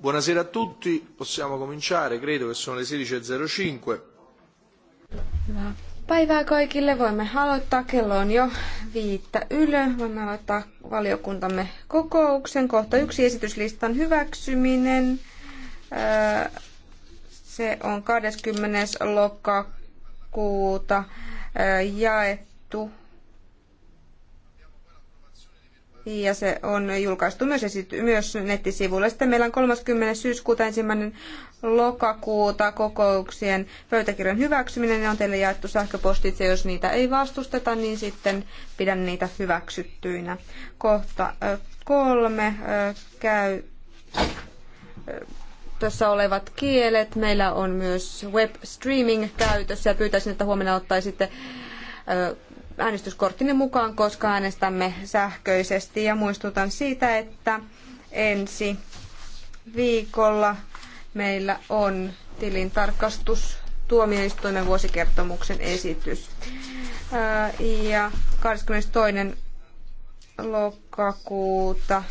Buonasera a tutti, possiamo cominciare, credo che sono le 16.05. E päivää kaikille, voimme aloittaa, kello on jo viittä ylö, voimme aloittaa valiokuntamme kokouksen. Kohta yksi esityslistan hyväksyminen, se on 20. lokakuuta jaettu ja se on julkaistu myös, esity- myös nettisivuilla. Sitten meillä on 30. syyskuuta ensimmäinen lokakuuta kokouksien pöytäkirjan hyväksyminen. Ne on teille jaettu sähköpostitse. Jos niitä ei vastusteta, niin sitten pidän niitä hyväksyttyinä. Kohta kolme käy tuossa olevat kielet. Meillä on myös web streaming käytössä ja pyytäisin, että huomenna ottaisitte äänestyskorttini mukaan, koska äänestämme sähköisesti. Ja muistutan siitä, että ensi viikolla meillä on tilintarkastus tuomioistuimen vuosikertomuksen esitys. Äh, ja 22. lokakuuta äh,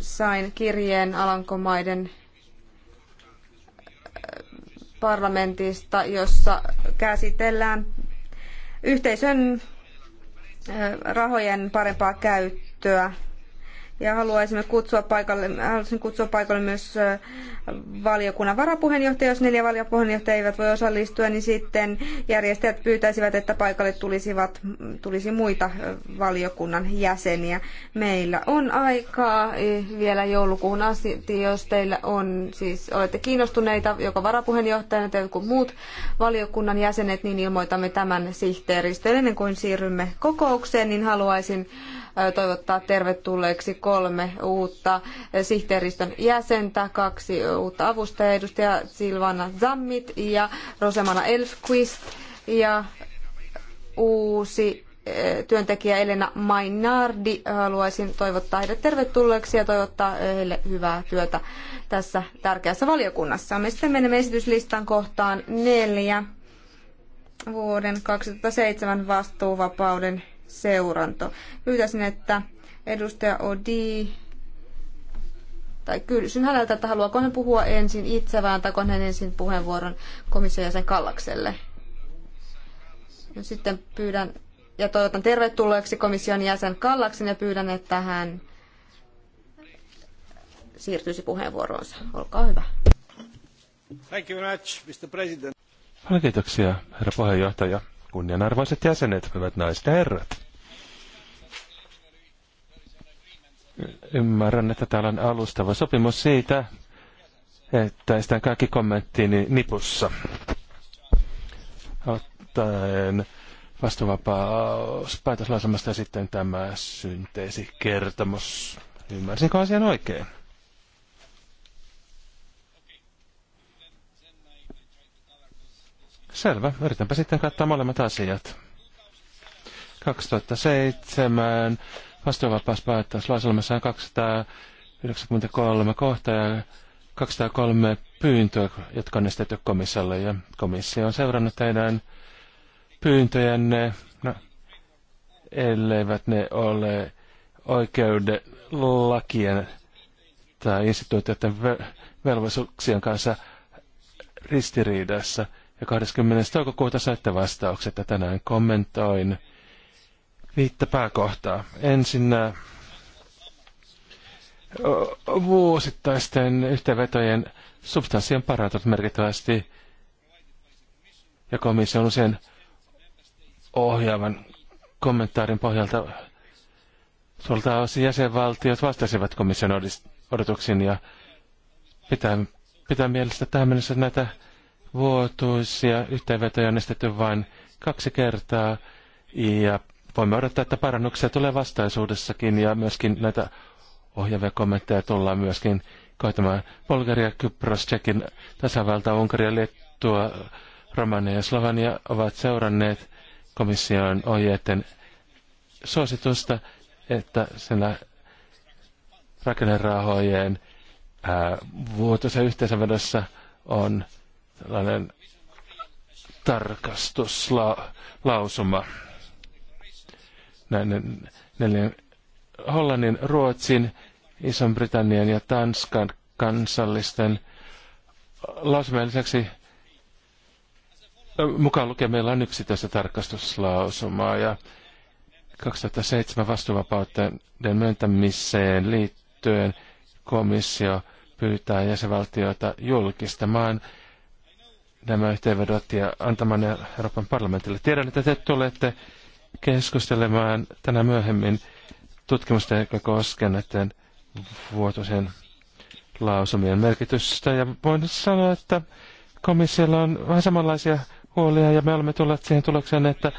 sain kirjeen Alankomaiden äh, parlamentista, jossa käsitellään yhteisön rahojen parempaa käyttöä ja haluaisimme kutsua paikalle, haluaisin kutsua paikalle myös valiokunnan varapuheenjohtaja. Jos neljä varapuheenjohtajaa eivät voi osallistua, niin sitten järjestäjät pyytäisivät, että paikalle tulisivat, tulisi muita valiokunnan jäseniä. Meillä on aikaa vielä joulukuun asti, jos teillä on, siis olette kiinnostuneita, joko varapuheenjohtajana tai joku muut valiokunnan jäsenet, niin ilmoitamme tämän sihteeristä. Ennen kuin siirrymme kokoukseen, niin haluaisin toivottaa tervetulleeksi kolme uutta sihteeristön jäsentä, kaksi uutta avustajaa, edustaja Silvana Zammit ja Rosemana Elfquist ja uusi työntekijä Elena Mainardi. Haluaisin toivottaa heidät tervetulleeksi ja toivottaa heille hyvää työtä tässä tärkeässä valiokunnassa. Me sitten menemme esityslistan kohtaan neljä vuoden 2007 vastuuvapauden seuranto. Pyytäisin, että edustaja Odi, tai kysyn häneltä, että haluaako hän puhua ensin itse vai antaako hän ensin puheenvuoron komission jäsen Kallakselle. Ja no, sitten pyydän ja toivotan tervetulleeksi komission jäsen Kallaksen ja pyydän, että hän siirtyisi puheenvuoroonsa. Olkaa hyvä. Thank you very much, Mr. President. kiitoksia, herra puheenjohtaja. Kunnianarvoiset jäsenet, hyvät naiset ja herrat. Ymmärrän, että täällä on alustava sopimus siitä, että esitän kaikki kommenttini nipussa. Ottaen vastuvapaus päätöslauselmasta ja sitten tämä synteesikertomus. Ymmärsinkö asian oikein? Selvä. Yritänpä sitten katsoa molemmat asiat. 2007 vastuuvapaus päättäisi lauselmassaan 293 kohtaa ja 203 pyyntöä, jotka on esitetty komissiolle. Ja komissio on seurannut teidän pyyntöjänne, no, elleivät ne ole oikeuden lakien tai instituutioiden velvollisuuksien kanssa ristiriidassa – ja 20. toukokuuta saitte vastaukset ja tänään kommentoin viittä pääkohtaa. Ensinnä äh, vuosittaisten yhteenvetojen substanssi on parantunut merkittävästi ja komissio on usein ohjaavan kommentaarin pohjalta tuolta osin jäsenvaltiot vastasivat komission odotuksiin ja pitää, pitää mielestä tähän mennessä näitä vuotuisia yhteenvetoja on estetty vain kaksi kertaa ja voimme odottaa, että parannuksia tulee vastaisuudessakin ja myöskin näitä ohjaavia kommentteja tullaan myöskin koitamaan Bulgaria, Kypros, Tsekin, tasavalta, Unkaria, Liettua, Romania ja Slovenia ovat seuranneet komission ohjeiden suositusta, että sillä rakennerahojen vuotuisen yhteisövedossa on tällainen tarkastuslausuma näiden neljän Hollannin, Ruotsin, iso britannian ja Tanskan kansallisten lausumien lisäksi mukaan lukee meillä on yksittäistä tarkastuslausumaa ja 2007 vastuuvapauden myöntämiseen liittyen komissio pyytää jäsenvaltioita julkistamaan nämä yhteenvedot ja antamaan ne Euroopan parlamentille. Tiedän, että te tulette keskustelemaan tänä myöhemmin tutkimusta, joka koskee näiden vuotuisen lausumien merkitystä. Ja voin sanoa, että komissiolla on vähän samanlaisia huolia ja me olemme tulleet siihen tulokseen, että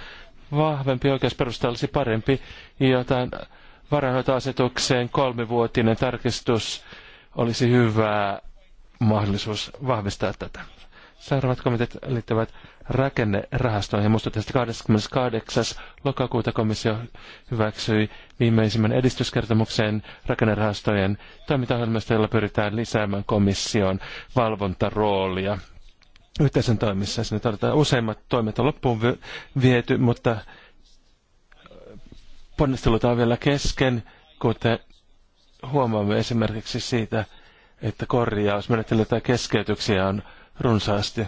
vahvempi oikeusperusta olisi parempi, jotain varainhoitoasetukseen kolmivuotinen tarkistus olisi hyvä mahdollisuus vahvistaa tätä. Seuraavat komiteat liittyvät rakennerahastoihin. Muistutan, tästä 28. lokakuuta komissio hyväksyi viimeisimmän edistyskertomuksen rakennerahastojen toimintaohjelmasta, jolla pyritään lisäämään komission valvontaroolia yhteisön toimissa. Sinne todetaan, useimmat toimet on loppuun viety, mutta ponnistelut on vielä kesken, kuten huomaamme esimerkiksi siitä, että korjausmenettelyitä tai keskeytyksiä on runsaasti.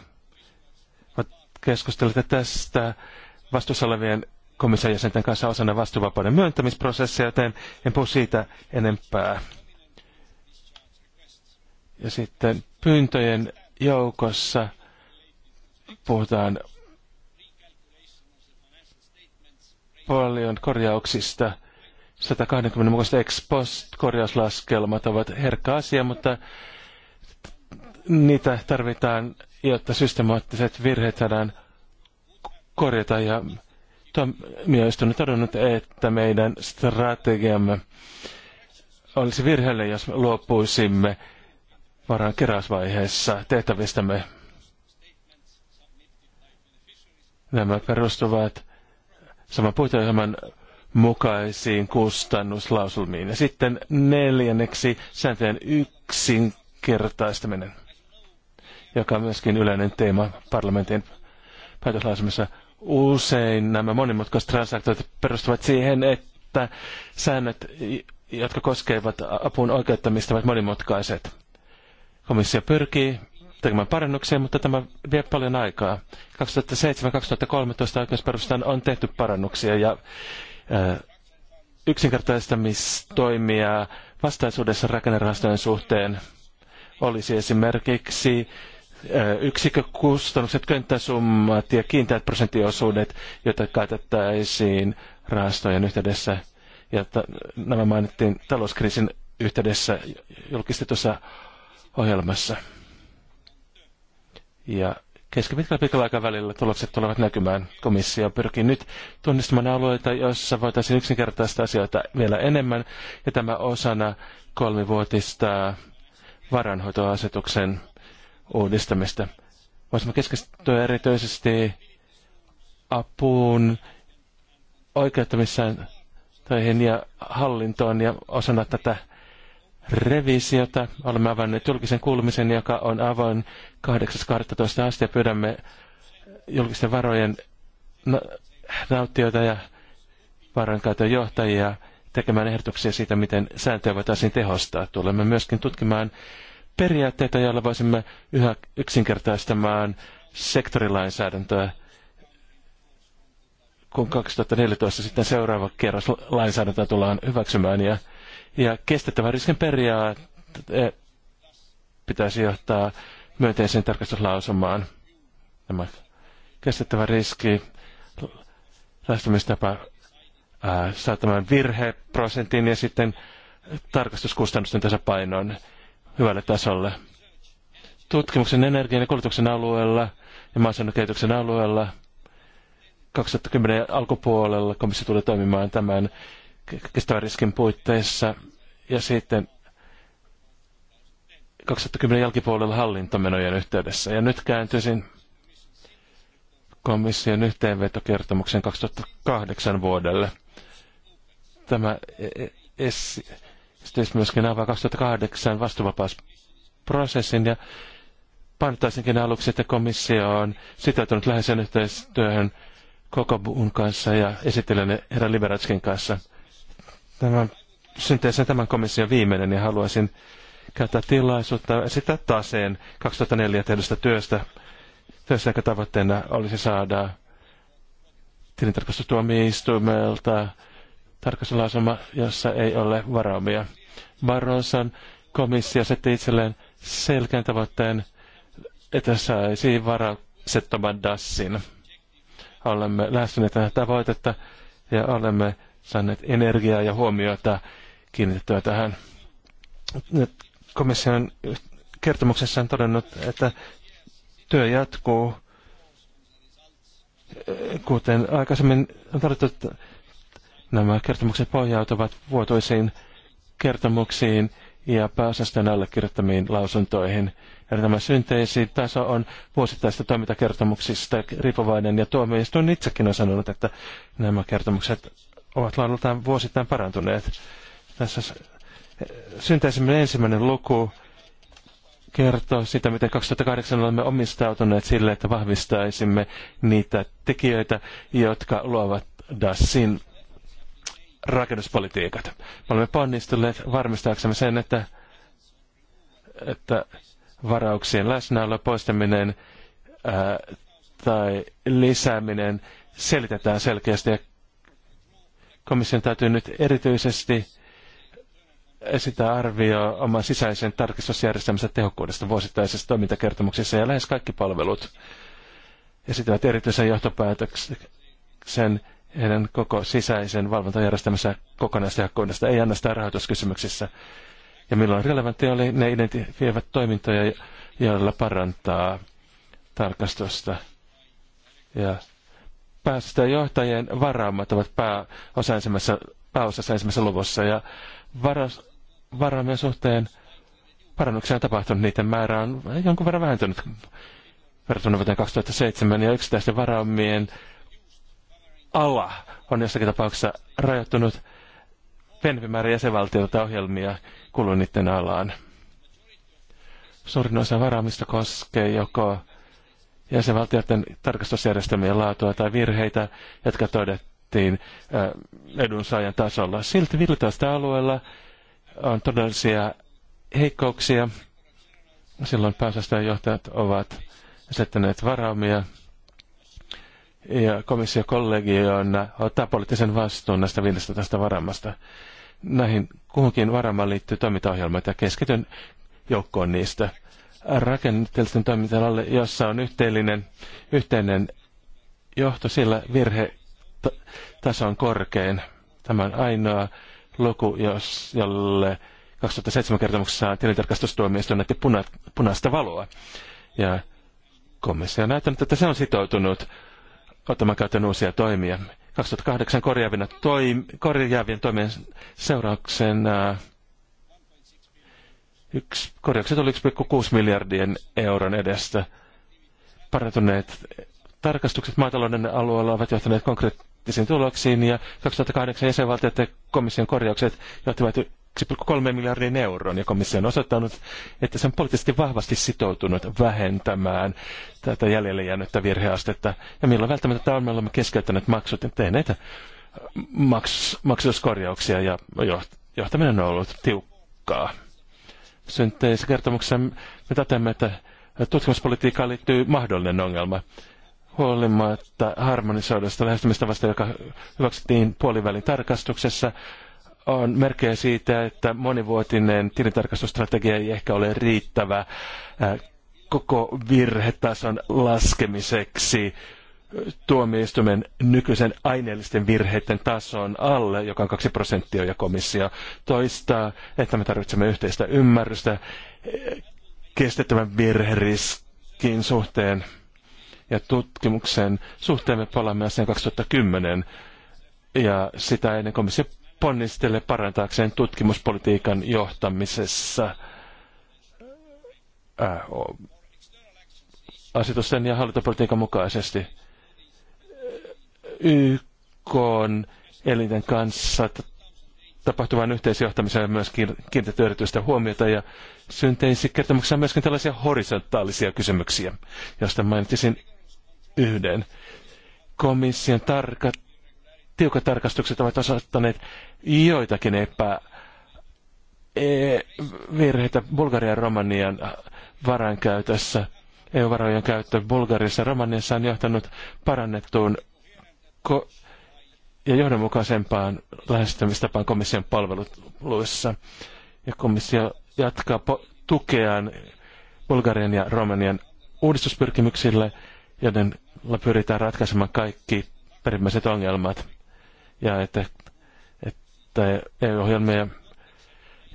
Keskustelette tästä vastuussa olevien komission jäsenten kanssa osana vastuuvapauden myöntämisprosessia, joten en puhu siitä enempää. Ja sitten pyyntöjen joukossa puhutaan paljon korjauksista. 120 mukaiset ex post korjauslaskelmat ovat herkkä asia, mutta niitä tarvitaan, jotta systemaattiset virheet saadaan korjata ja tuomioistuin on todennut, että meidän strategiamme olisi virheellinen, jos luopuisimme varan keräysvaiheessa tehtävistämme. Nämä perustuvat saman puiteohjelman mukaisiin kustannuslausulmiin. Ja sitten neljänneksi sääntöjen yksinkertaistaminen joka on myöskin yleinen teema parlamentin päätöslausumissa. Usein nämä monimutkaiset transaktiot perustuvat siihen, että säännöt, jotka koskevat apun oikeuttamista, ovat monimutkaiset. Komissio pyrkii tekemään parannuksia, mutta tämä vie paljon aikaa. 2007-2013 oikeusperustaan on tehty parannuksia ja äh, yksinkertaistamistoimia vastaisuudessa rakennerahastojen suhteen olisi esimerkiksi yksikkökustannukset, könttäsummat ja kiinteät prosenttiosuudet, joita käytettäisiin rahastojen yhteydessä. Ja nämä mainittiin talouskriisin yhteydessä julkistetussa ohjelmassa. Ja keskipitkällä pitkällä aikavälillä tulokset tulevat näkymään. Komissio pyrkii nyt tunnistamaan alueita, joissa voitaisiin yksinkertaista asioita vielä enemmän, ja tämä osana kolmivuotista varanhoitoasetuksen uudistamista. Voisimme keskittyä erityisesti apuun, oikeuttamiseen töihin ja hallintoon ja osana tätä revisiota. Olemme avanneet julkisen kuulumisen, joka on avoin 8.12. asti ja pyydämme julkisten varojen nauttijoita ja varankäytön johtajia tekemään ehdotuksia siitä, miten sääntöjä voitaisiin tehostaa. Tulemme myöskin tutkimaan periaatteita, joilla voisimme yhä yksinkertaistamaan sektorilainsäädäntöä, kun 2014 sitten seuraava kerros lainsäädäntöä tullaan hyväksymään. Ja, ja kestettävän riskin periaate pitäisi johtaa myönteiseen tarkastuslausumaan. Tämä kestettävä riski, lähestymistapa saa tämän virheprosentin ja sitten tarkastuskustannusten tasapainoon hyvälle tasolle. Tutkimuksen, energian ja kulutuksen alueella ja maaseudun kehityksen alueella 2010 alkupuolella komissio tulee toimimaan tämän kestävän riskin puitteissa ja sitten 2010 jälkipuolella hallintomenojen yhteydessä. Ja nyt kääntyisin komission yhteenvetokertomuksen 2008 vuodelle. Tämä e- e- sitten myöskin avaa 2008 vastuvapausprosessin ja painottaisinkin aluksi, että komissio on sitoutunut läheiseen yhteistyöhön koko buun kanssa ja esittelen herra Liberatskin kanssa. Tämä synteisen tämän komission viimeinen ja haluaisin käyttää tilaisuutta esittää taseen 2004 tehdystä työstä, työstä jonka tavoitteena olisi saada tilintarkastustuomioistuimelta tarkastuslausuma, jossa ei ole varaumia. Barroson komissio setti itselleen selkeän tavoitteen, että saisi varauksettoman dassin. Olemme lähestyneet tätä tavoitetta ja olemme saaneet energiaa ja huomiota kiinnitettyä tähän. Nyt komission kertomuksessa on todennut, että työ jatkuu, kuten aikaisemmin on todettu, että Nämä kertomukset pohjautuvat vuotuisiin kertomuksiin ja pääosasten allekirjoittamiin lausuntoihin. Ja tämä synteesi taso on vuosittaista toimintakertomuksista riippuvainen ja tuomioistuin itsekin on sanonut, että nämä kertomukset ovat laadultaan vuosittain parantuneet. Tässä synteesimme ensimmäinen luku kertoo sitä, miten 2008 olemme omistautuneet sille, että vahvistaisimme niitä tekijöitä, jotka luovat DASin rakennuspolitiikat. Me olemme ponnistuneet varmistaaksemme sen, että, että varauksien läsnäolo poistaminen ää, tai lisääminen selitetään selkeästi ja komission täytyy nyt erityisesti esittää arvio oman sisäisen tarkistusjärjestelmänsä tehokkuudesta vuosittaisessa toimintakertomuksessa ja lähes kaikki palvelut esittävät erityisen johtopäätöksen heidän koko sisäisen valvontajärjestelmänsä kokonaistehokkuudesta, ei ainoastaan rahoituskysymyksissä. Ja milloin relevantti oli, ne identifioivat toimintoja, joilla parantaa tarkastusta. Ja päästä johtajien varaamat ovat pääosa ensimmäisessä, pääosassa ensimmäisessä luvussa. Ja varas, varaamien suhteen parannuksia on tapahtunut, niiden määrä on jonkun verran vähentynyt verrattuna vuoteen 2007 ja yksittäisten varaamien ala on jossakin tapauksessa rajoittunut pienempi määrä jäsenvaltioita ohjelmia kuuluu niiden alaan. Suurin osa varaamista koskee joko jäsenvaltioiden tarkastusjärjestelmien laatua tai virheitä, jotka todettiin edunsaajan tasolla. Silti 15 alueella on todellisia heikkouksia. Silloin pääosastojen johtajat ovat asettaneet varaumia ja komissiokollegioon ottaa poliittisen vastuun näistä 15 varamasta. Näihin kuhunkin varamaan liittyy toimintaohjelma ja keskityn joukkoon niistä rakenteellisten toimintalalle, jossa on yhteinen, yhteinen johto, sillä virhetaso on korkein. Tämä on ainoa luku, jos, jolle 2007 kertomuksessa tilintarkastustuomioistuin näytti puna, punaista valoa. Ja komissio on näyttänyt, että se on sitoutunut ottamaan käyttöön uusia toimia. 2008 korjaavien, toim, korjaavien toimien seurauksen äh, yksi, korjaukset oli 1,6 miljardien euron edestä. Parantuneet tarkastukset maatalouden alueella ovat johtaneet konkreettisiin tuloksiin ja 2008 jäsenvaltioiden komission korjaukset johtivat kolme miljardin euron, ja komissio on osoittanut, että se on poliittisesti vahvasti sitoutunut vähentämään tätä jäljelle jäänyttä virheastetta, ja millä välttämättä on, me olemme keskeyttäneet maksut ja tehneet äh, maks, ja johtaminen on ollut tiukkaa. Synteisessä kertomuksessa me toteamme, että tutkimuspolitiikkaan liittyy mahdollinen ongelma, huolimatta harmonisoidusta lähestymistavasta, joka hyväksyttiin puolivälin tarkastuksessa, on merkkejä siitä, että monivuotinen tilintarkastusstrategia ei ehkä ole riittävä äh, koko virhetason laskemiseksi äh, tuomioistuimen nykyisen aineellisten virheiden tason alle, joka on 2 prosenttia, ja komissio toistaa, että me tarvitsemme yhteistä ymmärrystä äh, kestettävän virheriskin suhteen ja tutkimuksen suhteen. Me palaamme asiaan 2010, ja sitä ennen komissio ponnistele parantaakseen tutkimuspolitiikan johtamisessa äh, asetusten ja hallintopolitiikan mukaisesti YK elinten kanssa tapahtuvan yhteisjohtamiseen myös kiinnitetty erityistä huomiota ja synteisi kertomuksessa on myöskin tällaisia horisontaalisia kysymyksiä, joista mainitsin yhden. Komission tarkat tiukat tarkastukset ovat osoittaneet joitakin epä e, virheitä Bulgarian Romanian Romanian varankäytössä. EU-varojen käyttö Bulgariassa ja Romaniassa on johtanut parannettuun ja johdonmukaisempaan lähestymistapaan komission palveluissa. Ja komissio jatkaa tukeaan Bulgarian ja Romanian uudistuspyrkimyksille, joiden pyritään ratkaisemaan kaikki perimmäiset ongelmat ja että, että EU-ohjelmia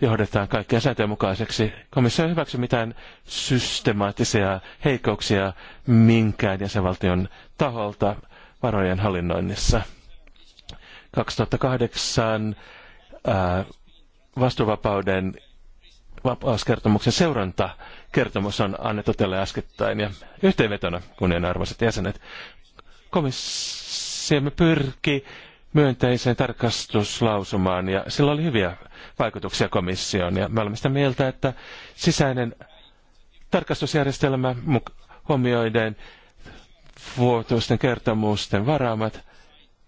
johdetaan kaikkien sääntöjen mukaiseksi. Komissio ei hyväksy mitään systemaattisia heikkouksia minkään jäsenvaltion taholta varojen hallinnoinnissa. 2008 vastuuvapauden vapauskertomuksen seurantakertomus on annettu tälle äskettäin. Ja yhteenvetona, kunnianarvoiset jäsenet, komissiomme pyrki myönteiseen tarkastuslausumaan ja sillä oli hyviä vaikutuksia komissioon ja me olemme sitä mieltä, että sisäinen tarkastusjärjestelmä huomioiden vuotuisten kertomusten varaamat,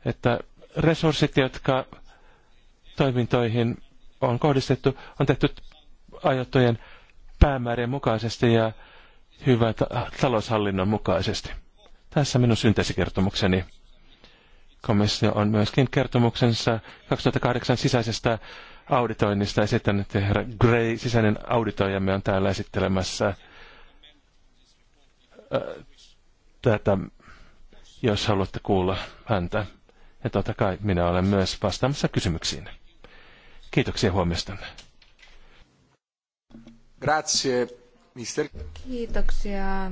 että resurssit, jotka toimintoihin on kohdistettu, on tehty ajattojen päämäärien mukaisesti ja hyvän taloushallinnon mukaisesti. Tässä minun synteesikertomukseni komissio on myöskin kertomuksensa 2008 sisäisestä auditoinnista esittänyt, ja herra Gray, sisäinen auditoijamme, on täällä esittelemässä tätä, jos haluatte kuulla häntä. Ja totta kai minä olen myös vastaamassa kysymyksiin. Kiitoksia huomiostanne. Grazie, mister. Kiitoksia,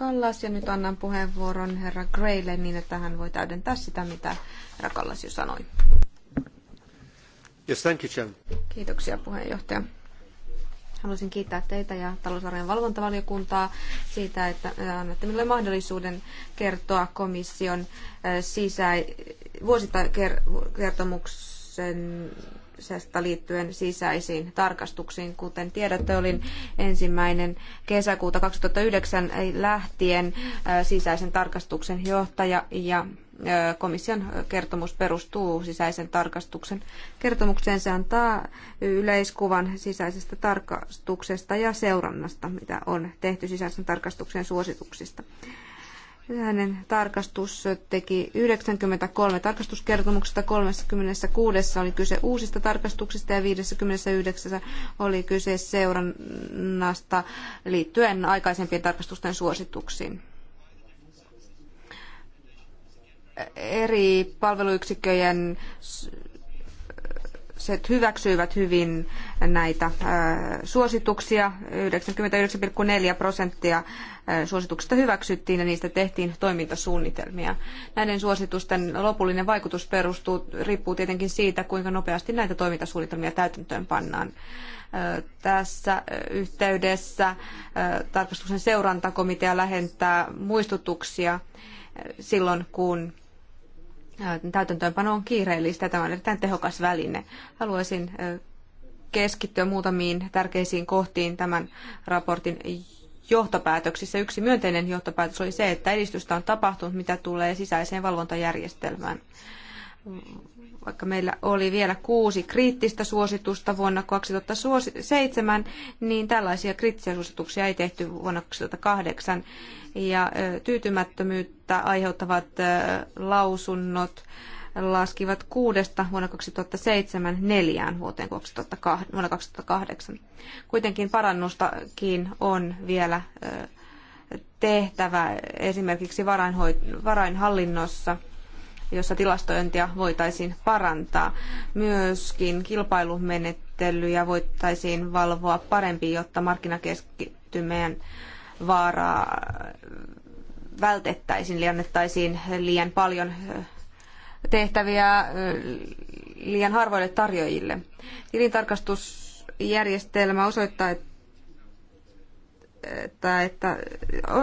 Kallas ja nyt annan puheenvuoron herra Greille niin, että hän voi täydentää sitä, mitä herra Kallas jo sanoi. Yes, thank you, Kiitoksia puheenjohtaja. Haluaisin kiittää teitä ja talousarjan valvontavaliokuntaa siitä, että äh, annatte minulle mahdollisuuden kertoa komission äh, sisä, kertomuksen tarkastamisesta liittyen sisäisiin tarkastuksiin. Kuten tiedätte, olin ensimmäinen kesäkuuta 2009 lähtien sisäisen tarkastuksen johtaja ja komission kertomus perustuu sisäisen tarkastuksen kertomukseen. Se antaa yleiskuvan sisäisestä tarkastuksesta ja seurannasta, mitä on tehty sisäisen tarkastuksen suosituksista. Hänen tarkastus teki 93 tarkastuskertomuksesta, 36 oli kyse uusista tarkastuksista ja 59 oli kyse seurannasta liittyen aikaisempien tarkastusten suosituksiin. Eri palveluyksikköjen hallitukset hyväksyivät hyvin näitä äh, suosituksia. 99,4 prosenttia äh, suosituksista hyväksyttiin ja niistä tehtiin toimintasuunnitelmia. Näiden suositusten lopullinen vaikutus perustuu, riippuu tietenkin siitä, kuinka nopeasti näitä toimintasuunnitelmia täytäntöön pannaan. Äh, tässä yhteydessä tarkastuksen seurantakomitea lähentää muistutuksia silloin, kun täytäntöönpano on kiireellistä. Tämä on erittäin tehokas väline. Haluaisin keskittyä muutamiin tärkeisiin kohtiin tämän raportin johtopäätöksissä. Yksi myönteinen johtopäätös oli se, että edistystä on tapahtunut, mitä tulee sisäiseen valvontajärjestelmään vaikka meillä oli vielä kuusi kriittistä suositusta vuonna 2007, niin tällaisia kriittisiä suosituksia ei tehty vuonna 2008. Ja tyytymättömyyttä aiheuttavat lausunnot laskivat kuudesta vuonna 2007 neljään vuoteen 2008, vuonna 2008. Kuitenkin parannustakin on vielä tehtävä esimerkiksi varainhallinnossa – jossa tilastointia voitaisiin parantaa. Myöskin kilpailumenettelyjä voitaisiin valvoa parempi, jotta markkinakeskittymien vaaraa vältettäisiin, eli annettaisiin liian paljon tehtäviä liian harvoille tarjoajille. Tilintarkastusjärjestelmä osoittaa, että että, että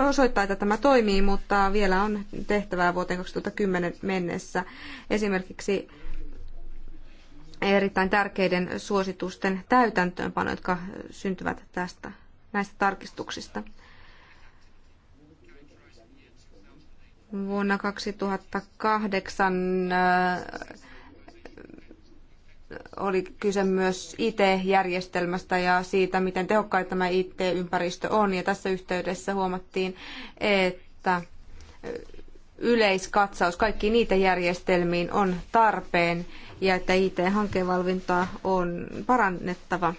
osoittaa, että tämä toimii, mutta vielä on tehtävää vuoteen 2010 mennessä. Esimerkiksi erittäin tärkeiden suositusten täytäntöönpano, jotka syntyvät tästä näistä tarkistuksista. Vuonna 2008 oli kyse myös IT-järjestelmästä ja siitä, miten tehokkaita tämä IT-ympäristö on. Ja tässä yhteydessä huomattiin, että yleiskatsaus kaikkiin niitä järjestelmiin on tarpeen ja että IT-hankevalvintaa on parannettava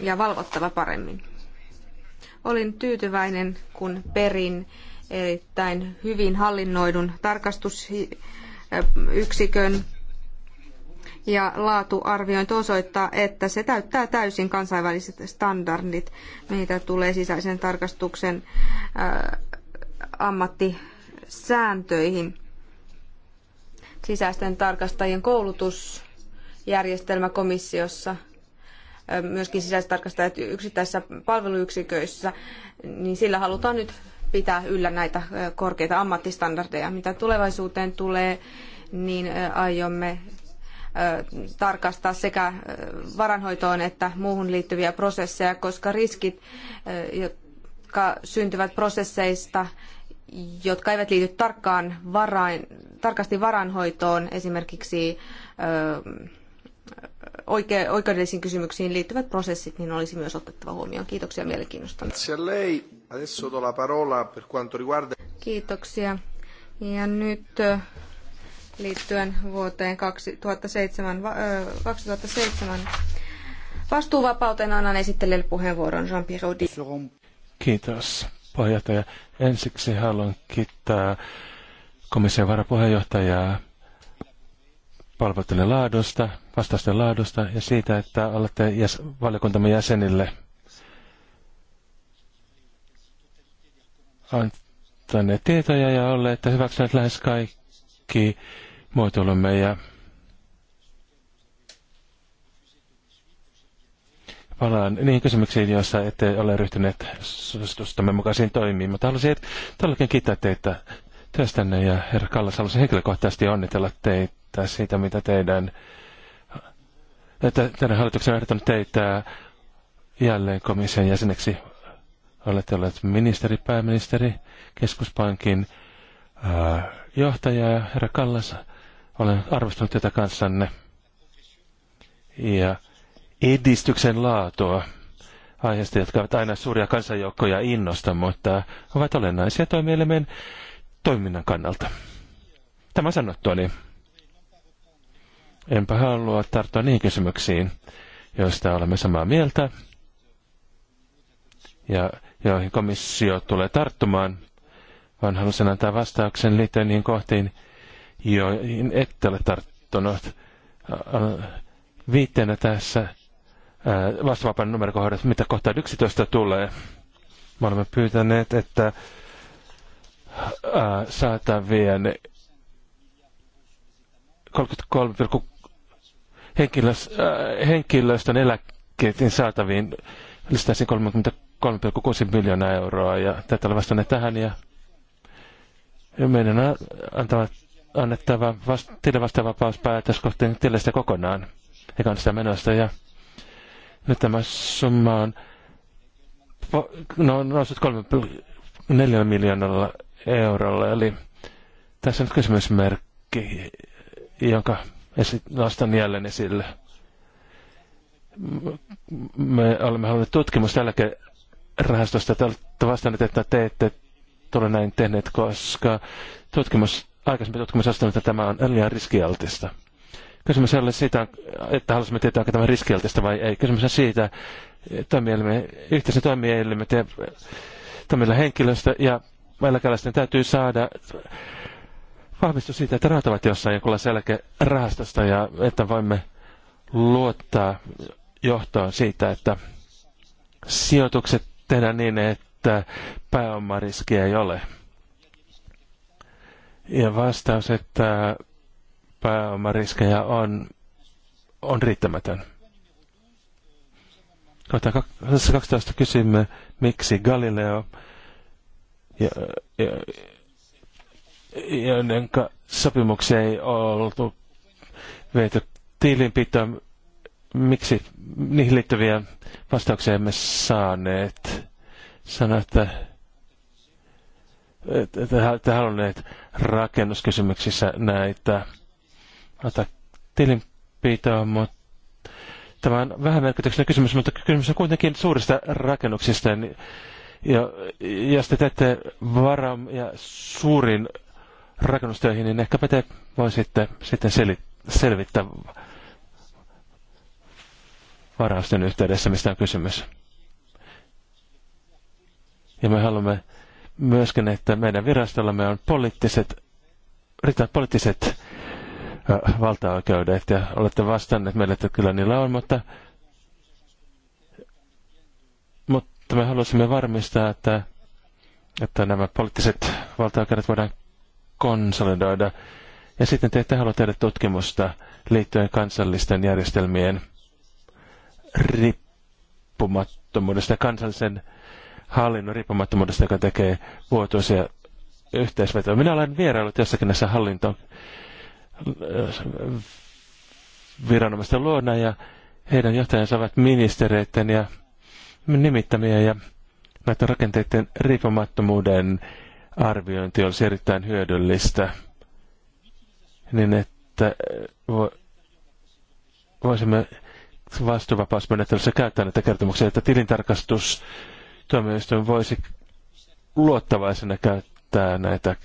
ja valvottava paremmin. Olin tyytyväinen, kun perin erittäin hyvin hallinnoidun tarkastusyksikön ja laatuarviointi osoittaa, että se täyttää täysin kansainväliset standardit, mitä tulee sisäisen tarkastuksen äh, ammattisääntöihin. Sisäisten tarkastajien koulutusjärjestelmä komissiossa äh, myöskin sisäistarkastajat yksittäisissä palveluyksiköissä, niin sillä halutaan nyt pitää yllä näitä äh, korkeita ammattistandardeja. Mitä tulevaisuuteen tulee, niin aiomme tarkastaa sekä varanhoitoon että muuhun liittyviä prosesseja, koska riskit, jotka syntyvät prosesseista, jotka eivät liity tarkkaan varain, tarkasti varanhoitoon, esimerkiksi oike- oikeudellisiin kysymyksiin liittyvät prosessit, niin olisi myös otettava huomioon. Kiitoksia mielenkiinnosta. Kiitoksia. Ja nyt liittyen vuoteen 2007, 2007 Vastuuvapauteen annan esittelijälle puheenvuoron Jean-Pierre Audi. Kiitos puheenjohtaja. Ensiksi haluan kiittää komission varapuheenjohtajaa palveluiden laadusta, vastausten laadusta ja siitä, että olette valiokuntamme jäsenille antaneet tietoja ja olleet hyväksyneet lähes kaikki muotoilumme ja palaan niihin kysymyksiin, joissa ette ole ryhtyneet suositustamme mukaisiin toimiin, mutta haluaisin todellakin kiittää teitä työstänne ja herra Kallas, haluaisin henkilökohtaisesti onnitella teitä siitä, mitä teidän, että teidän hallituksen on ehdottanut teitä jälleen komission jäseneksi. Olette olleet ministeri, pääministeri, keskuspankin johtaja ja herra Kallas olen arvostanut tätä kanssanne. Ja edistyksen laatua aiheesta, jotka ovat aina suuria kansanjoukkoja innosta, mutta ovat olennaisia toimielimen toiminnan kannalta. Tämä sanottu niin enpä halua tarttua niihin kysymyksiin, joista olemme samaa mieltä ja joihin komissio tulee tarttumaan, vaan halusin antaa vastauksen liittyen niihin kohtiin, joihin ette ole tarttunut. Viitteenä tässä vastavapainen numerokohdat, mitä kohtaa 11 tulee. Me olemme pyytäneet, että saatavien 33,6 henkilöstön eläkkeiden saataviin lisäsi 33,6 miljoonaa euroa ja tätä oli vastanneet tähän ja meidän antavat annettava vast, tilivastavapaus kohti tilistä kokonaan, eikä sitä menosta. Ja nyt tämä summa on no, noussut 4 miljoonalla eurolla, eli tässä on nyt kysymysmerkki, jonka nostan jälleen esille. Me olemme halunneet tällä rahastosta, että olette vastanneet, että te ette tule näin tehneet, koska tutkimus aikaisemmin tutkimusasteella, että tämä on liian riskialtista. Kysymys ei ole siitä, että haluaisimme tietää, onko tämä riskialtista vai ei. Kysymys on siitä, toimielimme, yhteisen toimielimet ja toimilla henkilöstö ja eläkeläisten täytyy saada vahvistus siitä, että rahat ovat jossain jonkinlaisessa eläkerahastosta ja että voimme luottaa johtoon siitä, että sijoitukset tehdään niin, että pääomariskiä ei ole. Ja vastaus, että pääomariskejä on, on riittämätön. Kohta 12 kysymme, miksi Galileo, ja, ja, joiden sopimuksia ei oltu viety tiilinpitoon, miksi niihin liittyviä vastauksia emme saaneet. Sano, että on näitä rakennuskysymyksissä näitä tilinpitoa, mutta tämä on vähän merkityksellinen kysymys, mutta kysymys on kuitenkin suurista rakennuksista. Niin, ja jos te teette varam ja suurin rakennustöihin, niin ehkäpä te voisitte sitten sel selvittää varausten yhteydessä, mistä on kysymys. Ja me haluamme myöskin, että meidän virastollamme on poliittiset, riittävät poliittiset valtaoikeudet ja olette vastanneet meille, että kyllä niillä on, mutta, mutta me haluaisimme varmistaa, että, että nämä poliittiset valtaoikeudet voidaan konsolidoida. Ja sitten te ette halua tehdä tutkimusta liittyen kansallisten järjestelmien riippumattomuudesta ja kansallisen hallinnon riippumattomuudesta, joka tekee vuotuisia yhteisvetoja. Minä olen vieraillut jossakin näissä hallinto viranomaisten luona ja heidän johtajansa ovat ministereiden ja nimittämiä ja näiden rakenteiden riippumattomuuden arviointi olisi erittäin hyödyllistä, niin että eh, voisimme vastuuvapausmenettelyssä käyttää näitä kertomuksia, että tilintarkastus tuomioistuin voisi luottavaisena käyttää näitä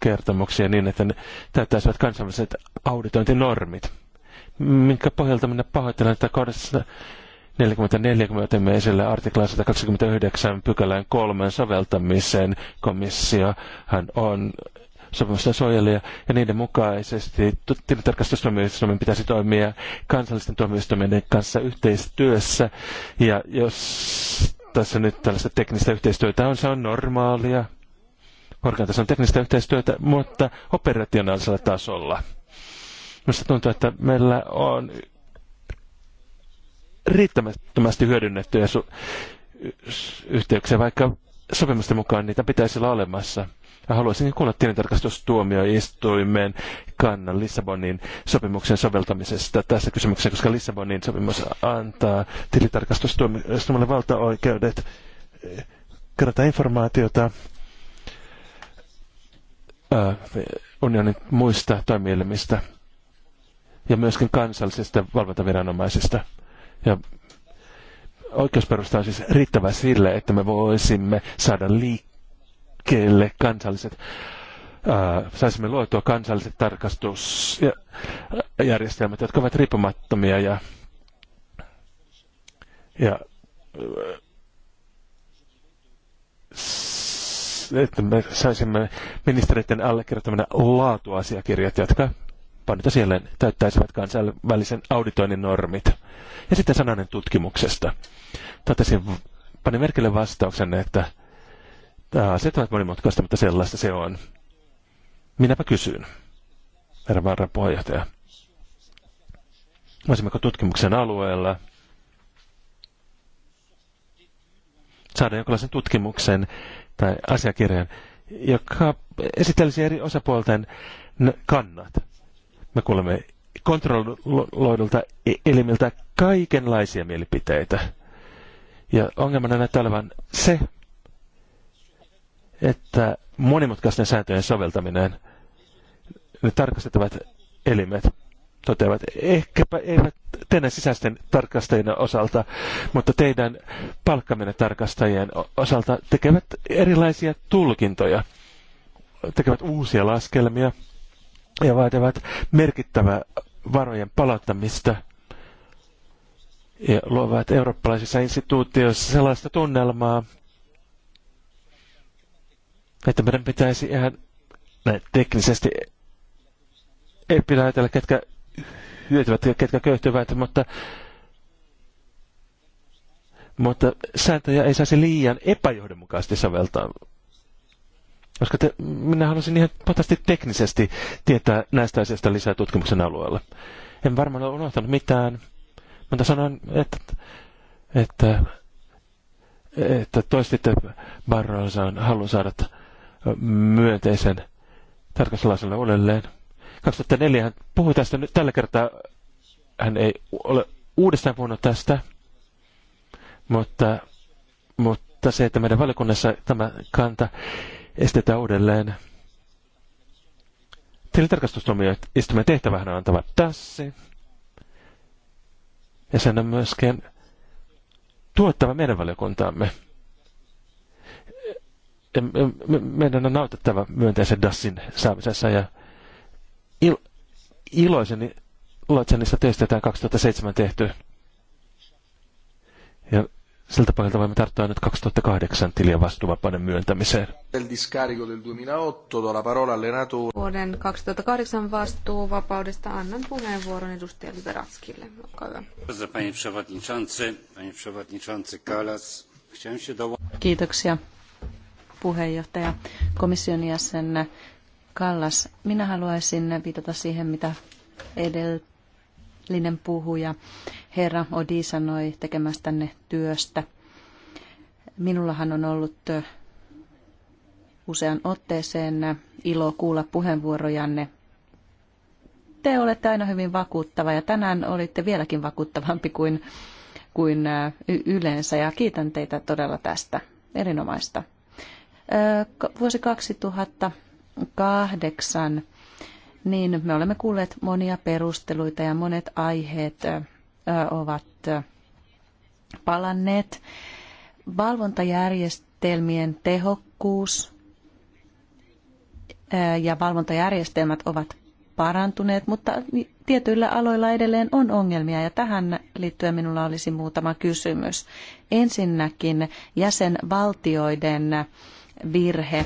kertomuksia niin, että ne täyttäisivät kansainväliset auditointinormit. Minkä pohjalta minä pahoittelen, että kohdassa 4040 esille artiklan 129 pykälän kolmen soveltamiseen komissiohan on sopimusten suojelija ja niiden mukaisesti tilintarkastustuomioistuimen pitäisi toimia kansallisten tuomioistuimien kanssa yhteistyössä ja jos tässä nyt tällaista teknistä yhteistyötä on, se on normaalia, korkean tason teknistä yhteistyötä, mutta operationaalisella tasolla. Minusta tuntuu, että meillä on riittämättömästi hyödynnettyjä yhteyksiä, vaikka sopimusten mukaan niitä pitäisi olla olemassa. Mä haluaisin kuulla tilintarkastustuomioistuimen kannan Lissabonin sopimuksen soveltamisesta tässä kysymyksessä, koska Lissabonin sopimus antaa tilintarkastustuomioistuimelle valtaoikeudet eh, kerätä informaatiota eh, unionin muista toimielimistä ja myöskin kansallisista valvontaviranomaisista. Ja oikeusperusta on siis riittävä sille, että me voisimme saada liikkeelle liikkeelle kansalliset ää, saisimme luotua kansalliset tarkastusjärjestelmät, jotka ovat riippumattomia ja, ja että me saisimme ministeriöiden allekirjoittamana laatuasiakirjat, jotka panita siellä täyttäisivät kansainvälisen auditoinnin normit. Ja sitten sananen tutkimuksesta. Totesin, panin merkille vastauksen, että Tämä asiat ovat monimutkaista, mutta sellaista se on. Minäpä kysyn, herra varra puheenjohtaja. Voisimmeko tutkimuksen alueella saada jonkinlaisen tutkimuksen tai asiakirjan, joka esittelisi eri osapuolten kannat. Me kuulemme kontrolloidulta e- elimiltä kaikenlaisia mielipiteitä. Ja ongelmana näyttää olevan se, että monimutkaisten sääntöjen soveltaminen ne tarkastettavat elimet toteavat, ehkäpä eivät teidän sisäisten tarkastajien osalta, mutta teidän palkkaminen tarkastajien osalta tekevät erilaisia tulkintoja, tekevät uusia laskelmia ja vaativat merkittävää varojen palauttamista ja luovat eurooppalaisissa instituutioissa sellaista tunnelmaa, että meidän pitäisi ihan näin teknisesti ei pidä ajatella, ketkä hyötyvät ja ketkä köyhtyvät, mutta, mutta sääntöjä ei saisi liian epäjohdonmukaisesti soveltaa. Koska te, minä haluaisin ihan patasti teknisesti tietää näistä asioista lisää tutkimuksen alueella. En varmaan ole unohtanut mitään, mutta sanoin, että, että, että toistitte Barrosan halun saada myönteisen tarkastelaiselle uudelleen. 2004 hän puhui tästä nyt tällä kertaa. Hän ei ole uudestaan puhunut tästä, mutta, mutta se, että meidän valiokunnassa tämä kanta estetään uudelleen. Tilintarkastustuomioistuimen tehtävähän on antava tassi. Ja sen on myöskin tuottava meidän valiokuntaamme meidän on autettava myönteisen dassin saamisessa ja il, iloiseni Lotsenissa tämä 2007 tehty. Ja siltä pohjalta voimme tarttua nyt 2008 tilien vastuuvapauden myöntämiseen. Del discarico del 2008, la parola allenatore. Vuoden 2008 vastuuvapaudesta annan puheenvuoron edustaja Liberatskille. Olkaa hyvä. Panie przewodniczący, panie przewodniczący Kalas. Kiitoksia puheenjohtaja, komission jäsen Kallas. Minä haluaisin viitata siihen, mitä edellinen puhuja herra Odi sanoi tekemästänne työstä. Minullahan on ollut usean otteeseen ilo kuulla puheenvuorojanne. Te olette aina hyvin vakuuttava ja tänään olitte vieläkin vakuuttavampi kuin, kuin yleensä ja kiitän teitä todella tästä erinomaista Vuosi 2008, niin me olemme kuulleet monia perusteluita ja monet aiheet ovat palanneet. Valvontajärjestelmien tehokkuus ja valvontajärjestelmät ovat parantuneet, mutta tietyillä aloilla edelleen on ongelmia ja tähän liittyen minulla olisi muutama kysymys. Ensinnäkin jäsenvaltioiden virhe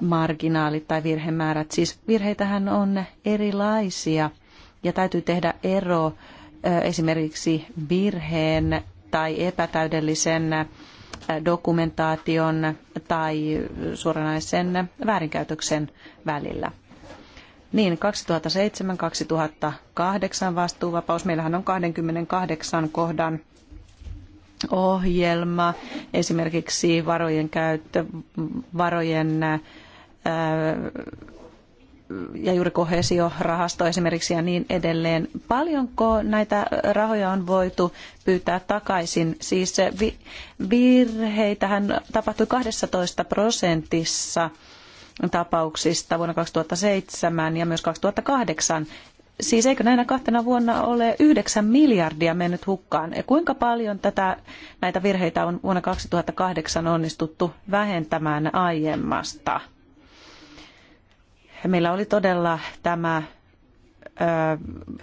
marginaalit tai virhemäärät. Siis virheitähän on erilaisia ja täytyy tehdä ero esimerkiksi virheen tai epätäydellisen dokumentaation tai suoranaisen väärinkäytöksen välillä. Niin, 2007-2008 vastuuvapaus. Meillähän on 28 kohdan ohjelma, esimerkiksi varojen käyttö, varojen äh, ja juuri kohesiorahasto esimerkiksi ja niin edelleen. Paljonko näitä rahoja on voitu pyytää takaisin? Siis virheitähän tapahtui 12 prosentissa tapauksista vuonna 2007 ja myös 2008. Siis eikö näinä kahtena vuonna ole 9 miljardia mennyt hukkaan? Ja kuinka paljon tätä, näitä virheitä on vuonna 2008 onnistuttu vähentämään aiemmasta? Meillä oli todella tämä ö,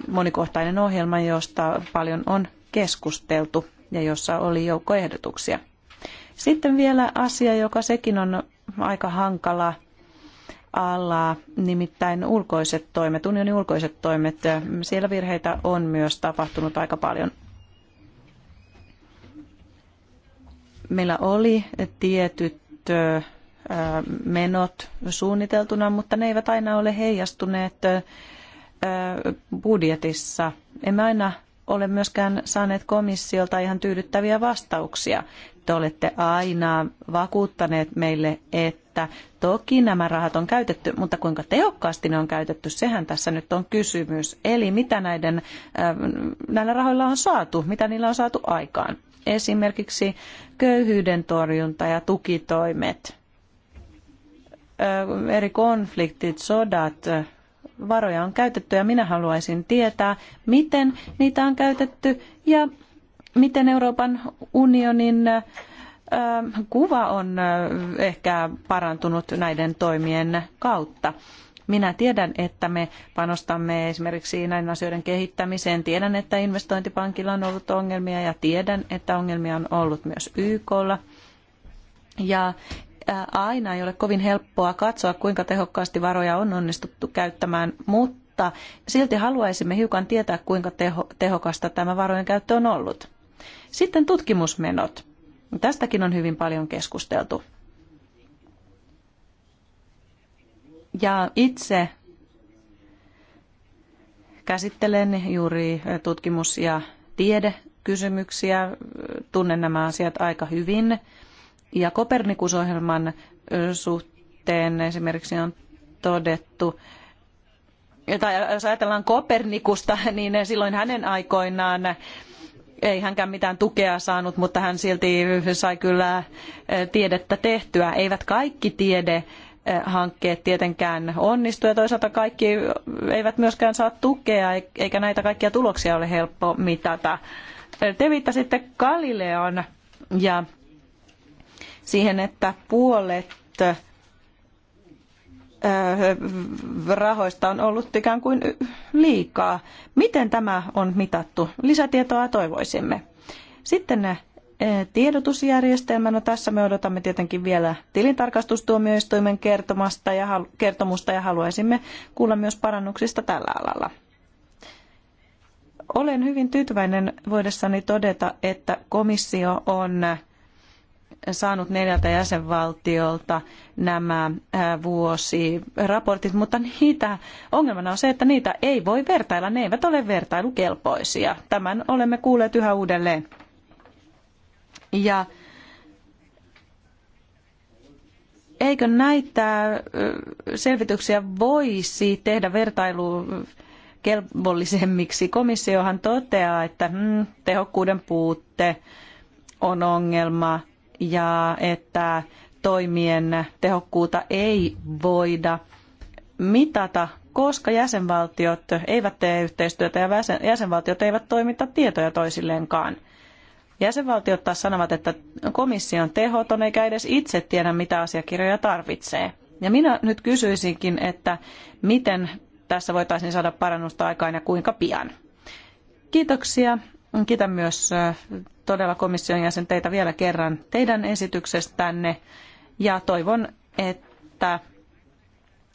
monikohtainen ohjelma, josta paljon on keskusteltu ja jossa oli joukko ehdotuksia. Sitten vielä asia, joka sekin on aika hankala – alla nimittäin ulkoiset toimet, unionin ulkoiset toimet. Äh, siellä virheitä on myös tapahtunut aika paljon. Meillä oli tietyt äh, menot suunniteltuna, mutta ne eivät aina ole heijastuneet äh, budjetissa. Emme aina ole myöskään saaneet komissiolta ihan tyydyttäviä vastauksia. Te olette aina vakuuttaneet meille, että että toki nämä rahat on käytetty, mutta kuinka tehokkaasti ne on käytetty, sehän tässä nyt on kysymys. Eli mitä näiden, äh, näillä rahoilla on saatu, mitä niillä on saatu aikaan. Esimerkiksi köyhyyden torjunta ja tukitoimet, äh, eri konfliktit, sodat, äh, varoja on käytetty ja minä haluaisin tietää, miten niitä on käytetty ja miten Euroopan unionin kuva on ehkä parantunut näiden toimien kautta. Minä tiedän, että me panostamme esimerkiksi näiden asioiden kehittämiseen. Tiedän, että investointipankilla on ollut ongelmia ja tiedän, että ongelmia on ollut myös YKlla. Ja aina ei ole kovin helppoa katsoa, kuinka tehokkaasti varoja on onnistuttu käyttämään, mutta silti haluaisimme hiukan tietää, kuinka teho, tehokasta tämä varojen käyttö on ollut. Sitten tutkimusmenot Tästäkin on hyvin paljon keskusteltu. Ja itse käsittelen juuri tutkimus- ja tiedekysymyksiä, tunnen nämä asiat aika hyvin. Ja Kopernikusohjelman suhteen esimerkiksi on todettu, tai jos ajatellaan Kopernikusta, niin silloin hänen aikoinaan ei hänkään mitään tukea saanut, mutta hän silti sai kyllä eh, tiedettä tehtyä. Eivät kaikki tiede eh, hankkeet tietenkään onnistu ja toisaalta kaikki eivät myöskään saa tukea e- eikä näitä kaikkia tuloksia ole helppo mitata. Eh, te viittasitte Galileon ja siihen, että puolet rahoista on ollut ikään kuin liikaa. Miten tämä on mitattu? Lisätietoa toivoisimme. Sitten tiedotusjärjestelmä. No tässä me odotamme tietenkin vielä tilintarkastustuomioistuimen kertomasta ja, kertomusta ja haluaisimme kuulla myös parannuksista tällä alalla. Olen hyvin tyytyväinen voidessani todeta, että komissio on saanut neljältä jäsenvaltiolta nämä äh, vuosiraportit, mutta niitä, ongelmana on se, että niitä ei voi vertailla, ne eivät ole vertailukelpoisia. Tämän olemme kuulleet yhä uudelleen. Ja eikö näitä äh, selvityksiä voisi tehdä vertailu kelvollisemmiksi. Komissiohan toteaa, että mm, tehokkuuden puutte on ongelma, ja että toimien tehokkuutta ei voida mitata, koska jäsenvaltiot eivät tee yhteistyötä ja jäsenvaltiot eivät toimita tietoja toisilleenkaan. Jäsenvaltiot taas sanovat, että komissio on tehoton eikä edes itse tiedä, mitä asiakirjoja tarvitsee. Ja minä nyt kysyisinkin, että miten tässä voitaisiin saada parannusta aikaan ja kuinka pian. Kiitoksia. Kiitän myös todella komission jäsen teitä vielä kerran teidän esityksestänne ja toivon, että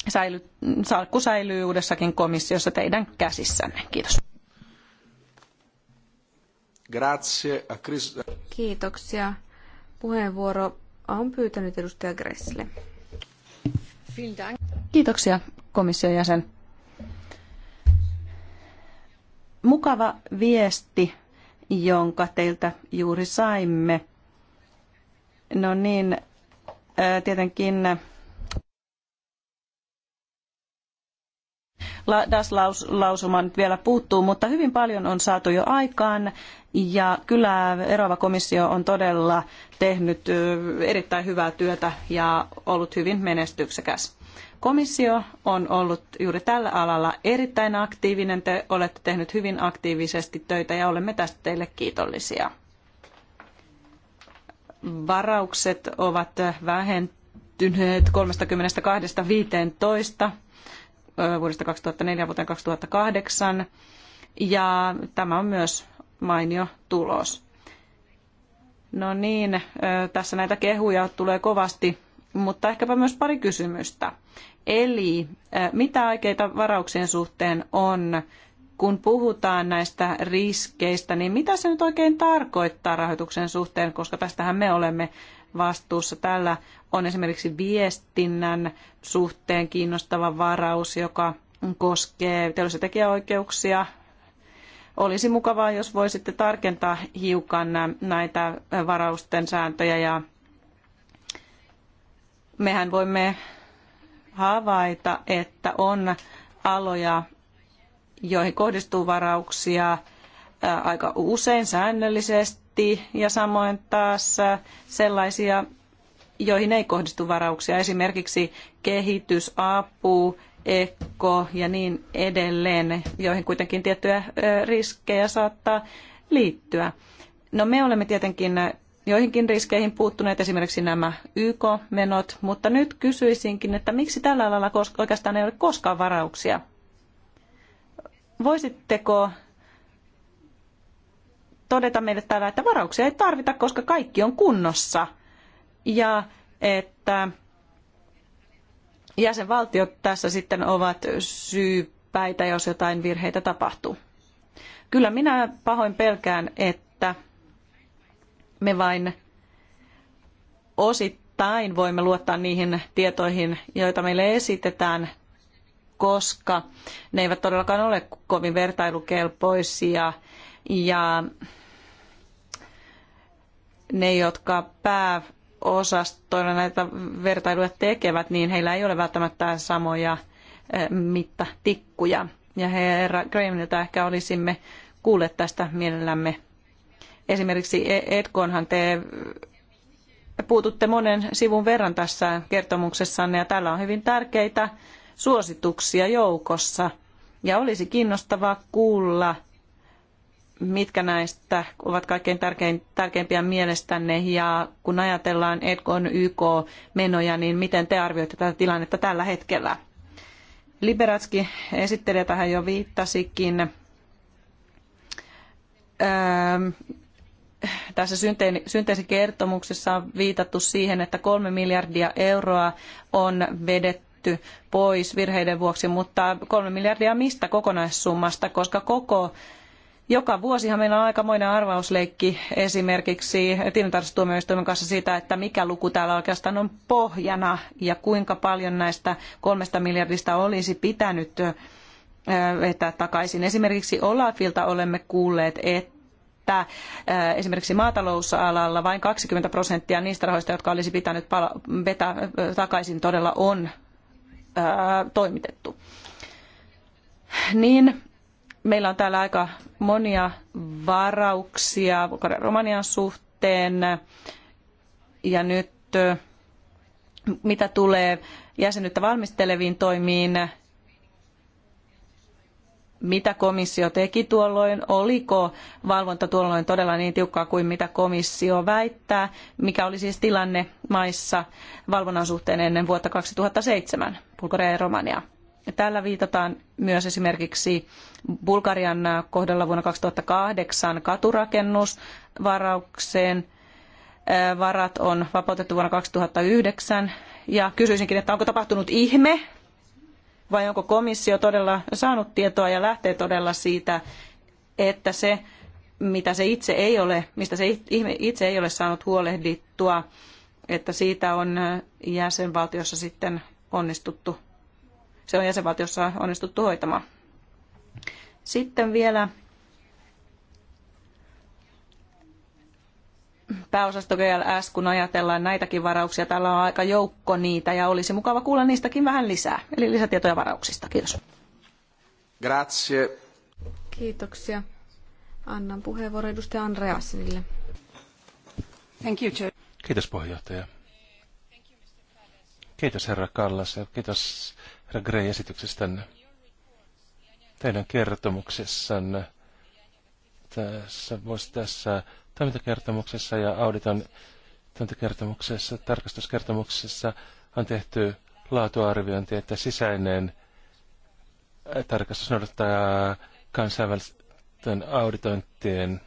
säily, salkku säilyy uudessakin komissiossa teidän käsissänne. Kiitos. Kiitoksia. Puheenvuoro on pyytänyt edustaja Gressle. Kiitoksia komission jäsen. Mukava viesti jonka teiltä juuri saimme. No niin, tietenkin DAS-lausuma nyt vielä puuttuu, mutta hyvin paljon on saatu jo aikaan ja kyllä eroava komissio on todella tehnyt erittäin hyvää työtä ja ollut hyvin menestyksekäs. Komissio on ollut juuri tällä alalla erittäin aktiivinen. Te olette tehnyt hyvin aktiivisesti töitä ja olemme tästä teille kiitollisia. Varaukset ovat vähentyneet 32-15 vuodesta 2004 vuoteen 2008 ja tämä on myös mainio tulos. No niin, tässä näitä kehuja tulee kovasti mutta ehkäpä myös pari kysymystä. Eli mitä aikeita varauksien suhteen on, kun puhutaan näistä riskeistä, niin mitä se nyt oikein tarkoittaa rahoituksen suhteen, koska tästähän me olemme vastuussa. Tällä on esimerkiksi viestinnän suhteen kiinnostava varaus, joka koskee teollisia tekijäoikeuksia. Olisi mukavaa, jos voisitte tarkentaa hiukan näitä varausten sääntöjä ja mehän voimme havaita, että on aloja, joihin kohdistuu varauksia aika usein säännöllisesti ja samoin taas sellaisia, joihin ei kohdistu varauksia, esimerkiksi kehitysapu, ekko ja niin edelleen, joihin kuitenkin tiettyjä riskejä saattaa liittyä. No me olemme tietenkin joihinkin riskeihin puuttuneet, esimerkiksi nämä YK-menot, mutta nyt kysyisinkin, että miksi tällä alalla oikeastaan ei ole koskaan varauksia? Voisitteko todeta meille täällä, että varauksia ei tarvita, koska kaikki on kunnossa ja että jäsenvaltiot tässä sitten ovat syypäitä, jos jotain virheitä tapahtuu. Kyllä minä pahoin pelkään, että me vain osittain voimme luottaa niihin tietoihin, joita meille esitetään, koska ne eivät todellakaan ole kovin vertailukelpoisia. Ja ne, jotka pääosastoilla näitä vertailuja tekevät, niin heillä ei ole välttämättä samoja eh, mittatikkuja. Ja herra Grahamilta ehkä olisimme kuulleet tästä mielellämme Esimerkiksi Edgonhan te puututte monen sivun verran tässä kertomuksessanne ja täällä on hyvin tärkeitä suosituksia joukossa. Ja olisi kiinnostavaa kuulla, mitkä näistä ovat kaikkein tärkein, tärkeimpiä mielestänne ja kun ajatellaan Edgon YK-menoja, niin miten te arvioitte tätä tilannetta tällä hetkellä? Liberatski esittelijä tähän jo viittasikin. Öö, tässä synteesikertomuksessa on viitattu siihen, että kolme miljardia euroa on vedetty pois virheiden vuoksi, mutta kolme miljardia mistä kokonaissummasta, koska koko joka vuosihan meillä on aikamoinen arvausleikki esimerkiksi tilintarkastustuomioistuimen kanssa siitä, että mikä luku täällä oikeastaan on pohjana ja kuinka paljon näistä kolmesta miljardista olisi pitänyt vetää takaisin. Esimerkiksi Olafilta olemme kuulleet, että että esimerkiksi maatalousalalla vain 20 prosenttia niistä rahoista, jotka olisi pitänyt vetää takaisin, todella on toimitettu. Niin meillä on täällä aika monia varauksia Romanian suhteen. Ja nyt mitä tulee jäsenyyttä valmisteleviin toimiin, mitä komissio teki tuolloin, oliko valvonta tuolloin todella niin tiukkaa kuin mitä komissio väittää, mikä oli siis tilanne maissa valvonnan suhteen ennen vuotta 2007, Bulgaria ja Romania. Tällä viitataan myös esimerkiksi Bulgarian kohdalla vuonna 2008 katurakennusvaraukseen. Varat on vapautettu vuonna 2009 ja kysyisinkin, että onko tapahtunut ihme vai onko komissio todella saanut tietoa ja lähtee todella siitä, että se, mitä se itse ei ole, mistä se itse ei ole saanut huolehdittua, että siitä on jäsenvaltiossa sitten onnistuttu, se on jäsenvaltiossa onnistuttu hoitamaan. Sitten vielä pääosasto GLS, kun ajatellaan näitäkin varauksia. Täällä on aika joukko niitä ja olisi mukava kuulla niistäkin vähän lisää. Eli lisätietoja varauksista. Kiitos. Grazie. Kiitoksia. Annan puheenvuoro edustaja Andreasenille. Thank you, Chair. Kiitos puheenjohtaja. Kiitos herra Kallas ja kiitos herra Gray esityksestänne. Teidän kertomuksessanne tässä, tässä toimintakertomuksessa ja auditon toimintakertomuksessa, tarkastuskertomuksessa on tehty laatuarviointi, että sisäinen tarkastus noudattaa kansainvälisten auditointien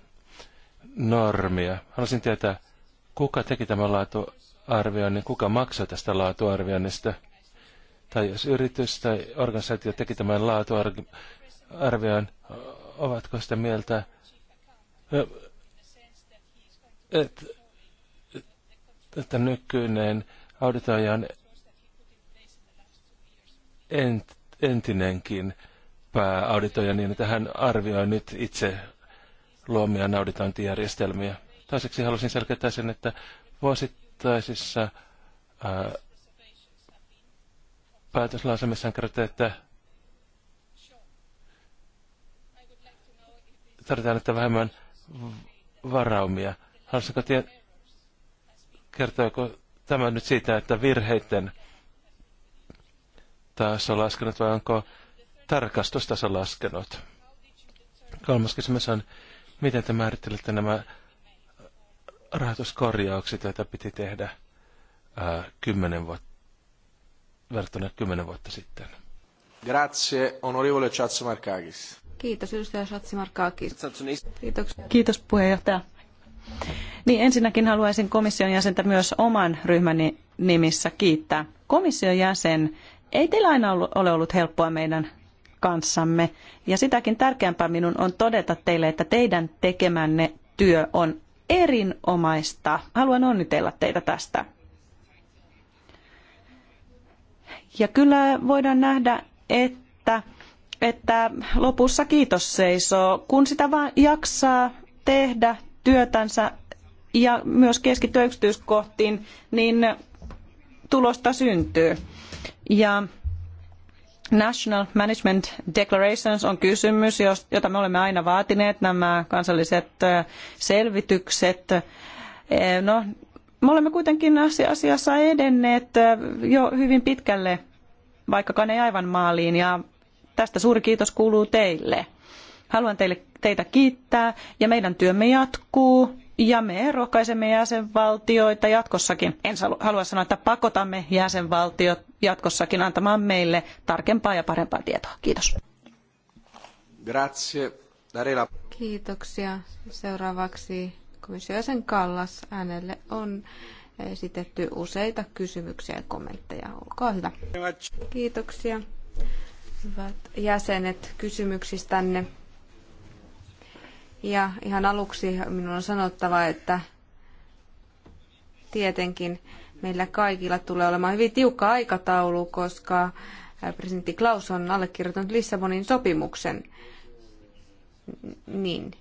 normia. Haluaisin tietää, kuka teki tämän laatuarvioinnin, kuka maksoi tästä laatuarvioinnista. Tai jos yritys tai organisaatio teki tämän laatuarvioinnin, ovatko sitä mieltä, että, että nykyinen auditoijan ent, entinenkin pääauditoija niin, että hän arvioi nyt itse luomia auditointijärjestelmiä. Toiseksi halusin selkeyttää sen, että vuosittaisissa päätöslausemissa kertoo, että tarvitaan, että vähemmän varaumia. Haluaisitko tie- kertoako tämä nyt siitä, että virheiden taas on laskenut vai onko tarkastustaso laskenut? Kolmas kysymys on, miten te määrittelette nämä rahoituskorjaukset, joita piti tehdä ää, kymmenen vuotta, verrattuna kymmenen vuotta sitten? Grazie, onorevole Chatsumarkakis. Kiitos, edustaja Chatsumarkakis. Kiitos. Kiitos puheenjohtaja. Niin ensinnäkin haluaisin komission jäsentä myös oman ryhmäni nimissä kiittää. Komission jäsen, ei teillä aina ole ollut helppoa meidän kanssamme. Ja sitäkin tärkeämpää minun on todeta teille, että teidän tekemänne työ on erinomaista. Haluan onnitella teitä tästä. Ja kyllä voidaan nähdä, että, että lopussa kiitos seisoo, kun sitä vaan jaksaa tehdä työtänsä ja myös keskittyä yksityiskohtiin, niin tulosta syntyy. Ja National Management Declarations on kysymys, jota me olemme aina vaatineet, nämä kansalliset selvitykset. No, me olemme kuitenkin asiassa edenneet jo hyvin pitkälle, vaikkakaan ei aivan maaliin, ja tästä suuri kiitos kuuluu teille. Haluan teille, teitä kiittää ja meidän työmme jatkuu ja me rohkaisemme jäsenvaltioita jatkossakin. En halua sanoa, että pakotamme jäsenvaltiot jatkossakin antamaan meille tarkempaa ja parempaa tietoa. Kiitos. Grazie. Darela. Kiitoksia. Seuraavaksi komission jäsen Kallas. Hänelle on esitetty useita kysymyksiä ja kommentteja. Olkaa hyvä. Kiitoksia. Hyvät jäsenet kysymyksistänne. Ja ihan aluksi minun on sanottava, että tietenkin meillä kaikilla tulee olemaan hyvin tiukka aikataulu, koska presidentti Klaus on allekirjoittanut Lissabonin sopimuksen. Niin,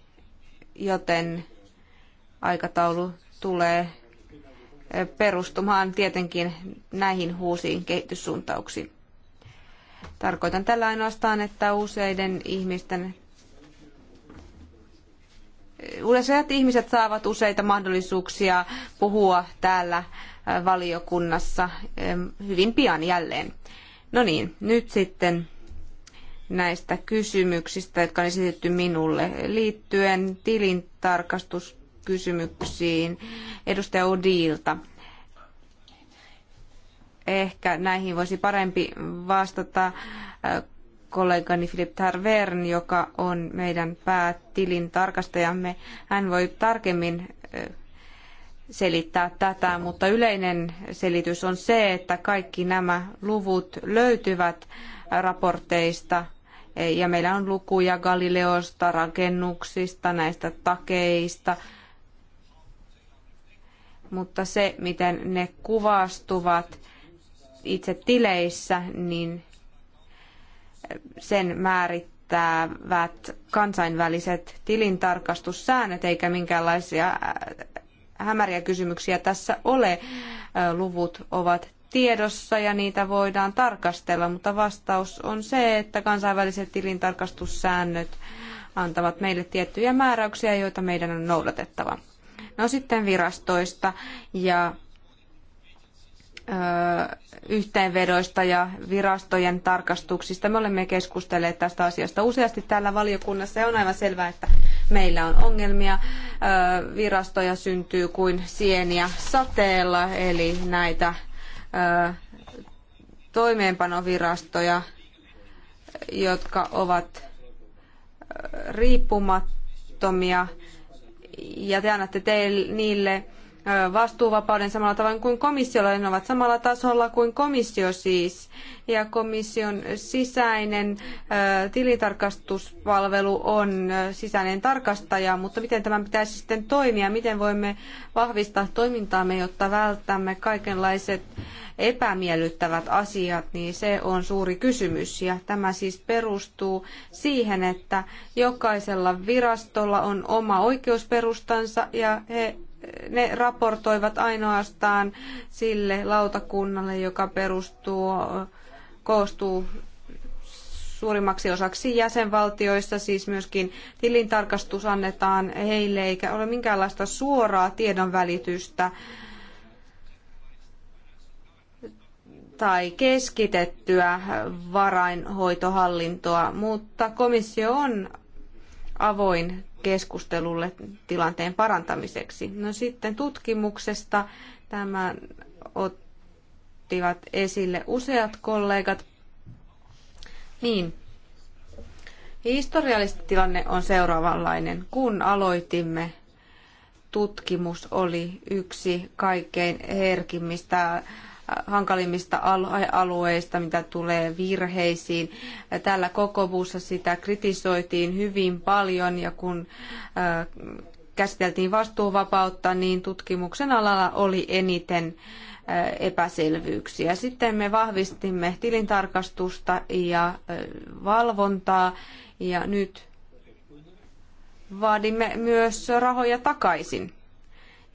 joten aikataulu tulee perustumaan tietenkin näihin huusiin kehityssuuntauksiin. Tarkoitan tällä ainoastaan, että useiden ihmisten useat ihmiset saavat useita mahdollisuuksia puhua täällä äh, valiokunnassa ähm, hyvin pian jälleen. No niin, nyt sitten näistä kysymyksistä, jotka on esitetty minulle liittyen tilintarkastuskysymyksiin edustaja Odilta. Ehkä näihin voisi parempi vastata äh, kollegani Philip Tarvern, joka on meidän päätilin tarkastajamme. Hän voi tarkemmin selittää tätä, mutta yleinen selitys on se, että kaikki nämä luvut löytyvät raporteista e, ja meillä on lukuja Galileosta, rakennuksista, näistä takeista, mutta se, miten ne kuvastuvat itse tileissä, niin sen määrittävät kansainväliset tilintarkastussäännöt, eikä minkäänlaisia äh, hämäriä kysymyksiä tässä ole. Äh, luvut ovat tiedossa ja niitä voidaan tarkastella, mutta vastaus on se, että kansainväliset tilintarkastussäännöt antavat meille tiettyjä määräyksiä, joita meidän on noudatettava. No sitten virastoista ja yhteenvedoista ja virastojen tarkastuksista. Me olemme keskustelleet tästä asiasta useasti täällä valiokunnassa ja on aivan selvää, että meillä on ongelmia. Virastoja syntyy kuin sieniä sateella, eli näitä toimeenpanovirastoja, jotka ovat riippumattomia ja te annatte teille, niille vastuuvapauden samalla tavoin kuin komissiolla. Ne ovat samalla tasolla kuin komissio siis. Ja komission sisäinen tilintarkastuspalvelu on sisäinen tarkastaja, mutta miten tämän pitäisi sitten toimia? Miten voimme vahvistaa toimintaamme, jotta välttämme kaikenlaiset epämiellyttävät asiat, niin se on suuri kysymys. Ja tämä siis perustuu siihen, että jokaisella virastolla on oma oikeusperustansa ja he ne raportoivat ainoastaan sille lautakunnalle, joka perustuu, koostuu suurimmaksi osaksi jäsenvaltioissa, siis myöskin tilintarkastus annetaan heille, eikä ole minkäänlaista suoraa tiedonvälitystä tai keskitettyä varainhoitohallintoa, mutta komissio on avoin keskustelulle tilanteen parantamiseksi. No sitten tutkimuksesta tämä ottivat esille useat kollegat. Niin, historiallisesti tilanne on seuraavanlainen. Kun aloitimme, tutkimus oli yksi kaikkein herkimmistä hankalimmista alueista, mitä tulee virheisiin. Täällä kokovuussa sitä kritisoitiin hyvin paljon ja kun äh, käsiteltiin vastuuvapautta, niin tutkimuksen alalla oli eniten äh, epäselvyyksiä. Sitten me vahvistimme tilintarkastusta ja äh, valvontaa ja nyt vaadimme myös rahoja takaisin.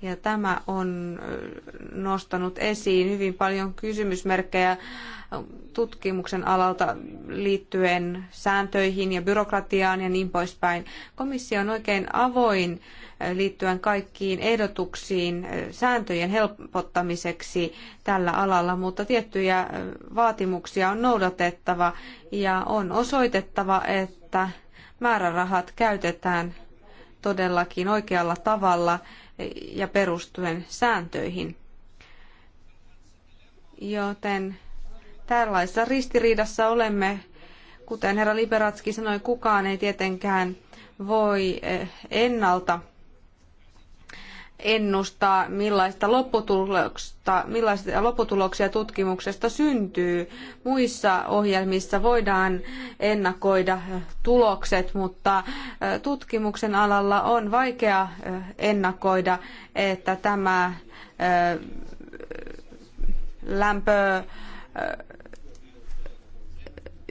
Ja tämä on nostanut esiin hyvin paljon kysymysmerkkejä tutkimuksen alalta liittyen sääntöihin ja byrokratiaan ja niin poispäin. Komissio on oikein avoin liittyen kaikkiin ehdotuksiin sääntöjen helpottamiseksi tällä alalla, mutta tiettyjä vaatimuksia on noudatettava ja on osoitettava, että määrärahat käytetään todellakin oikealla tavalla ja perustuen sääntöihin. Joten tällaisessa ristiriidassa olemme, kuten herra Liberatski sanoi, kukaan ei tietenkään voi eh, ennalta ennustaa, millaista lopputulosta, millaisia lopputuloksia tutkimuksesta syntyy. Muissa ohjelmissa voidaan ennakoida tulokset, mutta tutkimuksen alalla on vaikea ennakoida, että tämä lämpö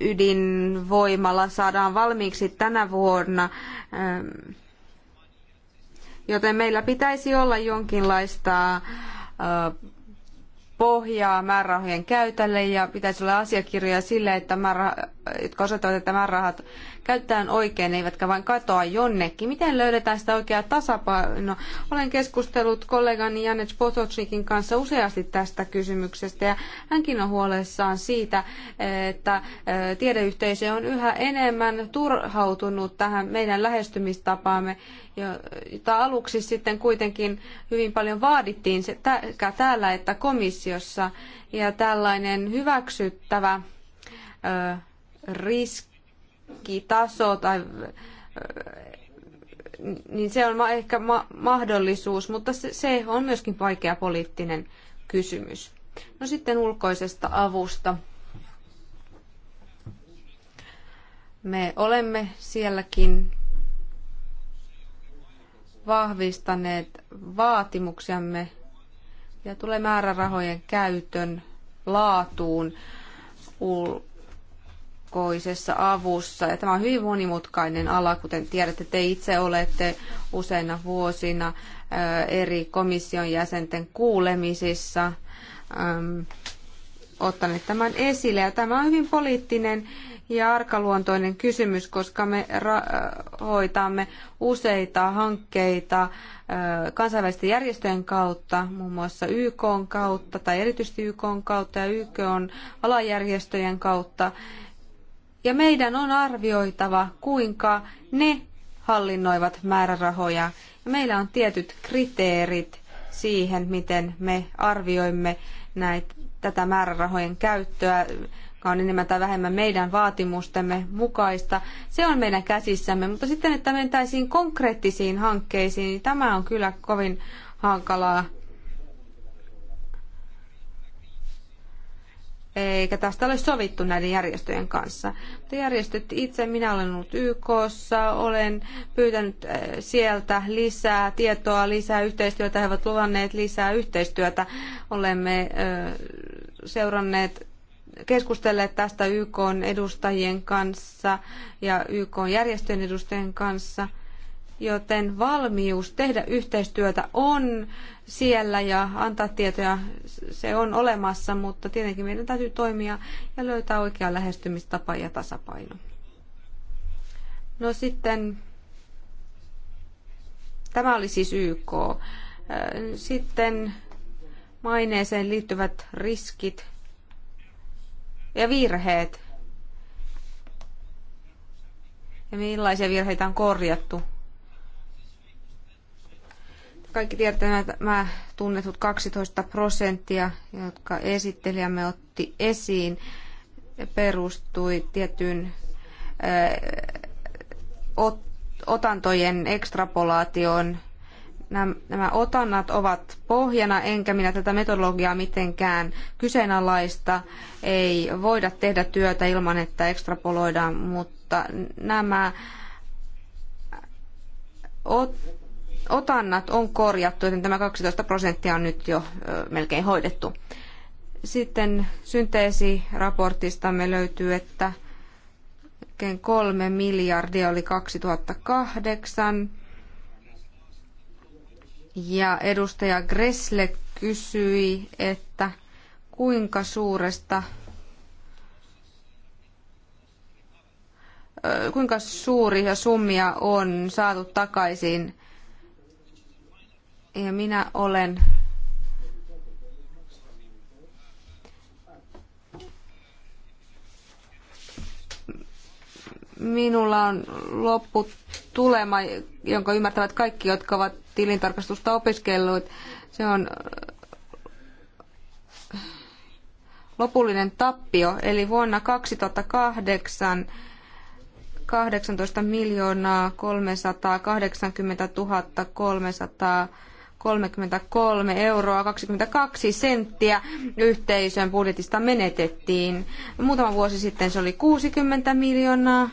ydinvoimala saadaan valmiiksi tänä vuonna Joten meillä pitäisi olla jonkinlaista pohjaa määrärahojen käytölle ja pitäisi olla asiakirjoja sille, että määrä, jotka osoittavat, että määrärahat käytetään oikein, eivätkä vain katoa jonnekin. Miten löydetään sitä oikeaa tasapainoa? Olen keskustellut kollegani Janet Potocnikin kanssa useasti tästä kysymyksestä ja hänkin on huolessaan siitä, että eh, tiedeyhteisö on yhä enemmän turhautunut tähän meidän lähestymistapaamme, jota aluksi sitten kuitenkin hyvin paljon vaadittiin sekä täällä että komissiossa. Ja tällainen hyväksyttävä eh, risk taso tai niin se on ehkä ma- mahdollisuus, mutta se, se on myöskin vaikea poliittinen kysymys. No sitten ulkoisesta avusta. Me olemme sielläkin vahvistaneet vaatimuksiamme ja tulee määrärahojen käytön laatuun ul- ulkoisessa avussa. Ja tämä on hyvin monimutkainen ala, kuten tiedätte, te itse olette useina vuosina eri komission jäsenten kuulemisissa ottaneet tämän esille. Ja tämä on hyvin poliittinen ja arkaluontoinen kysymys, koska me hoitamme useita hankkeita kansainvälisten järjestöjen kautta, muun muassa YK kautta tai erityisesti YK kautta ja YK on alajärjestöjen kautta. Ja meidän on arvioitava, kuinka ne hallinnoivat määrärahoja. Ja meillä on tietyt kriteerit siihen, miten me arvioimme näitä, tätä määrärahojen käyttöä, joka on enemmän tai vähemmän meidän vaatimustemme mukaista. Se on meidän käsissämme, mutta sitten, että mentäisiin konkreettisiin hankkeisiin, niin tämä on kyllä kovin hankalaa eikä tästä ole sovittu näiden järjestöjen kanssa. Mutta järjestöt itse, minä olen ollut YKssa, olen pyytänyt eh, sieltä lisää tietoa, lisää yhteistyötä, he ovat luvanneet lisää yhteistyötä. Olemme eh, seuranneet keskustelleet tästä YK edustajien kanssa ja YK järjestöjen edustajien kanssa – joten valmius tehdä yhteistyötä on siellä ja antaa tietoja, se on olemassa, mutta tietenkin meidän täytyy toimia ja löytää oikea lähestymistapa ja tasapaino. No sitten, tämä oli siis YK. Sitten maineeseen liittyvät riskit ja virheet. Ja millaisia virheitä on korjattu kaikki tietävät nämä tunnetut 12 prosenttia, jotka esittelijämme otti esiin, perustui tiettyyn eh, otantojen ekstrapolaatioon. Nämä otannat ovat pohjana, enkä minä tätä metodologiaa mitenkään kyseenalaista. Ei voida tehdä työtä ilman, että ekstrapoloidaan, mutta nämä ot- otannat on korjattu, joten tämä 12 prosenttia on nyt jo melkein hoidettu. Sitten synteesiraportistamme löytyy, että kolme miljardia oli 2008. Ja edustaja Gressle kysyi, että kuinka suuresta kuinka suuria summia on saatu takaisin ja minä olen minulla on loppu tulema, jonka ymmärtävät kaikki, jotka ovat tilintarkastusta opiskelleet. Se on äh, lopullinen tappio, eli vuonna 2008 18 miljoonaa 380 300 33 euroa 22 senttiä yhteisön budjetista menetettiin. Muutama vuosi sitten se oli 60 miljoonaa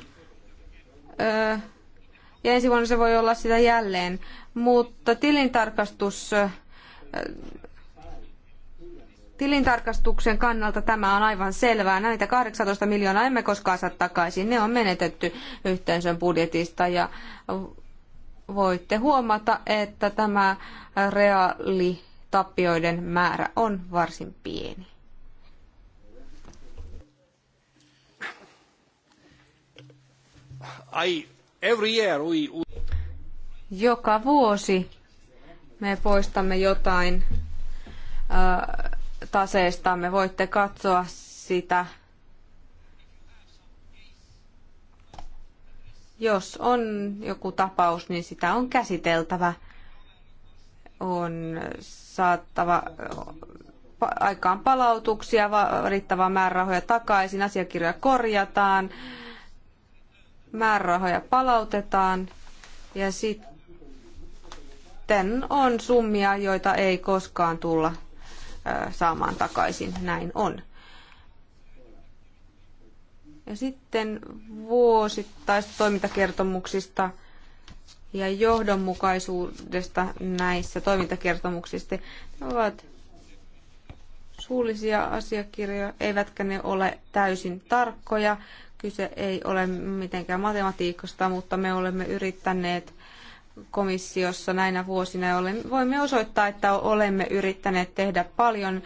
ja ensi vuonna se voi olla sitä jälleen. Mutta tilintarkastus, tilintarkastuksen kannalta tämä on aivan selvää. Näitä 18 miljoonaa emme koskaan saa takaisin. Ne on menetetty yhteisön budjetista ja voitte huomata, että tämä reaalitappioiden määrä on varsin pieni. I, every year we... Joka vuosi me poistamme jotain ö, taseestamme. Voitte katsoa sitä Jos on joku tapaus, niin sitä on käsiteltävä. On saattava aikaan palautuksia, riittävää määrärahoja takaisin, asiakirjoja korjataan, määrärahoja palautetaan ja sitten on summia, joita ei koskaan tulla saamaan takaisin. Näin on. Ja sitten vuosittaista toimintakertomuksista ja johdonmukaisuudesta näissä toimintakertomuksista. Ne ovat suullisia asiakirjoja, eivätkä ne ole täysin tarkkoja. Kyse ei ole mitenkään matematiikasta, mutta me olemme yrittäneet komissiossa näinä vuosina ja voimme osoittaa, että olemme yrittäneet tehdä paljon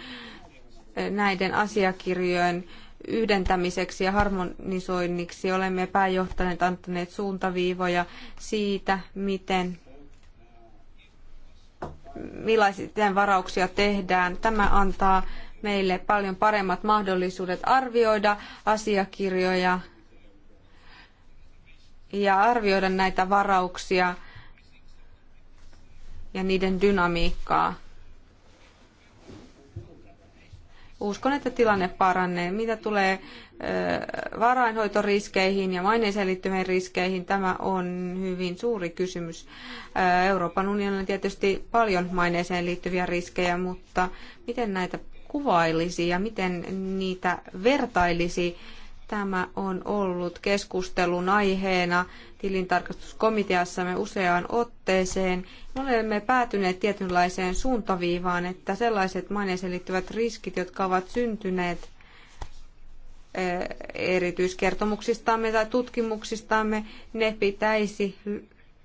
näiden asiakirjojen yhdentämiseksi ja harmonisoinniksi olemme pääjohtajat antaneet suuntaviivoja siitä, miten millaisia varauksia tehdään. Tämä antaa meille paljon paremmat mahdollisuudet arvioida asiakirjoja ja arvioida näitä varauksia ja niiden dynamiikkaa. uskon, että tilanne paranee. Mitä tulee varainhoitoriskeihin ja maineeseen liittyviin riskeihin, tämä on hyvin suuri kysymys. Euroopan unionilla on tietysti paljon maineeseen liittyviä riskejä, mutta miten näitä kuvailisi ja miten niitä vertailisi Tämä on ollut keskustelun aiheena tilintarkastuskomiteassamme useaan otteeseen. Me olemme päätyneet tietynlaiseen suuntaviivaan, että sellaiset maineeseen liittyvät riskit, jotka ovat syntyneet eh, erityiskertomuksistamme tai tutkimuksistamme, ne pitäisi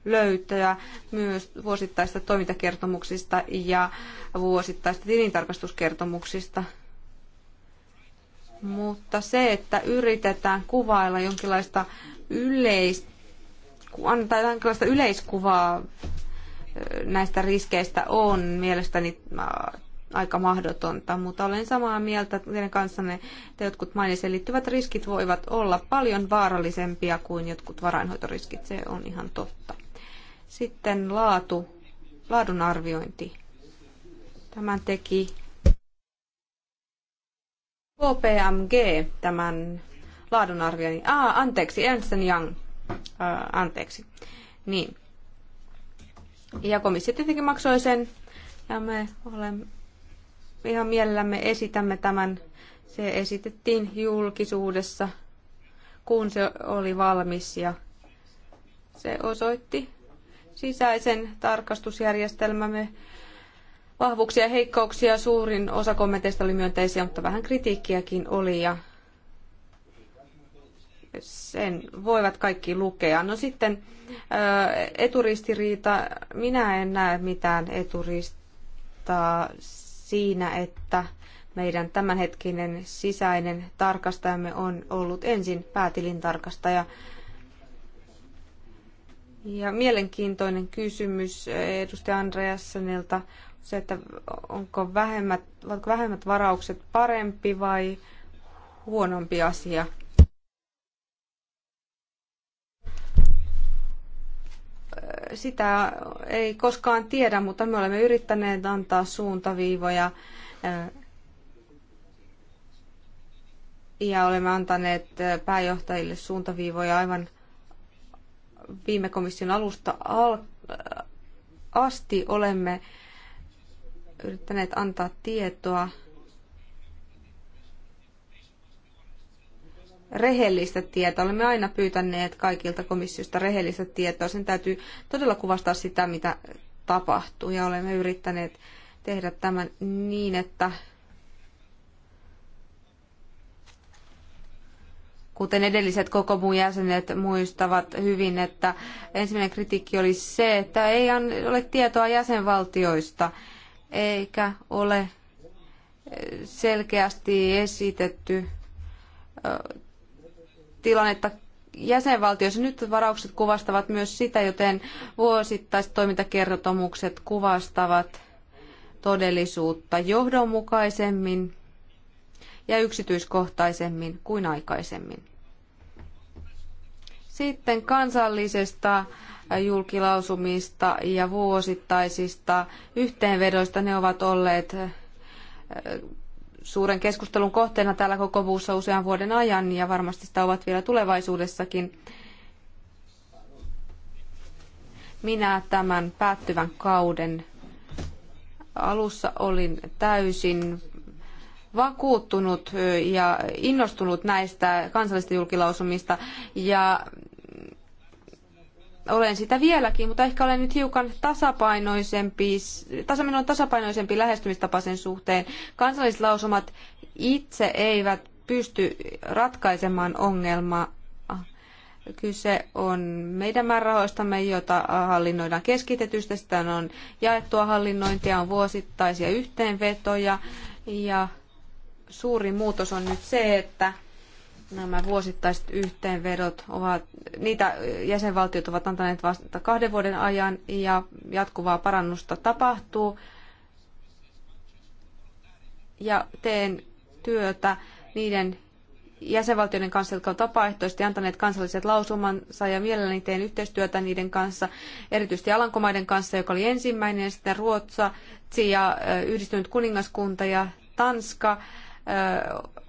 löytää myös vuosittaista toimintakertomuksista ja vuosittaista tilintarkastuskertomuksista. Mutta se, että yritetään kuvailla jonkinlaista, yleis, tai jonkinlaista yleiskuvaa näistä riskeistä on mielestäni aika mahdotonta, mutta olen samaa mieltä teidän kanssanne, että jotkut mainitsen liittyvät riskit voivat olla paljon vaarallisempia kuin jotkut varainhoitoriskit, se on ihan totta. Sitten laatu, laadun arviointi. Tämän teki KPMG tämän laadunarvioinnin. Ah, anteeksi, Ernst Young. Äh, anteeksi. Niin. Ja komissio tietenkin maksoi sen. Ja me olemme ihan mielellämme esitämme tämän. Se esitettiin julkisuudessa, kun se oli valmis ja se osoitti sisäisen tarkastusjärjestelmämme vahvuuksia ja heikkouksia. Suurin osa kommenteista oli myönteisiä, mutta vähän kritiikkiäkin oli ja sen voivat kaikki lukea. No sitten eturistiriita. Minä en näe mitään eturistaa siinä, että meidän tämänhetkinen sisäinen tarkastajamme on ollut ensin päätilintarkastaja. Ja mielenkiintoinen kysymys edustaja Andreassenilta se, että onko vähemmät, ovatko vähemmät varaukset parempi vai huonompi asia. Sitä ei koskaan tiedä, mutta me olemme yrittäneet antaa suuntaviivoja ja olemme antaneet pääjohtajille suuntaviivoja aivan viime komission alusta asti olemme yrittäneet antaa tietoa, rehellistä tietoa. Olemme aina pyytäneet kaikilta komissiosta rehellistä tietoa. Sen täytyy todella kuvastaa sitä, mitä tapahtuu. Ja olemme yrittäneet tehdä tämän niin, että kuten edelliset koko muun jäsenet muistavat hyvin, että ensimmäinen kritiikki oli se, että ei ole tietoa jäsenvaltioista – eikä ole selkeästi esitetty tilannetta jäsenvaltioissa. Nyt varaukset kuvastavat myös sitä, joten vuosittaiset toimintakertomukset kuvastavat todellisuutta johdonmukaisemmin ja yksityiskohtaisemmin kuin aikaisemmin. Sitten kansallisesta julkilausumista ja vuosittaisista yhteenvedoista. Ne ovat olleet äh, suuren keskustelun kohteena täällä koko usean vuoden ajan ja varmasti sitä ovat vielä tulevaisuudessakin. Minä tämän päättyvän kauden alussa olin täysin vakuuttunut ja innostunut näistä kansallisista julkilausumista ja olen sitä vieläkin, mutta ehkä olen nyt hiukan tasapainoisempi, tasapaino on tasapainoisempi lähestymistapa sen suhteen. Kansallislausumat itse eivät pysty ratkaisemaan ongelmaa. Kyse on meidän määrärahoistamme, jota hallinnoidaan keskitetystä. Sitä on jaettua hallinnointia, on vuosittaisia yhteenvetoja ja suuri muutos on nyt se, että Nämä vuosittaiset yhteenvedot ovat, niitä jäsenvaltiot ovat antaneet vasta kahden vuoden ajan ja jatkuvaa parannusta tapahtuu. Ja teen työtä niiden jäsenvaltioiden kanssa, jotka ovat vapaaehtoisesti antaneet kansalliset lausumansa ja mielelläni teen yhteistyötä niiden kanssa, erityisesti Alankomaiden kanssa, joka oli ensimmäinen, sitten Ruotsa ja yhdistynyt kuningaskunta ja Tanska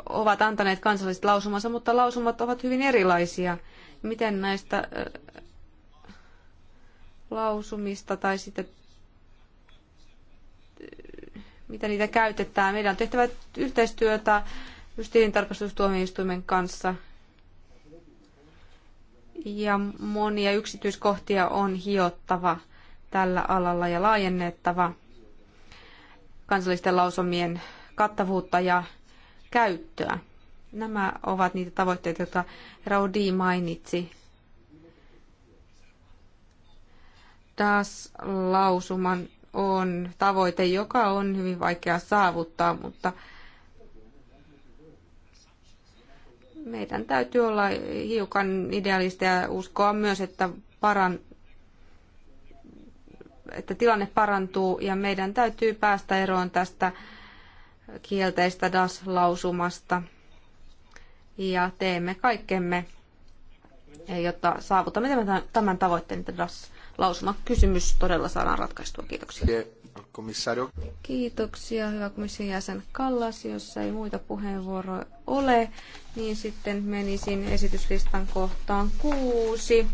ovat antaneet kansalliset lausumansa, mutta lausumat ovat hyvin erilaisia. Miten näistä lausumista tai sitten mitä niitä käytetään. Meidän on tehtävä yhteistyötä just kanssa. Ja monia yksityiskohtia on hiottava tällä alalla ja laajennettava kansallisten lausumien kattavuutta ja käyttöä. Nämä ovat niitä tavoitteita, joita Raudi mainitsi. DAS-lausuman on tavoite, joka on hyvin vaikea saavuttaa, mutta meidän täytyy olla hiukan idealisteja ja uskoa myös, että, paran, että tilanne parantuu ja meidän täytyy päästä eroon tästä kielteistä DAS-lausumasta ja teemme kaikkemme, jotta saavutamme tämän tavoitteen, että DAS-lausuma kysymys todella saadaan ratkaistua. Kiitoksia. Kiitoksia, hyvä komission jäsen Kallas. Jos ei muita puheenvuoroja ole, niin sitten menisin esityslistan kohtaan kuusi.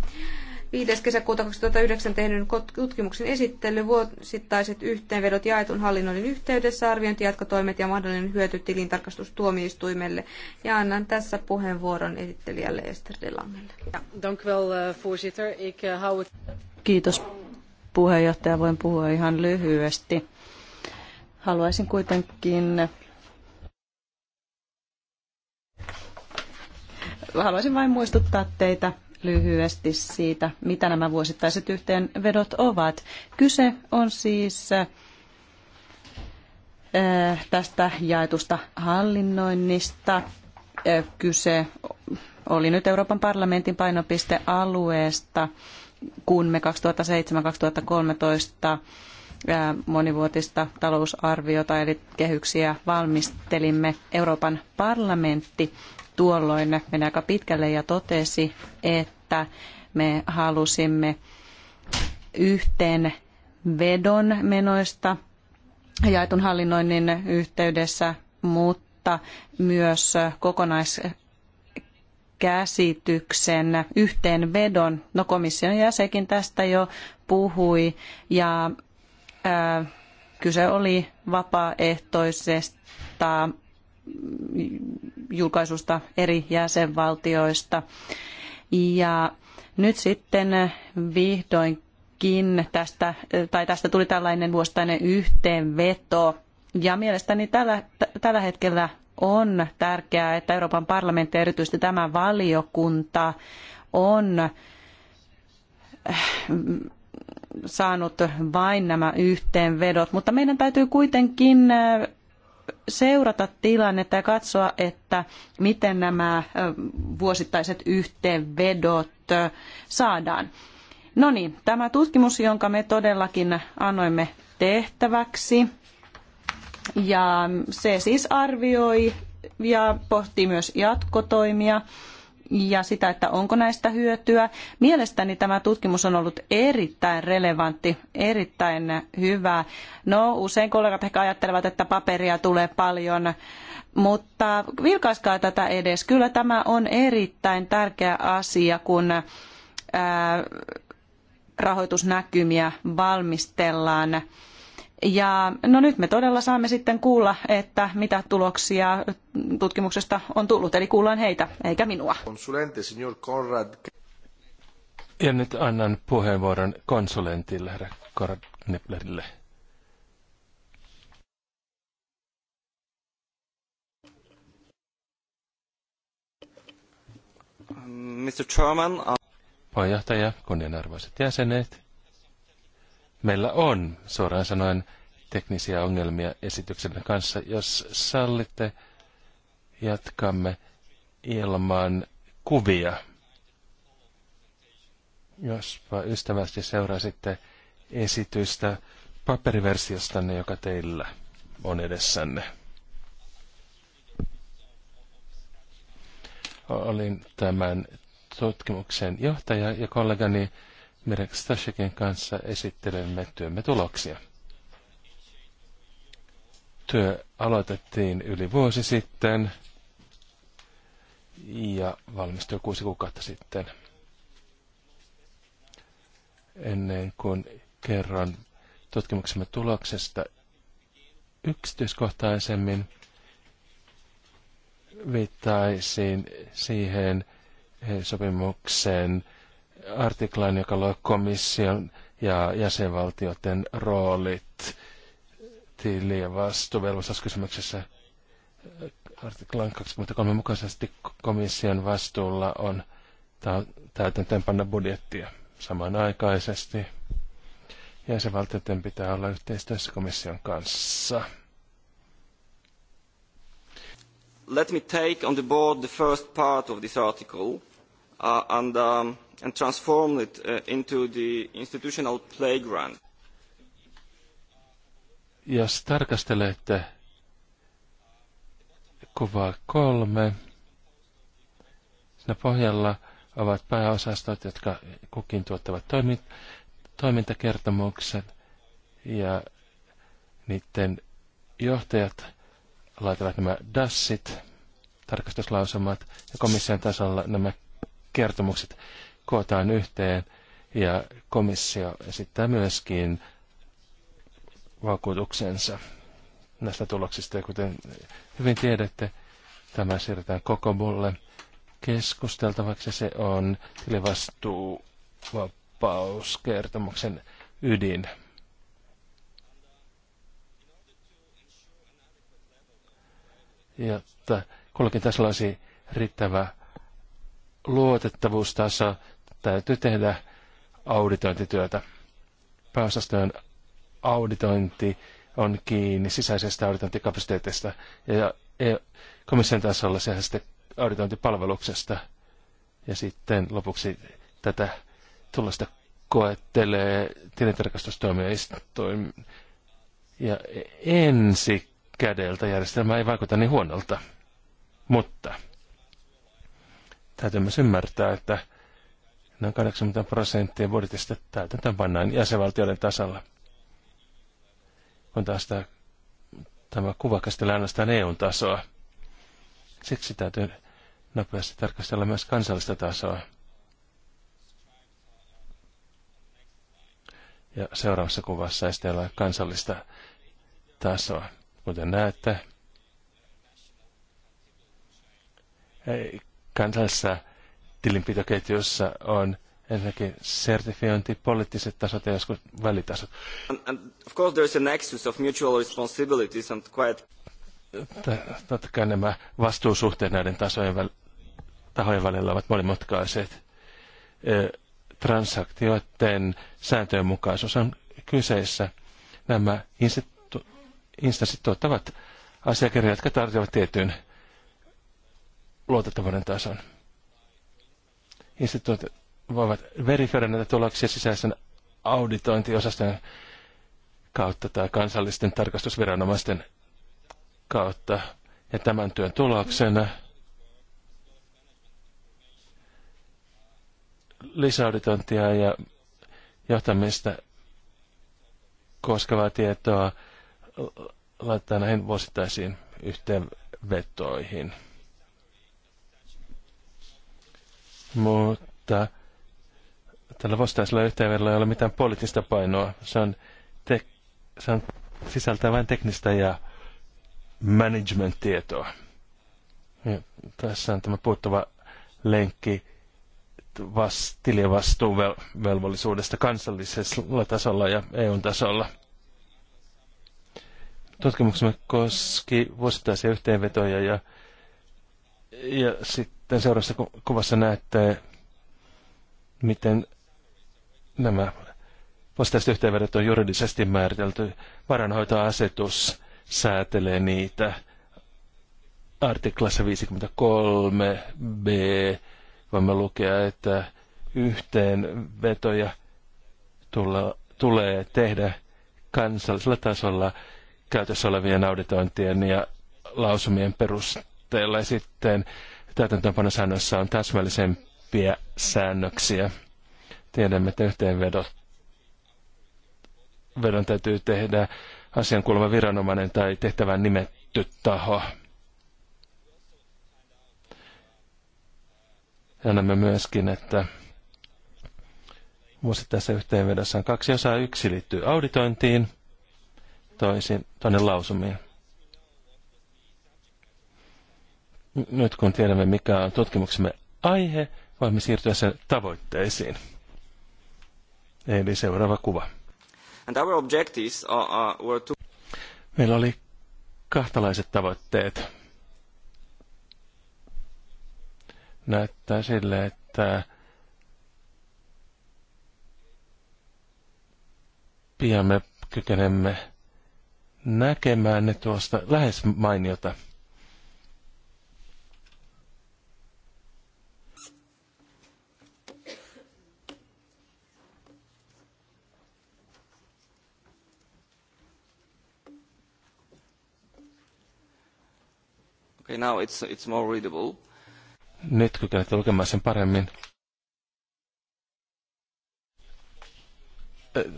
5. kesäkuuta 2009 tehdyn tutkimuksen esittely, vuosittaiset yhteenvedot jaetun hallinnoinnin yhteydessä, arviointi, jatkotoimet ja mahdollinen hyöty tilintarkastustuomioistuimelle. Ja annan tässä puheenvuoron esittelijälle Ester de eh, eh, Kiitos puheenjohtaja. Voin puhua ihan lyhyesti. Haluaisin kuitenkin haluaisin vain muistuttaa teitä lyhyesti siitä, mitä nämä vuosittaiset yhteenvedot ovat. Kyse on siis eh, tästä jaetusta hallinnoinnista. Eh, kyse oli nyt Euroopan parlamentin painopistealueesta, kun me 2007-2013 eh, monivuotista talousarviota eli kehyksiä valmistelimme. Euroopan parlamentti tuolloin meni aika pitkälle ja totesi, että me halusimme yhteen vedon menoista jaetun hallinnoinnin yhteydessä, mutta myös kokonaiskäsityksen yhteenvedon. No komission jäsenkin tästä jo puhui ja ää, kyse oli vapaaehtoisesta julkaisusta eri jäsenvaltioista. Ja nyt sitten vihdoinkin tästä, tai tästä tuli tällainen vuosittainen yhteenveto. Ja mielestäni tällä, tällä hetkellä on tärkeää, että Euroopan parlamentti ja erityisesti tämä valiokunta on äh, saanut vain nämä yhteenvedot, mutta meidän täytyy kuitenkin äh, seurata tilannetta ja katsoa, että miten nämä vuosittaiset yhteenvedot saadaan. No niin, tämä tutkimus, jonka me todellakin annoimme tehtäväksi, ja se siis arvioi ja pohtii myös jatkotoimia ja sitä, että onko näistä hyötyä. Mielestäni tämä tutkimus on ollut erittäin relevantti, erittäin hyvä. No usein kollegat ehkä ajattelevat, että paperia tulee paljon, mutta vilkaiskaa tätä edes. Kyllä tämä on erittäin tärkeä asia, kun rahoitusnäkymiä valmistellaan. Ja no nyt me todella saamme sitten kuulla, että mitä tuloksia tutkimuksesta on tullut, eli kuullaan heitä, eikä minua. Konsulente, signor Conrad. Ja nyt annan puheenvuoron konsulentille, herra Konrad Kneplerille. Mr. Chairman, uh, Puheenjohtaja, kunnianarvoiset jäsenet, meillä on suoraan sanoen teknisiä ongelmia esityksemme kanssa. Jos sallitte, jatkamme ilman kuvia. Jospa ystävästi seurasitte esitystä paperiversiostanne, joka teillä on edessänne. Olin tämän tutkimuksen johtaja ja kollegani Mirek Stashekin kanssa esittelemme työmme tuloksia. Työ aloitettiin yli vuosi sitten ja valmistui kuusi kuukautta sitten. Ennen kuin kerron tutkimuksemme tuloksesta yksityiskohtaisemmin, viittaisin siihen eh, sopimukseen artiklan, joka luo komission ja jäsenvaltioiden roolit tili- ja vastuuvelvollisuuskysymyksessä. Artiklan 23 mukaisesti komission vastuulla on täytäntöönpanna budjettia samanaikaisesti. Jäsenvaltioiden pitää olla yhteistyössä komission kanssa. Let me take on the board the first part of this article uh, and, um, and transform it uh, into the institutional playground. Jos tarkastelette kuvaa kolme, siinä pohjalla ovat pääosastot, jotka kukin tuottavat toimit, toimintakertomuksen ja niiden johtajat laitavat nämä dassit, tarkastuslausumat, ja komission tasolla nämä kertomukset kootaan yhteen ja komissio esittää myöskin vakuutuksensa näistä tuloksista. Ja kuten hyvin tiedätte, tämä siirretään koko mulle keskusteltavaksi. Se on tilivastuuvapauskertomuksen ydin. Jotta kullakin tasolla olisi riittävä luotettavuustaso täytyy tehdä auditointityötä. Pääosastojen auditointi on kiinni sisäisestä auditointikapasiteetista ja e- komission tasolla sisäisestä auditointipalveluksesta. Ja sitten lopuksi tätä tulosta koettelee tilintarkastustoimioistuin. Ja ensi kädeltä järjestelmä ei vaikuta niin huonolta. Mutta Täytyy myös ymmärtää, että noin 80 prosenttia budjetista täytetään pannaan jäsenvaltioiden tasalla. Kun taas tämä, tämä kuva käsitellään ainoastaan eu tasoa. Siksi täytyy nopeasti tarkastella myös kansallista tasoa. Ja seuraavassa kuvassa esitellään kansallista tasoa. Kuten näette, ei kansallisessa tilinpitoketjussa on ensinnäkin sertifiointi, poliittiset tasot ja joskus välitasot. And, and of course there is a nexus of mutual responsibilities and quite... Totta kai nämä vastuusuhteet näiden tasojen väl, tahojen välillä ovat monimutkaiset. Transaktioiden sääntöjen mukaisuus on kyseessä. Nämä instanssit tuottavat asiakirjat, jotka tarjoavat tietyn luotettavuuden tason. Instituutit voivat verifioida näitä tuloksia sisäisen auditointiosaston kautta tai kansallisten tarkastusviranomaisten kautta. Ja tämän työn tuloksena lisäauditointia ja johtamista koskevaa tietoa laittaa näihin vuosittaisiin yhteenvetoihin. mutta tällä vastaisella yhteydellä ei ole mitään poliittista painoa. Se, on te- se on, sisältää vain teknistä ja management-tietoa. Ja tässä on tämä puuttuva lenkki vas- velvollisuudesta kansallisella tasolla ja EU-tasolla. Tutkimuksemme koski vuosittaisia yhteenvetoja ja, ja sitten sitten seuraavassa kuvassa näette, miten nämä vastaiset yhteenvedot on juridisesti määritelty. Varanhoitoasetus säätelee niitä artiklassa 53b. Voimme lukea, että yhteenvetoja tulla, tulee tehdä kansallisella tasolla käytössä olevien auditointien ja lausumien perusteella. Ja sitten täytäntöönpanosäännössä on täsmällisempiä säännöksiä. Tiedämme, että yhteenvedot vedon täytyy tehdä asiankuuluva viranomainen tai tehtävän nimetty taho. Annamme myöskin, että Muista tässä yhteenvedossa on kaksi osaa. Yksi liittyy auditointiin, toisin, toinen lausumiin. Nyt kun tiedämme, mikä on tutkimuksemme aihe, voimme siirtyä sen tavoitteisiin. Eli seuraava kuva. And our objectives are, uh, were to... Meillä oli kahtalaiset tavoitteet. Näyttää sille, että pian me kykenemme näkemään ne tuosta lähes mainiota Okay, now it's, it's more readable. Nyt lukemaan sen paremmin.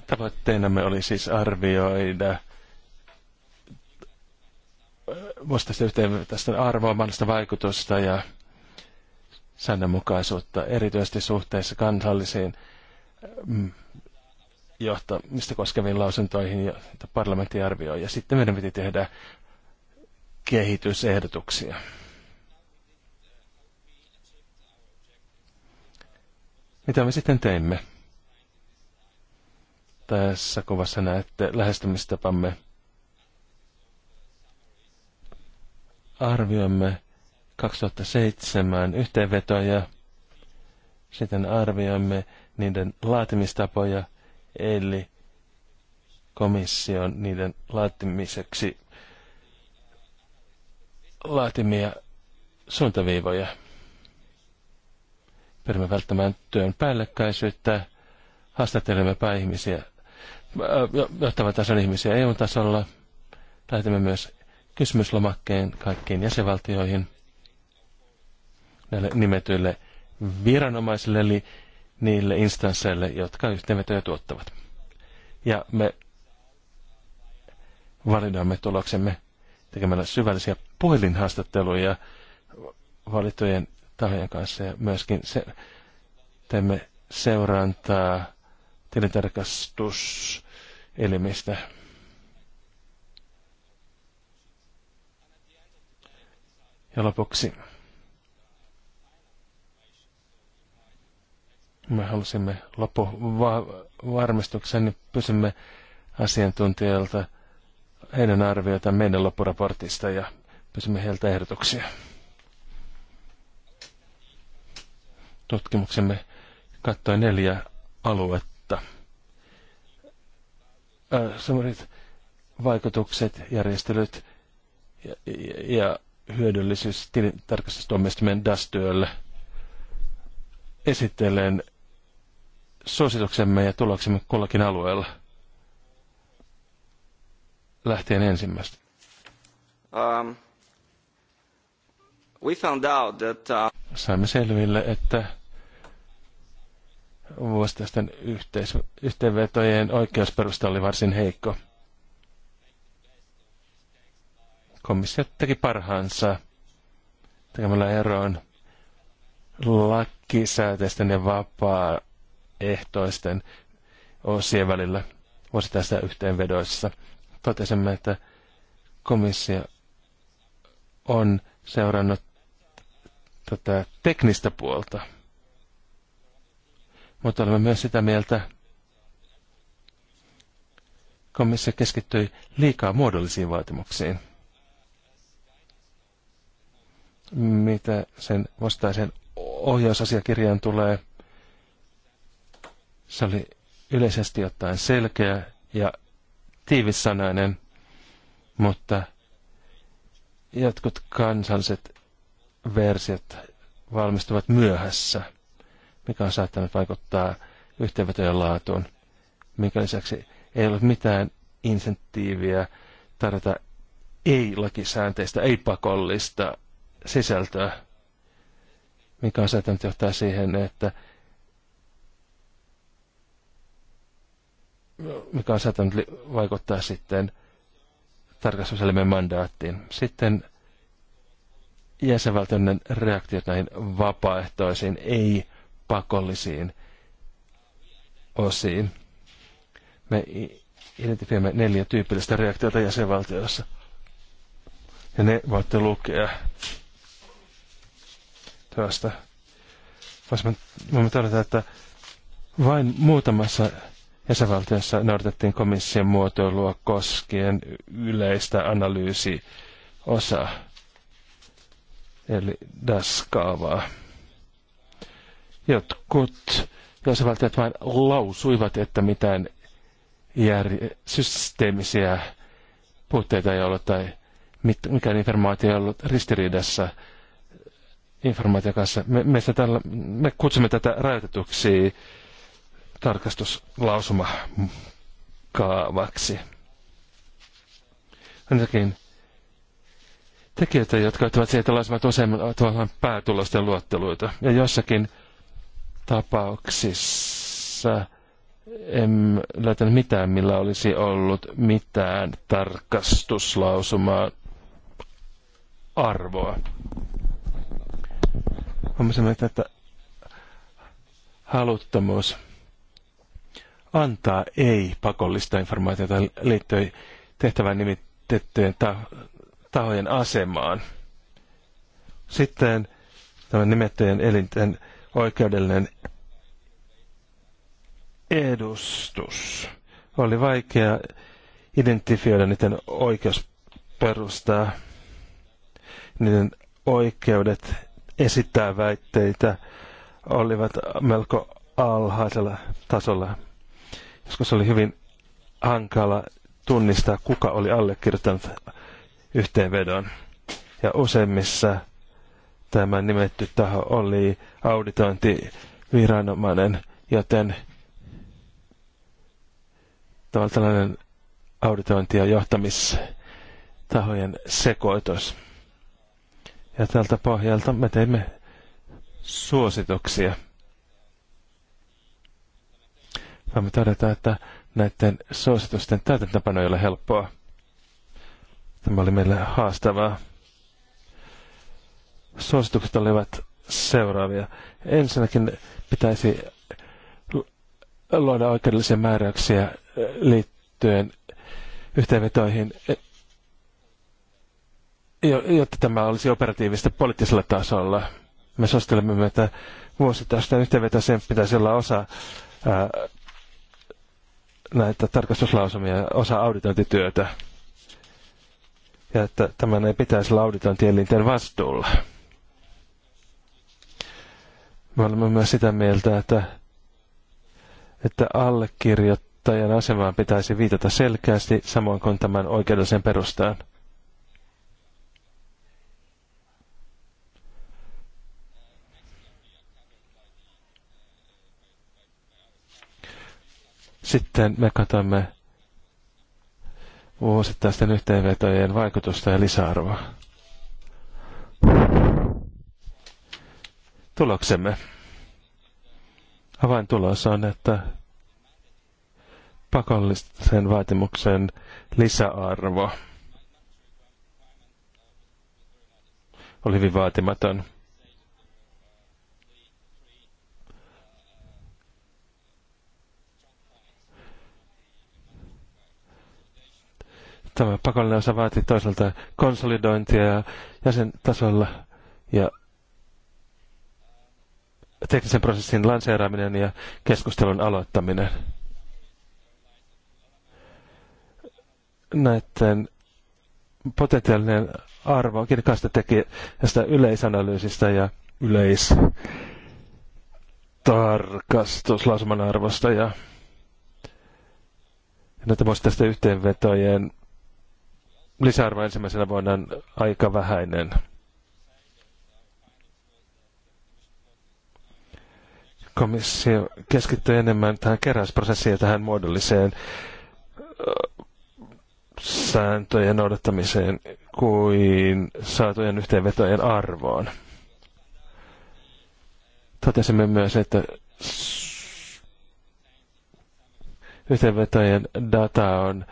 Tavoitteenamme oli siis arvioida vastaista yhteen tästä arvoa, mahdollista vaikutusta ja säännönmukaisuutta, erityisesti suhteessa kansallisiin mm, johtamista koskeviin lausuntoihin, joita parlamentti arvioi. Ja sitten meidän piti tehdä kehitysehdotuksia. Mitä me sitten teimme? Tässä kuvassa näette lähestymistapamme. Arvioimme 2007 yhteenvetoja, sitten arvioimme niiden laatimistapoja, eli komission niiden laatimiseksi laatimia suuntaviivoja. Pyrimme välttämään työn päällekkäisyyttä, haastattelemme pääihmisiä, äh, johtavan tason ihmisiä EU-tasolla. Lähetimme myös kysymyslomakkeen kaikkiin jäsenvaltioihin näille nimetyille viranomaisille, eli niille instansseille, jotka yhteenvetoja tuottavat. Ja me validoimme tuloksemme tekemällä syvällisiä puhelinhaastatteluja valittujen tahojen kanssa ja myöskin se, teemme seurantaa tilintarkastuselimistä. Ja lopuksi me halusimme loppuvarmistuksen, niin pysymme asiantuntijalta heidän arviota meidän loppuraportista ja pysymme heiltä ehdotuksia. Tutkimuksemme kattoi neljä aluetta. Samarit vaikutukset, järjestelyt ja, ja, ja hyödyllisyys tilintarkastustuomioistuimen DAS-työlle. Esittelen suosituksemme ja tuloksemme kullakin alueella – lähtien ensimmäistä? Um, we found out that, uh... Saimme selville, että vuosittaisten yhteis- yhteenvetojen oikeusperusta oli varsin heikko. Komissio teki parhaansa tekemällä eroon lakisääteisten ja vapaaehtoisten osien välillä vuosittaisissa yhteenvedoissa – totesimme, että komissio on seurannut tätä teknistä puolta. Mutta olemme myös sitä mieltä, komissio keskittyi liikaa muodollisiin vaatimuksiin. Mitä sen vastaisen ohjausasiakirjaan tulee, se oli yleisesti ottaen selkeä ja tiivissanainen, mutta jotkut kansalliset versiot valmistuvat myöhässä, mikä on saattanut vaikuttaa yhteenvetojen laatuun, minkä lisäksi ei ole mitään insentiiviä tarjota ei-lakisäänteistä, ei-pakollista sisältöä, mikä on saattanut johtaa siihen, että mikä on saattanut vaikuttaa sitten tarkastuselimen mandaattiin. Sitten jäsenvaltioiden reaktiot näihin vapaaehtoisiin, ei pakollisiin osiin. Me identifioimme neljä tyypillistä reaktiota jäsenvaltioissa. Ja ne voitte lukea tuosta. Voisimme todeta, että vain muutamassa jäsenvaltiossa noudatettiin komission muotoilua koskien yleistä analyysiosaa, eli DAS-kaavaa. Jotkut jäsenvaltiot vain lausuivat, että mitään jär- systeemisiä puutteita ei ollut tai mit- mikään informaatio ei ollut ristiriidassa informaation kanssa. Me, tällä, me kutsumme tätä rajoitetuksi tarkastuslausuma kaavaksi. Ainakin tekijöitä, jotka ottavat sieltä lausumat useimman päätulosten luotteluita. Ja jossakin tapauksissa en löytänyt mitään, millä olisi ollut mitään tarkastuslausumaa arvoa. Huomasimme, että haluttomuus antaa ei-pakollista informaatiota liittyen tehtävän nimitettyjen tahojen asemaan. Sitten tämän nimettyjen elinten oikeudellinen edustus. Oli vaikea identifioida niiden oikeusperustaa, niiden oikeudet esittää väitteitä olivat melko alhaisella tasolla. Joskus oli hyvin hankala tunnistaa, kuka oli allekirjoittanut yhteenvedon. Ja useimmissa tämä nimetty taho oli auditointiviranomainen, joten tällainen auditointi- ja johtamistahojen sekoitus. Ja tältä pohjalta me teimme suosituksia. Voimme todeta, että näiden suositusten täytäntöpano ei ole helppoa. Tämä oli meille haastavaa. Suositukset olivat seuraavia. Ensinnäkin pitäisi luoda oikeudellisia määräyksiä liittyen yhteenvetoihin, jotta tämä olisi operatiivista poliittisella tasolla. Me suosittelemme, että vuosittain yhteenvetoisen pitäisi olla osa näitä tarkastuslausumia osa auditointityötä. Ja että tämän ei pitäisi olla auditointielinten vastuulla. Me olemme myös sitä mieltä, että, että allekirjoittajan asemaan pitäisi viitata selkeästi, samoin kuin tämän oikeudellisen perustaan. Sitten me katsomme vuosittaisten yhteenvetojen vaikutusta ja lisäarvoa. Tuloksemme. Avaintulos on, että pakollisen vaatimuksen lisäarvo oli hyvin vaatimaton. Tämä pakollinen osa vaatii toisaalta konsolidointia ja jäsentasolla ja teknisen prosessin lanseeraaminen ja keskustelun aloittaminen. Näiden potentiaalinen arvo on teki tästä yleisanalyysistä ja yleis tarkastuslausuman arvosta ja näitä voisi tästä yhteenvetojen lisäarvo ensimmäisenä vuonna on aika vähäinen. Komissio keskittyy enemmän tähän keräysprosessiin ja tähän muodolliseen sääntöjen noudattamiseen kuin saatujen yhteenvetojen arvoon. Totesimme myös, että yhteenvetojen data on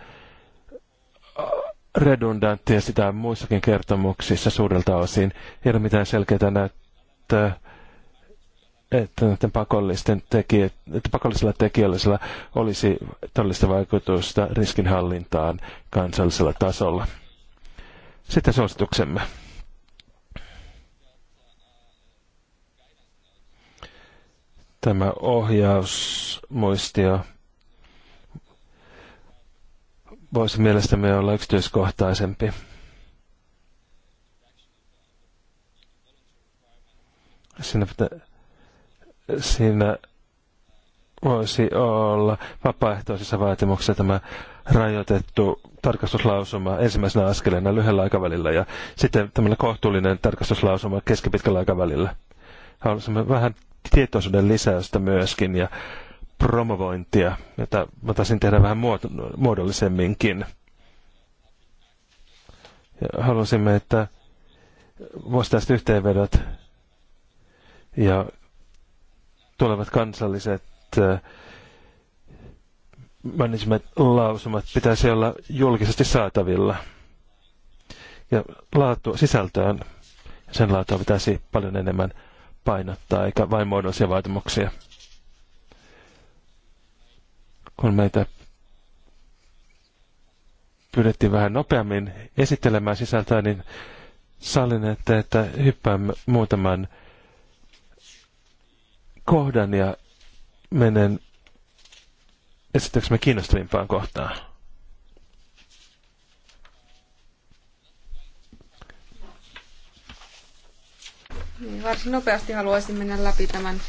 redundanttia, sitä muissakin kertomuksissa suurelta osin. Ei ole mitään selkeää näyttää, että näiden pakollisten tekijät, että pakollisilla tekijöillä olisi todellista vaikutusta riskinhallintaan kansallisella tasolla. Sitten suosituksemme. Tämä ohjausmuistio voisi mielestämme olla yksityiskohtaisempi. Siinä, pitä, siinä voisi olla vapaaehtoisissa vaatimuksissa tämä rajoitettu tarkastuslausuma ensimmäisenä askeleena lyhyellä aikavälillä ja sitten tämmöinen kohtuullinen tarkastuslausuma keskipitkällä aikavälillä. Haluaisimme vähän tietoisuuden lisäystä myöskin ja promovointia, jota taisin tehdä vähän muodollisemminkin. Ja halusimme, että tästä yhteenvedot ja tulevat kansalliset äh, management-lausumat pitäisi olla julkisesti saatavilla. Ja laatu, sisältöön sen laatua pitäisi paljon enemmän painottaa, eikä vain muodollisia vaatimuksia kun meitä pyydettiin vähän nopeammin esittelemään sisältöä, niin sallin, että, että hyppään muutaman kohdan ja menen esittääkseni kiinnostavimpaan kohtaan. Niin, varsin nopeasti haluaisin mennä läpi tämän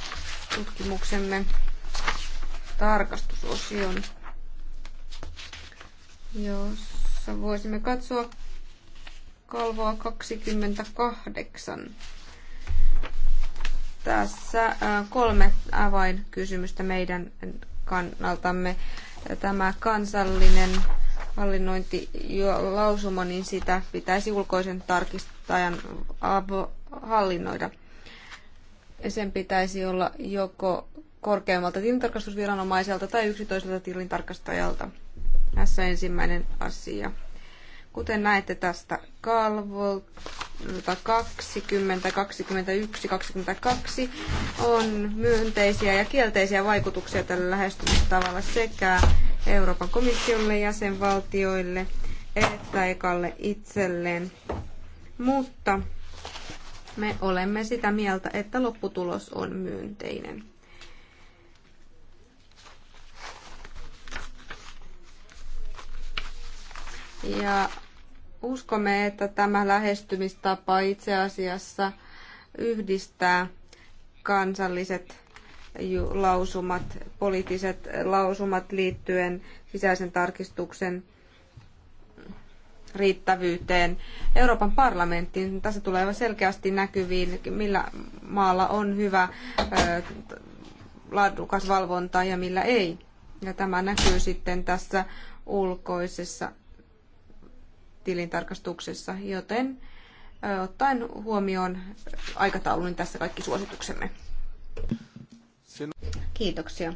tutkimuksemme tarkastusosion, jossa voisimme katsoa kalvoa 28. Tässä äh, kolme avainkysymystä meidän kannaltamme. Tämä kansallinen hallinnointi lausuma, niin sitä pitäisi ulkoisen tarkistajan hallinnoida. Sen pitäisi olla joko korkeammalta tilintarkastusviranomaiselta tai yksityiseltä tilintarkastajalta. Tässä ensimmäinen asia. Kuten näette tästä kalvolta 20, 21, 22 on myönteisiä ja kielteisiä vaikutuksia tällä lähestymistavalla sekä Euroopan komissiolle, jäsenvaltioille että ekalle itselleen. Mutta me olemme sitä mieltä, että lopputulos on myönteinen. Ja uskomme, että tämä lähestymistapa itse asiassa yhdistää kansalliset lausumat, poliittiset lausumat liittyen sisäisen tarkistuksen riittävyyteen Euroopan parlamenttiin. Tässä tulee selkeästi näkyviin, millä maalla on hyvä laadukas valvonta ja millä ei. Ja tämä näkyy sitten tässä ulkoisessa tilintarkastuksessa, joten ottaen huomioon aikataulun tässä kaikki suosituksemme. Kiitoksia.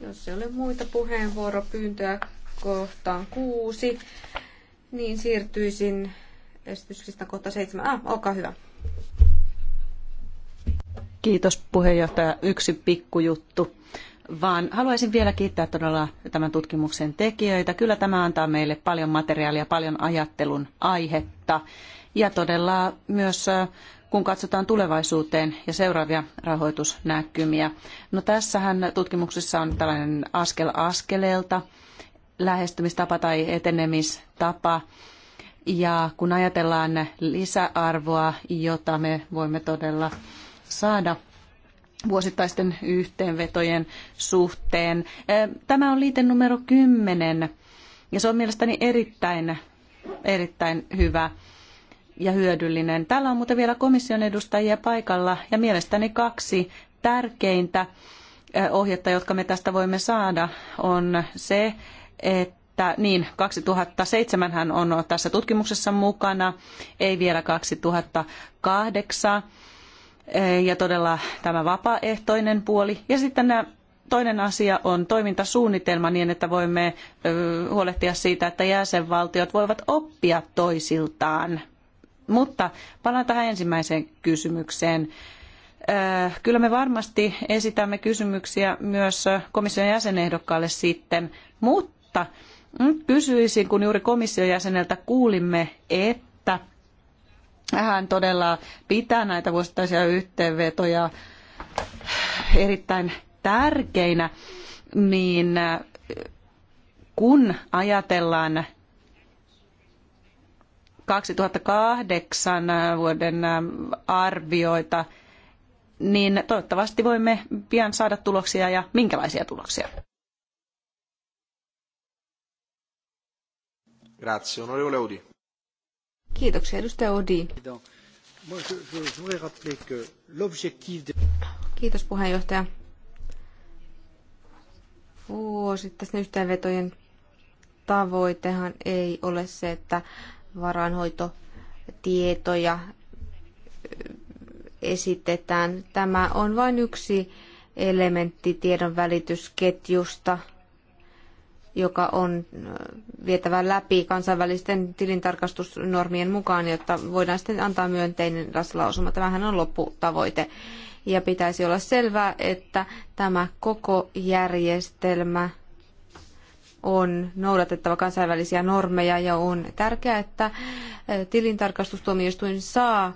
Jos ei ole muita puheenvuoropyyntöjä kohtaan kuusi, niin siirtyisin esityslistan kohta seitsemän. Ah, olkaa hyvä. Kiitos puheenjohtaja. Yksi pikkujuttu vaan haluaisin vielä kiittää todella tämän tutkimuksen tekijöitä. Kyllä tämä antaa meille paljon materiaalia, paljon ajattelun aihetta ja todella myös kun katsotaan tulevaisuuteen ja seuraavia rahoitusnäkymiä. No tässähän tutkimuksessa on tällainen askel askeleelta lähestymistapa tai etenemistapa. Ja kun ajatellaan lisäarvoa, jota me voimme todella saada vuosittaisten yhteenvetojen suhteen. Tämä on liite numero 10 ja se on mielestäni erittäin, erittäin hyvä ja hyödyllinen. Täällä on muuten vielä komission edustajia paikalla ja mielestäni kaksi tärkeintä ohjetta, jotka me tästä voimme saada, on se, että niin, 2007 hän on tässä tutkimuksessa mukana, ei vielä 2008. Eh, ja todella tämä vapaaehtoinen puoli. Ja sitten nämä Toinen asia on toimintasuunnitelma niin, että voimme huolehtia siitä, että jäsenvaltiot voivat oppia toisiltaan. Mutta palaan tähän ensimmäiseen kysymykseen. Kyllä me varmasti esitämme kysymyksiä myös komission jäsenehdokkaalle sitten, mutta mm, kysyisin, kun juuri komission jäseneltä kuulimme, että hän todella pitää näitä vuosittaisia yhteenvetoja erittäin tärkeinä, niin äh, kun ajatellaan 2008 äh, vuoden äh, arvioita, niin toivottavasti voimme pian saada tuloksia ja minkälaisia tuloksia. Grazie, onorevole Audi. Kiitoksia, edustaja Odi. Kiitos puheenjohtaja. Vuosittaisten yhteenvetojen tavoitehan ei ole se, että varainhoitotietoja esitetään. Tämä on vain yksi elementti tiedon välitysketjusta – joka on vietävä läpi kansainvälisten tilintarkastusnormien mukaan, jotta voidaan sitten antaa myönteinen RAS-lausuma. Tämähän on lopputavoite. Ja pitäisi olla selvää, että tämä koko järjestelmä on noudatettava kansainvälisiä normeja ja on tärkeää, että tilintarkastustuomioistuin saa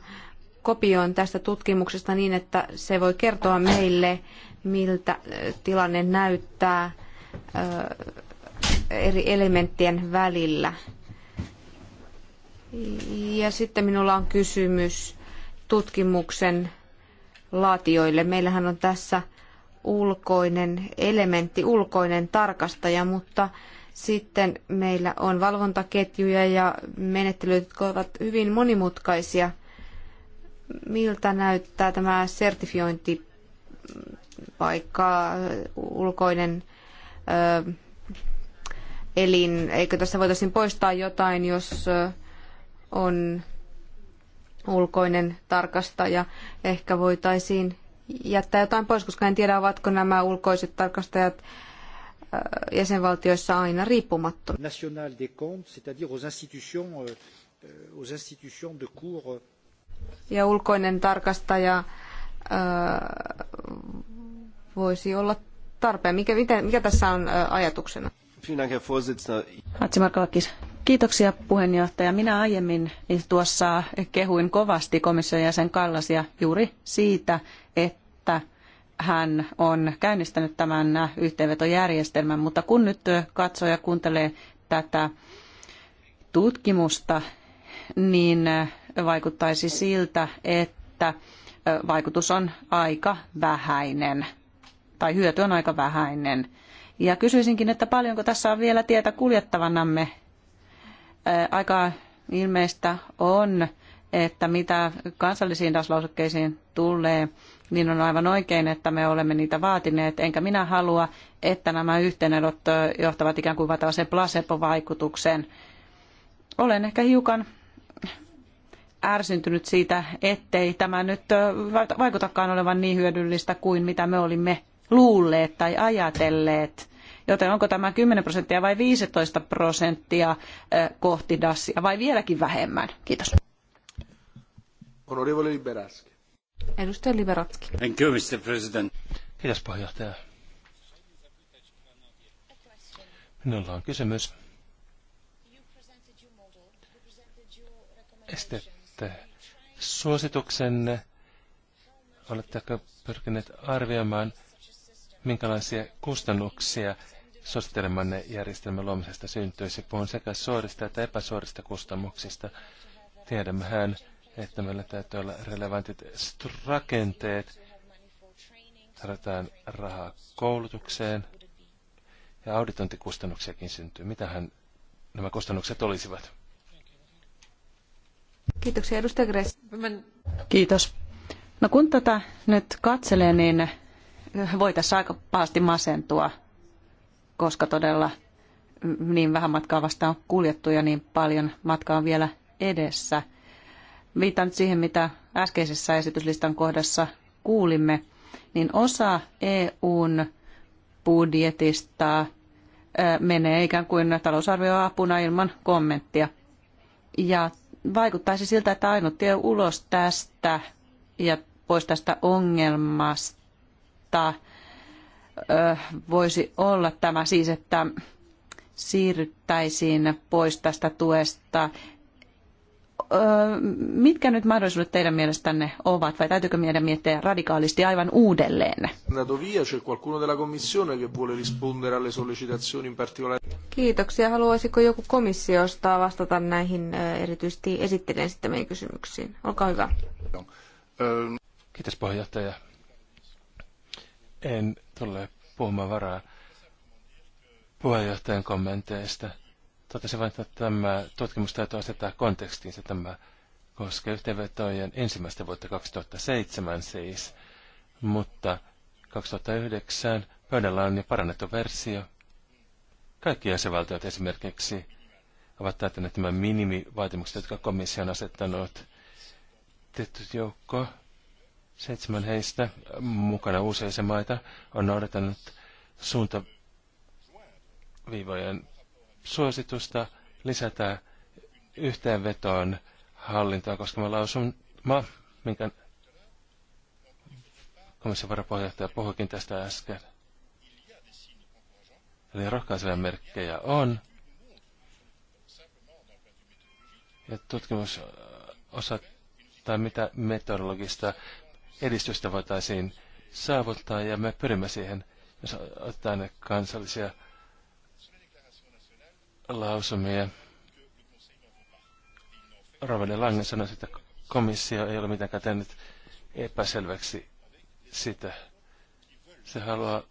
kopion tästä tutkimuksesta niin, että se voi kertoa meille, miltä tilanne näyttää eri elementtien välillä. Ja sitten minulla on kysymys tutkimuksen laatioille. Meillähän on tässä ulkoinen elementti, ulkoinen tarkastaja, mutta sitten meillä on valvontaketjuja ja menettelyt, jotka ovat hyvin monimutkaisia. Miltä näyttää tämä sertifiointipaikka, ulkoinen ö, elin, eikö tässä voitaisiin poistaa jotain, jos on ulkoinen tarkastaja. Ehkä voitaisiin jättää jotain pois, koska en tiedä, ovatko nämä ulkoiset tarkastajat jäsenvaltioissa aina riippumattomia. Euh, euh. Ja ulkoinen tarkastaja voisi olla tarpeen. Mikä, mikä tässä on ajatuksena? Hatsimarkalakis. Kiitoksia puheenjohtaja. Minä aiemmin tuossa kehuin kovasti komission jäsen Kallasia juuri siitä, että hän on käynnistänyt tämän yhteenvetojärjestelmän, mutta kun nyt katsoo ja kuuntelee tätä tutkimusta, niin vaikuttaisi siltä, että vaikutus on aika vähäinen tai hyöty on aika vähäinen. Ja kysyisinkin, että paljonko tässä on vielä tietä kuljettavanamme. Aika ilmeistä on, että mitä kansallisiin das tulee, niin on aivan oikein, että me olemme niitä vaatineet. Enkä minä halua, että nämä yhteenedot johtavat ikään kuin tällaiseen placebo-vaikutukseen. Olen ehkä hiukan ärsyntynyt siitä, ettei tämä nyt vaikutakaan olevan niin hyödyllistä kuin mitä me olimme luulleet tai ajatelleet. Joten onko tämä 10 prosenttia vai 15 prosenttia kohti DASia vai vieläkin vähemmän? Kiitos. Honorevole Liberatski. Edustaja Liberatski. Thank you, Mr. President. Kiitos puheenjohtaja. Minulla on kysymys. Estette suosituksenne. Oletteko pyrkineet arvioimaan, minkälaisia kustannuksia suosittelemanne järjestelmän luomisesta syntyisi. Puhun sekä suorista että epäsuorista kustannuksista. Tiedämmehän, että meillä täytyy olla relevantit rakenteet. Tarvitaan rahaa koulutukseen ja auditointikustannuksiakin syntyy. Mitähän nämä kustannukset olisivat? Kiitoksia, edustaja Gress. Kiitos. No kun tätä nyt katselee, niin voi tässä aika pahasti masentua, koska todella niin vähän matkaa vasta on kuljettu ja niin paljon matkaa on vielä edessä. Viitan siihen, mitä äskeisessä esityslistan kohdassa kuulimme, niin osa EUn budjetista menee ikään kuin talousarvioapuna ilman kommenttia. Ja vaikuttaisi siltä, että ainut tie ulos tästä ja pois tästä ongelmasta ö, voisi olla tämä siis, että siirryttäisiin pois tästä tuesta. Mitkä nyt mahdollisuudet teidän mielestänne ovat, vai täytyykö meidän miettiä radikaalisti aivan uudelleen? Kiitoksia. Haluaisiko joku komissiosta vastata näihin erityisesti esittelen sitten meidän kysymyksiin? Olkaa hyvä. Kiitos puheenjohtaja. En tule puhumaan varaa puheenjohtajan kommenteista. Totesin vain, että tämä tutkimus täytyy asettaa se Tämä koskee yhteenvetojen ensimmäistä vuotta 2007 siis, mutta 2009 pöydällä on jo parannettu versio. Kaikki jäsenvaltiot esimerkiksi ovat täyttäneet tämän minimivaatimukset, jotka komissio on asettanut. Tietty joukko Seitsemän heistä, mukana useissa maita, on noudattanut suuntaviivojen suositusta lisätä yhteenvetoon hallintoa koskeva lausuma, minkä komission varapuheenjohtaja puhuikin tästä äsken. Eli rohkaisevia merkkejä on. Ja tutkimus tai mitä metodologista edistystä voitaisiin saavuttaa ja me pyrimme siihen, jos otetaan kansallisia lausumia. Rovani Lange sanoi, että komissio ei ole mitenkään tehnyt epäselväksi sitä. Se haluaa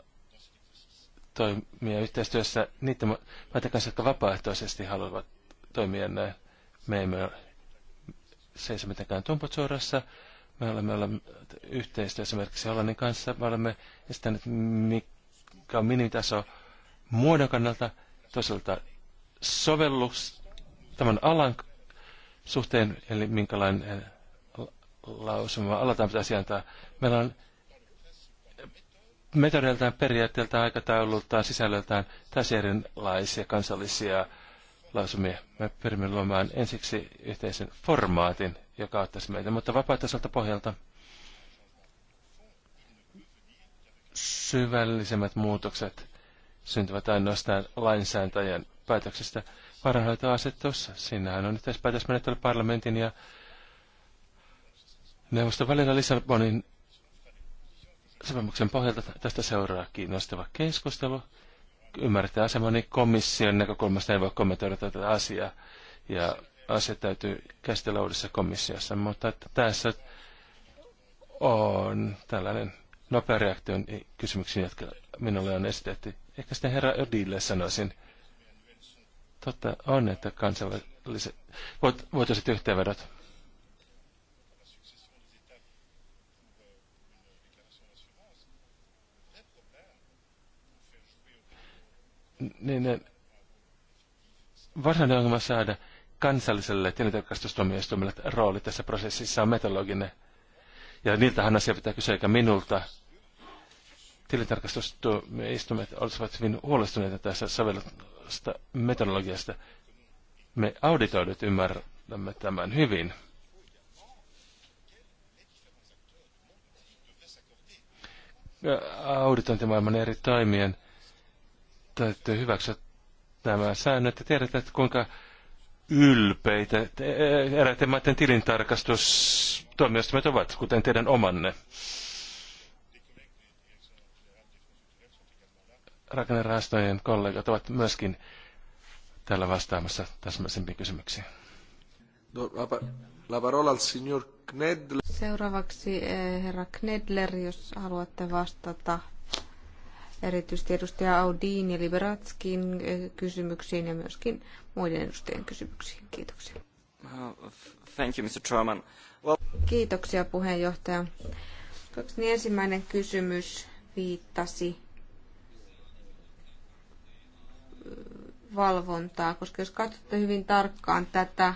toimia yhteistyössä niiden maiden kanssa, jotka vapaaehtoisesti haluavat toimia näin. Me emme seiso mitenkään tumput suorassa. Me olemme, olemme yhteistyössä esimerkiksi Hollannin kanssa. Me olemme esittäneet, mikä on minimitaso muodon kannalta, toisaalta sovellus tämän alan suhteen, eli minkälainen eh, lausuma alataan pitäisi antaa. Meillä on metodeiltaan, periaatteeltaan, aikataulultaan, sisällöltään täysin erilaisia kansallisia lausumia. Me pyrimme luomaan ensiksi yhteisen formaatin, joka auttaisi meitä, mutta vapaaehtoiselta pohjalta syvällisemmät muutokset syntyvät ainoastaan lainsääntäjän päätöksestä. Varanhoitoasetus, siinähän on yhteispäätösmenettely parlamentin ja neuvoston välillä Lissabonin sopimuksen pohjalta. Tästä seuraa kiinnostava keskustelu ymmärtää asemani komission näkökulmasta, en voi kommentoida tätä asiaa. Ja asia täytyy käsitellä uudessa komissiossa, mutta että tässä on tällainen nopea reaktio kysymyksiin, jotka minulle on esitetty. Ehkä sitten herra Ödille sanoisin, totta on, että kansainväliset, voit, voitoiset yhteenvedot Niin, niin varsinainen ongelma saada kansalliselle tilintarkastustuomioistuimelle rooli tässä prosessissa on metodologinen. Ja niiltähän asia pitää kysyä, eikä minulta. Tilintarkastustuomioistuimet olisivat hyvin huolestuneita tässä sovellusta metodologiasta. Me auditoidut ymmärrämme tämän hyvin. Auditointimaailman eri toimien täytyy hyväksyä nämä säännöt ja tiedät, että kuinka ylpeitä eräiden maiden tilintarkastustuomioistuimet ovat, kuten teidän omanne. Rakennerahastojen kollegat ovat myöskin täällä vastaamassa täsmällisempiin kysymyksiin. No, Seuraavaksi eh, herra Knedler, jos haluatte vastata erityisesti edustaja Audin ja Liberatskin eh, kysymyksiin ja myöskin muiden edustajien kysymyksiin. Kiitoksia. Thank you, Mr. Chairman. Well... Kiitoksia puheenjohtaja. Niin ensimmäinen kysymys viittasi eh, valvontaa, koska jos katsotte hyvin tarkkaan tätä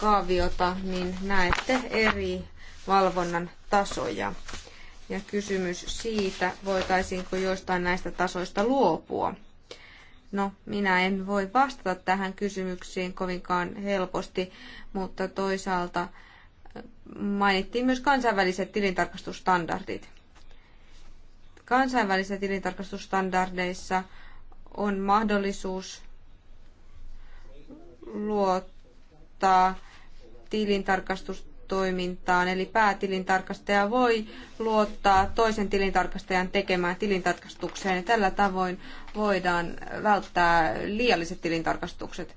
kaaviota, niin näette eri valvonnan tasoja ja kysymys siitä, voitaisiinko jostain näistä tasoista luopua. No, minä en voi vastata tähän kysymyksiin kovinkaan helposti, mutta toisaalta eh, mainittiin myös kansainväliset tilintarkastustandardit. Kansainvälisissä tilintarkastustandardeissa on mahdollisuus luottaa tilintarkastus toimintaan. Eli päätilintarkastaja voi luottaa toisen tilintarkastajan tekemään tilintarkastukseen. Ja tällä tavoin voidaan välttää liialliset tilintarkastukset,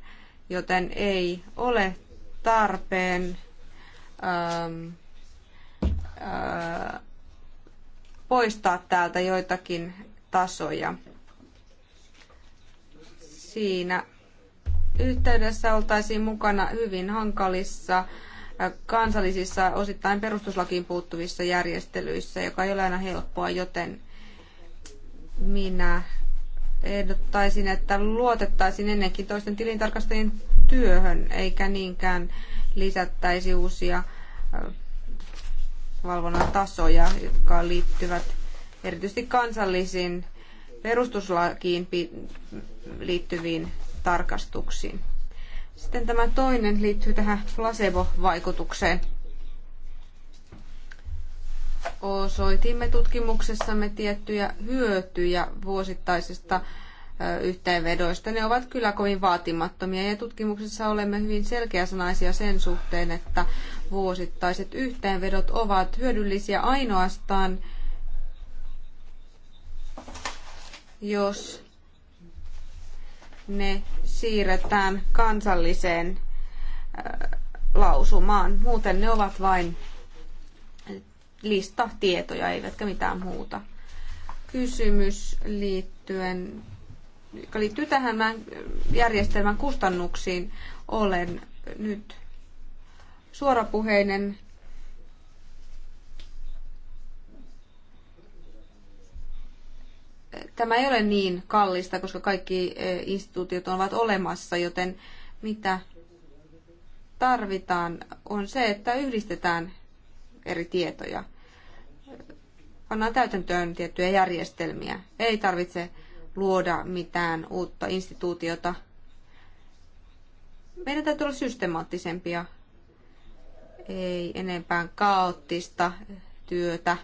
joten ei ole tarpeen ähm, äh, poistaa täältä joitakin tasoja. Siinä yhteydessä oltaisiin mukana hyvin hankalissa äh, kansallisissa osittain perustuslakiin puuttuvissa järjestelyissä, joka ei ole aina helppoa, joten minä ehdottaisin, että luotettaisiin ennenkin toisten tilintarkastajien työhön, eikä niinkään lisättäisi uusia valvonnan tasoja, jotka liittyvät erityisesti kansallisiin perustuslakiin liittyviin tarkastuksiin. Sitten tämä toinen liittyy tähän placebo-vaikutukseen. Osoitimme tutkimuksessamme tiettyjä hyötyjä vuosittaisista yhteenvedoista. Ne ovat kyllä kovin vaatimattomia ja tutkimuksessa olemme hyvin selkeäsanaisia sen suhteen, että vuosittaiset yhteenvedot ovat hyödyllisiä ainoastaan, jos ne siirretään kansalliseen äh, lausumaan. Muuten ne ovat vain lista tietoja, eivätkä mitään muuta. Kysymys liittyen, joka liittyy tähän järjestelmän kustannuksiin, olen nyt suorapuheinen tämä ei ole niin kallista, koska kaikki e, instituutiot ovat olemassa, joten mitä tarvitaan on se, että yhdistetään eri tietoja. Pannaan täytäntöön tiettyjä järjestelmiä. Ei tarvitse luoda mitään uutta instituutiota. Meidän täytyy olla systemaattisempia, ei enempää kaoottista työtä,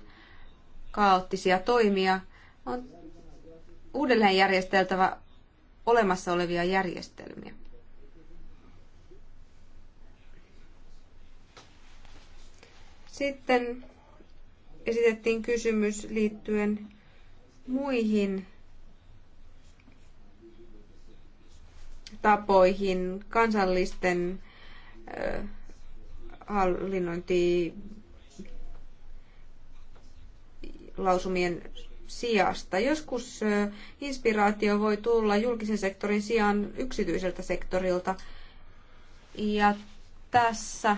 kaoottisia toimia. On uudelleen järjesteltävä olemassa olevia järjestelmiä. Sitten esitettiin kysymys liittyen muihin tapoihin, kansallisten hallinnointi lausumien sijasta. Joskus inspiraatio voi tulla julkisen sektorin sijaan yksityiseltä sektorilta. Ja tässä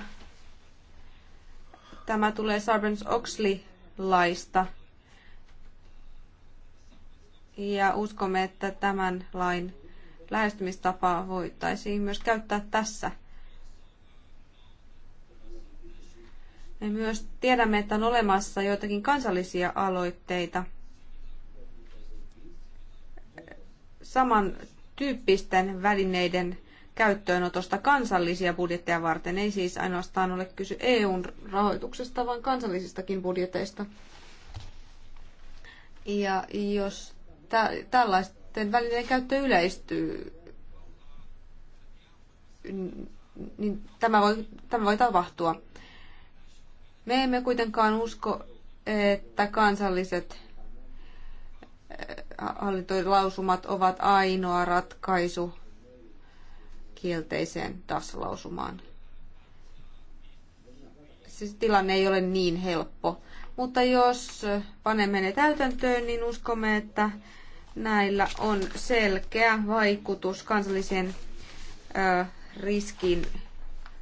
tämä tulee Sarbens oxley laista Ja uskomme, että tämän lain lähestymistapaa voitaisiin myös käyttää tässä. Me myös tiedämme, että on olemassa joitakin kansallisia aloitteita – samantyyppisten välineiden käyttöönotosta kansallisia budjetteja varten. Ei siis ainoastaan ole kysy EUn rahoituksesta, vaan kansallisistakin budjeteista. Ja jos tä- tällaisten välineiden käyttö yleistyy, niin tämä voi, tämä voi tapahtua. Me emme kuitenkaan usko, että kansalliset hallintolausumat ovat ainoa ratkaisu kielteiseen taslausumaan. lausumaan Siis tilanne ei ole niin helppo. Mutta jos panemme ne täytäntöön, niin uskomme, että näillä on selkeä vaikutus kansallisen ö, riskin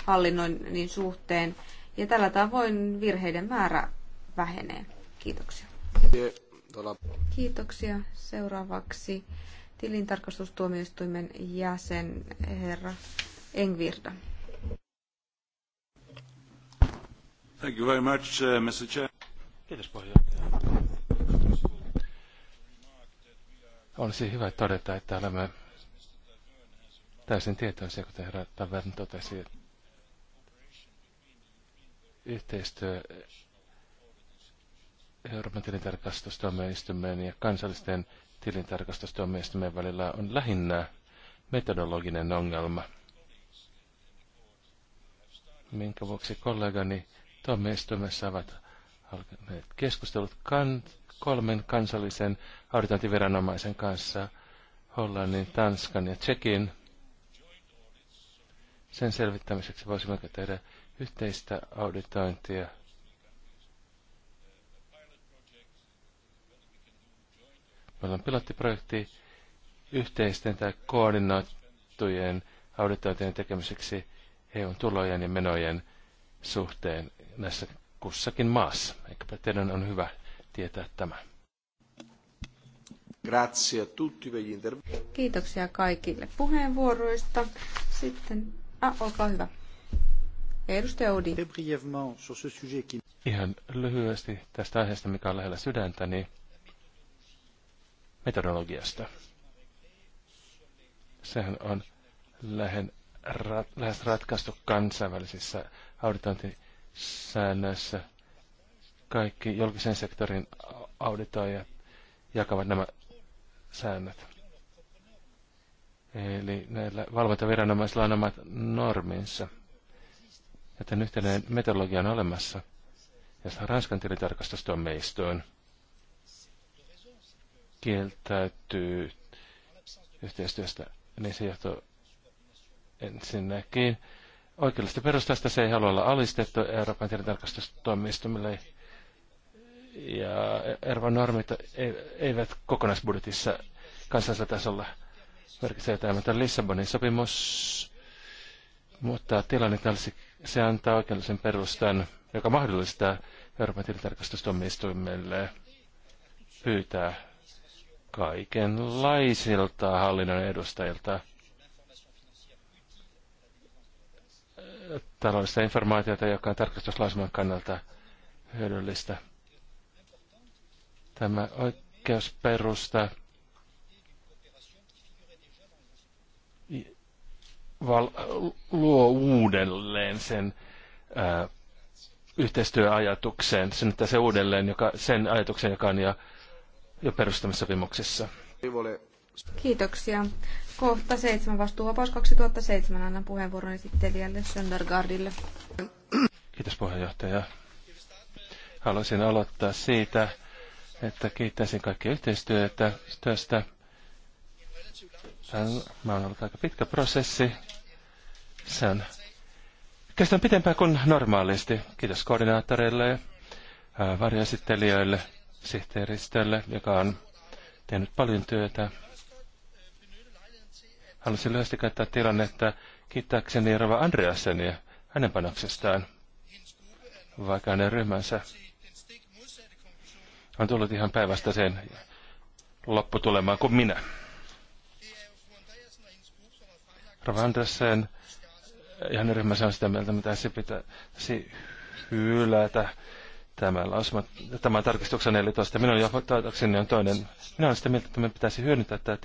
hallinnoinnin suhteen. Ja tällä tavoin virheiden määrä vähenee. Kiitoksia. Kiitoksia. Seuraavaksi tilintarkastustuomioistuimen jäsen herra Engvirda. Thank you very much, uh, Mr. Chair. Kiitos puheenjohtaja. Olisi hyvä todeta, että olemme täysin tietoisia, kuten herra Tavern totesi, yhteistyö Euroopan tilintarkastustuomioistuimen ja kansallisten tilintarkastustuomioistuimen välillä on lähinnä metodologinen ongelma, minkä vuoksi kollegani tuomioistuimessa ovat alkaneet keskustelut kan- kolmen kansallisen auditointiviranomaisen kanssa Hollannin, Tanskan ja Tsekin sen selvittämiseksi voisimmeko tehdä yhteistä auditointia – Meillä on pilottiprojekti yhteisten tai koordinoitujen auditointien tekemiseksi EUn tulojen ja menojen suhteen näissä kussakin maassa. Eikä teidän on hyvä tietää tämä. Kiitoksia kaikille puheenvuoroista. Sitten, ah, olkaa hyvä. Edustaja Odi. Ihan lyhyesti tästä aiheesta, mikä on lähellä sydäntäni. Niin metodologiasta. Sehän on lähen, ra, lähes ratkaistu kansainvälisissä auditointisäännöissä. Kaikki julkisen sektorin auditoijat jakavat nämä säännöt. Eli näillä valvontaviranomaisilla on omat norminsa. Joten yhtenäinen metodologia on olemassa, ja Ranskan tilintarkastustuomioistuin kieltäytyy yhteistyöstä, niin se johtuu ensinnäkin oikeudellista perustasta. Se ei halua olla alistettu Euroopan tilintarkastustoimistomille ja Euroopan normit eivät kokonaisbudjetissa kansallisella tasolla merkitse tämän Lissabonin sopimus, mutta tilanne olisi, se antaa oikeudellisen perustan, joka mahdollistaa Euroopan tilintarkastustoimistoimille pyytää kaikenlaisilta hallinnon edustajilta. taloudellista informaatiota, joka on tarkastuslausuman kannalta hyödyllistä. Tämä oikeusperusta val- luo uudelleen sen ää, yhteistyöajatuksen, synnyttää se uudelleen joka, sen ajatuksen, joka on jo ja perustamissopimuksessa. Kiitoksia. Kohta seitsemän vastuuvapaus 2007. Annan puheenvuoron esittelijälle Söndergaardille. Kiitos puheenjohtaja. Haluaisin aloittaa siitä, että kiittäisin kaikkia yhteistyötä työstä. Tämä on ollut aika pitkä prosessi. Se on kestänyt pitempään kuin normaalisti. Kiitos koordinaattoreille ja varjoesittelijöille sihteeristölle, joka on tehnyt paljon työtä. Haluaisin lyhyesti käyttää tilannetta kiittääkseni Rova Andreassenia hänen panoksestaan, vaikka hänen ryhmänsä on tullut ihan päivästä sen lopputulemaan kuin minä. Rova Andreasen ja hänen ryhmänsä on sitä mieltä, mitä se pitäisi hylätä tämä, lausuma, tämä on tarkistuksen 14. Minun johtaakseni on toinen. Minä olen sitä mieltä, että me pitäisi hyödyntää tätä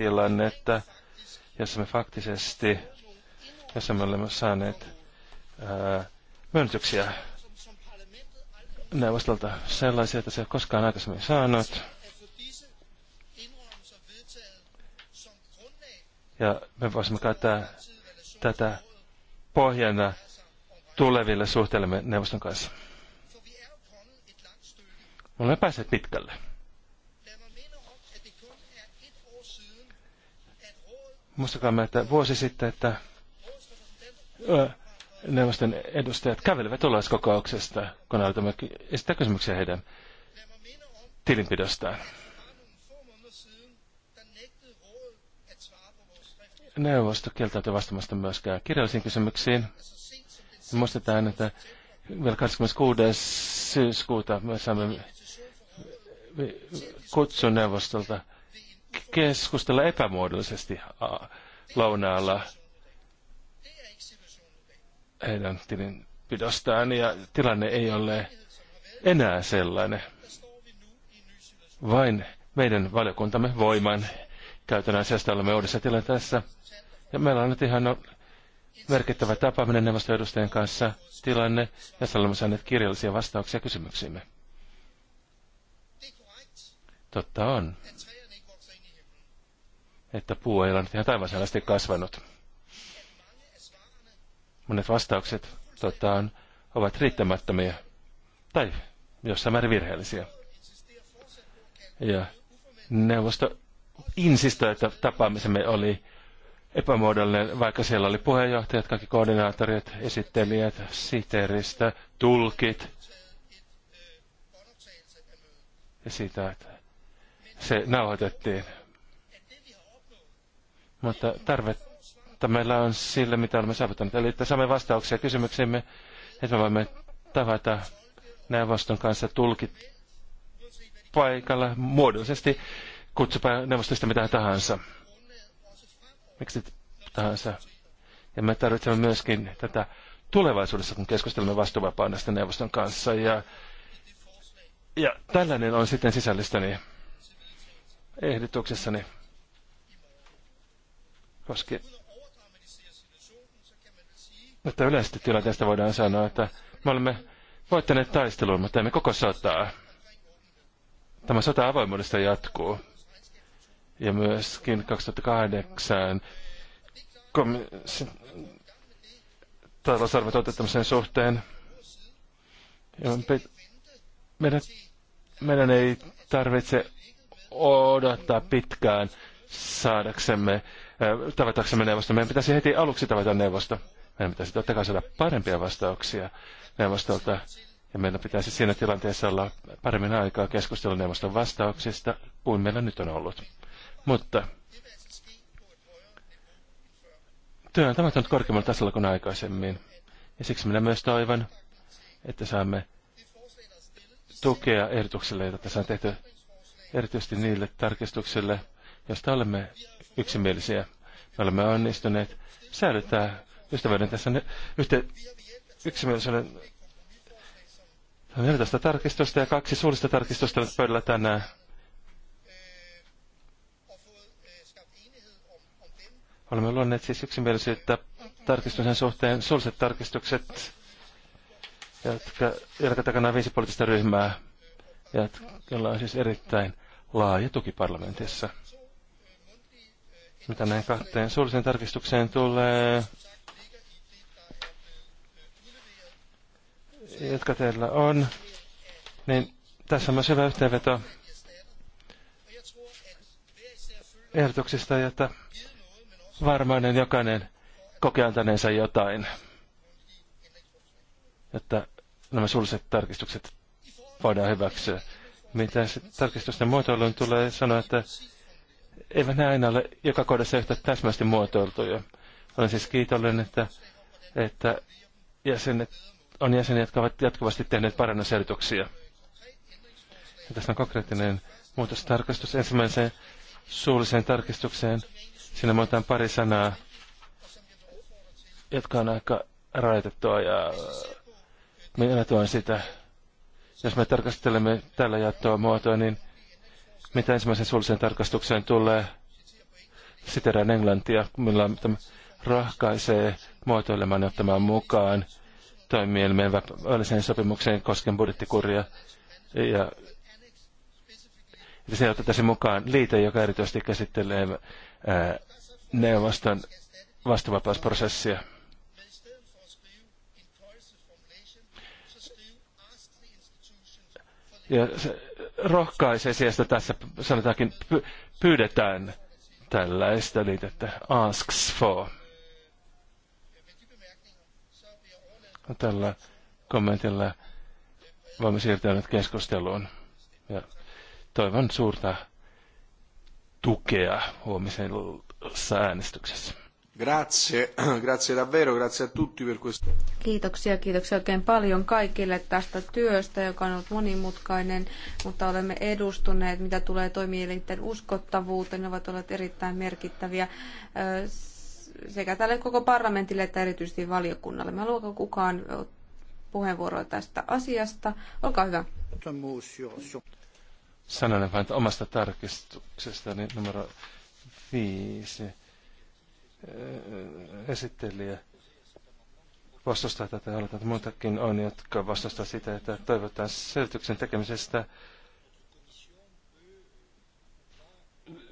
että jos me faktisesti, jos me olemme saaneet ää, myönnytyksiä neuvostolta sellaisia, että se ei ole koskaan aikaisemmin saanut. Ja me voisimme käyttää tätä pohjana tuleville suhteillemme neuvoston kanssa. Me olemme päässeet pitkälle. Muistakaa, että vuosi sitten, että neuvoston edustajat kävelivät olaiskokouksesta, kun aloitamme esittää kysymyksiä heidän tilinpidostaan. Neuvosto kieltäytyi vastaamasta myöskään kirjallisiin kysymyksiin. Muistetaan, että vielä 26. syyskuuta me saamme kutsuneuvostolta keskustella epämuodollisesti lounaalla heidän tilinpidostaan ja tilanne ei ole enää sellainen. Vain meidän valiokuntamme voiman käytön asiasta olemme uudessa tilanteessa. Ja meillä on nyt ihan merkittävä tapaaminen neuvostoedustajien kanssa tilanne, ja olemme saaneet kirjallisia vastauksia kysymyksiimme. Totta on, että puu ei ole nyt ihan taivaaseen kasvanut. Monet vastaukset, totta on, ovat riittämättömiä tai jossain määrin virheellisiä. Ja neuvosto insistoi, että tapaamisemme oli epämuodollinen, vaikka siellä oli puheenjohtajat, kaikki koordinaattorit, esittelijät, siteeristä, tulkit ja siitä, että se nauhoitettiin. Mutta tarvetta meillä on sille, mitä olemme saavuttaneet. Eli että saamme vastauksia kysymyksiimme, että me voimme tavata neuvoston kanssa tulkit paikalla muodollisesti, kutsupa neuvostosta mitä tahansa. Miksi tahansa. Ja me tarvitsemme myöskin tätä tulevaisuudessa, kun keskustelemme vastuuvapaudesta neuvoston kanssa. Ja, ja tällainen on sitten sisällistäni. Niin ehdotuksessani koskien että yleisesti tilanteesta voidaan sanoa, että me olemme voittaneet taistelun, mutta emme koko sotaa. Tämä sota avoimuudesta jatkuu. Ja myöskin 2008 talousarvot otettamisen suhteen. Ja meidän, meidän ei tarvitse odottaa pitkään saadaksemme, äh, tavataksemme neuvosto. Meidän pitäisi heti aluksi tavata neuvosto. Meidän pitäisi totta kai saada parempia vastauksia neuvostolta. Ja meillä pitäisi siinä tilanteessa olla paremmin aikaa keskustella neuvoston vastauksista kuin meillä nyt on ollut. Mutta työ on tapahtunut korkeammalla tasolla kuin aikaisemmin. Ja siksi minä myös toivon, että saamme tukea ehdotukselle, jota tässä on tehty erityisesti niille tarkistuksille, joista olemme yksimielisiä. Me olemme onnistuneet säilyttää ystävyyden tässä yhtä yksimielisyyden 14 tarkistusta ja kaksi suullista tarkistusta nyt pöydällä tänään. Olemme luonneet siis yksimielisyyttä tarkistuksen suhteen suulliset tarkistukset, jotka, jotka takana viisi poliittista ryhmää ja jolla on siis erittäin laaja tuki parlamentissa. Mitä näin kahteen suulliseen tarkistukseen tulee, jotka teillä on, niin tässä on myös hyvä yhteenveto ehdotuksista, että varmainen jokainen kokee antaneensa jotain, että nämä suulliset tarkistukset voidaan hyväksyä. Mitä tarkistusten muotoiluun tulee sanoa, että eivät ne aina ole joka kohdassa yhtä täsmästi muotoiltuja. Olen siis kiitollinen, että, että jäsenet, on jäseniä, jotka ovat jatkuvasti tehneet parannusehdotuksia. Ja tässä on konkreettinen muutostarkastus ensimmäiseen suulliseen tarkistukseen. Siinä muutetaan pari sanaa, jotka on aika rajoitettua ja minä tuon sitä. Jos me tarkastelemme tällä jaettua muotoa, niin mitä ensimmäisen suulliseen tarkastukseen tulee, siterään englantia, millä rahkaisee muotoilemaan ja ottamaan mukaan toimielmien väliseen sopimukseen kosken budjettikuria ja että se otetaan mukaan liite, joka erityisesti käsittelee ää, neuvoston vastuvapausprosessia. Ja se rohkaisee sijasta tässä sanotaankin pyydetään tällaista liitettä asks for. No, tällä kommentilla voimme siirtyä nyt keskusteluun. Ja toivon suurta tukea huomisen äänestyksessä. Grazie, grazie davvero, grazie a tutti per questo. Kiitoksia, kiitoksia oikein paljon kaikille tästä työstä, joka on ollut monimutkainen, mutta olemme edustuneet, mitä tulee toimielinten uskottavuuteen, ne ovat olleet erittäin merkittäviä sekä tälle koko parlamentille että erityisesti valiokunnalle. Mä luokan kukaan puheenvuoroa tästä asiasta. Olkaa hyvä. Sanoin vain omasta tarkistuksestani numero viisi esittelijä vastustaa tätä ja oletan, että muitakin on, jotka vastustaa sitä, että toivotaan selvityksen tekemisestä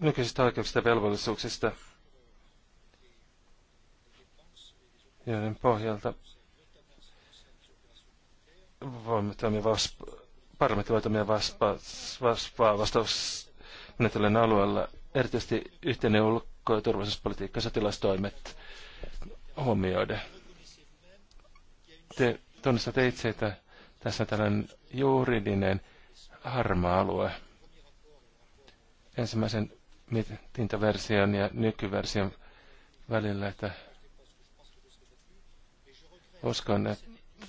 nykyisistä oikeuksista ja velvollisuuksista, joiden pohjalta voimme toimia vaspa, parlamentti voi toimia vaspa, vaspa, vastausmenettelyn alueella, erityisesti yhteinen ulko ulko- ja turvallisuuspolitiikka sotilastoimet huomioiden. Te tunnistatte itse, että tässä on tällainen juridinen harmaa alue. Ensimmäisen mietintäversion ja nykyversion välillä, että uskon, että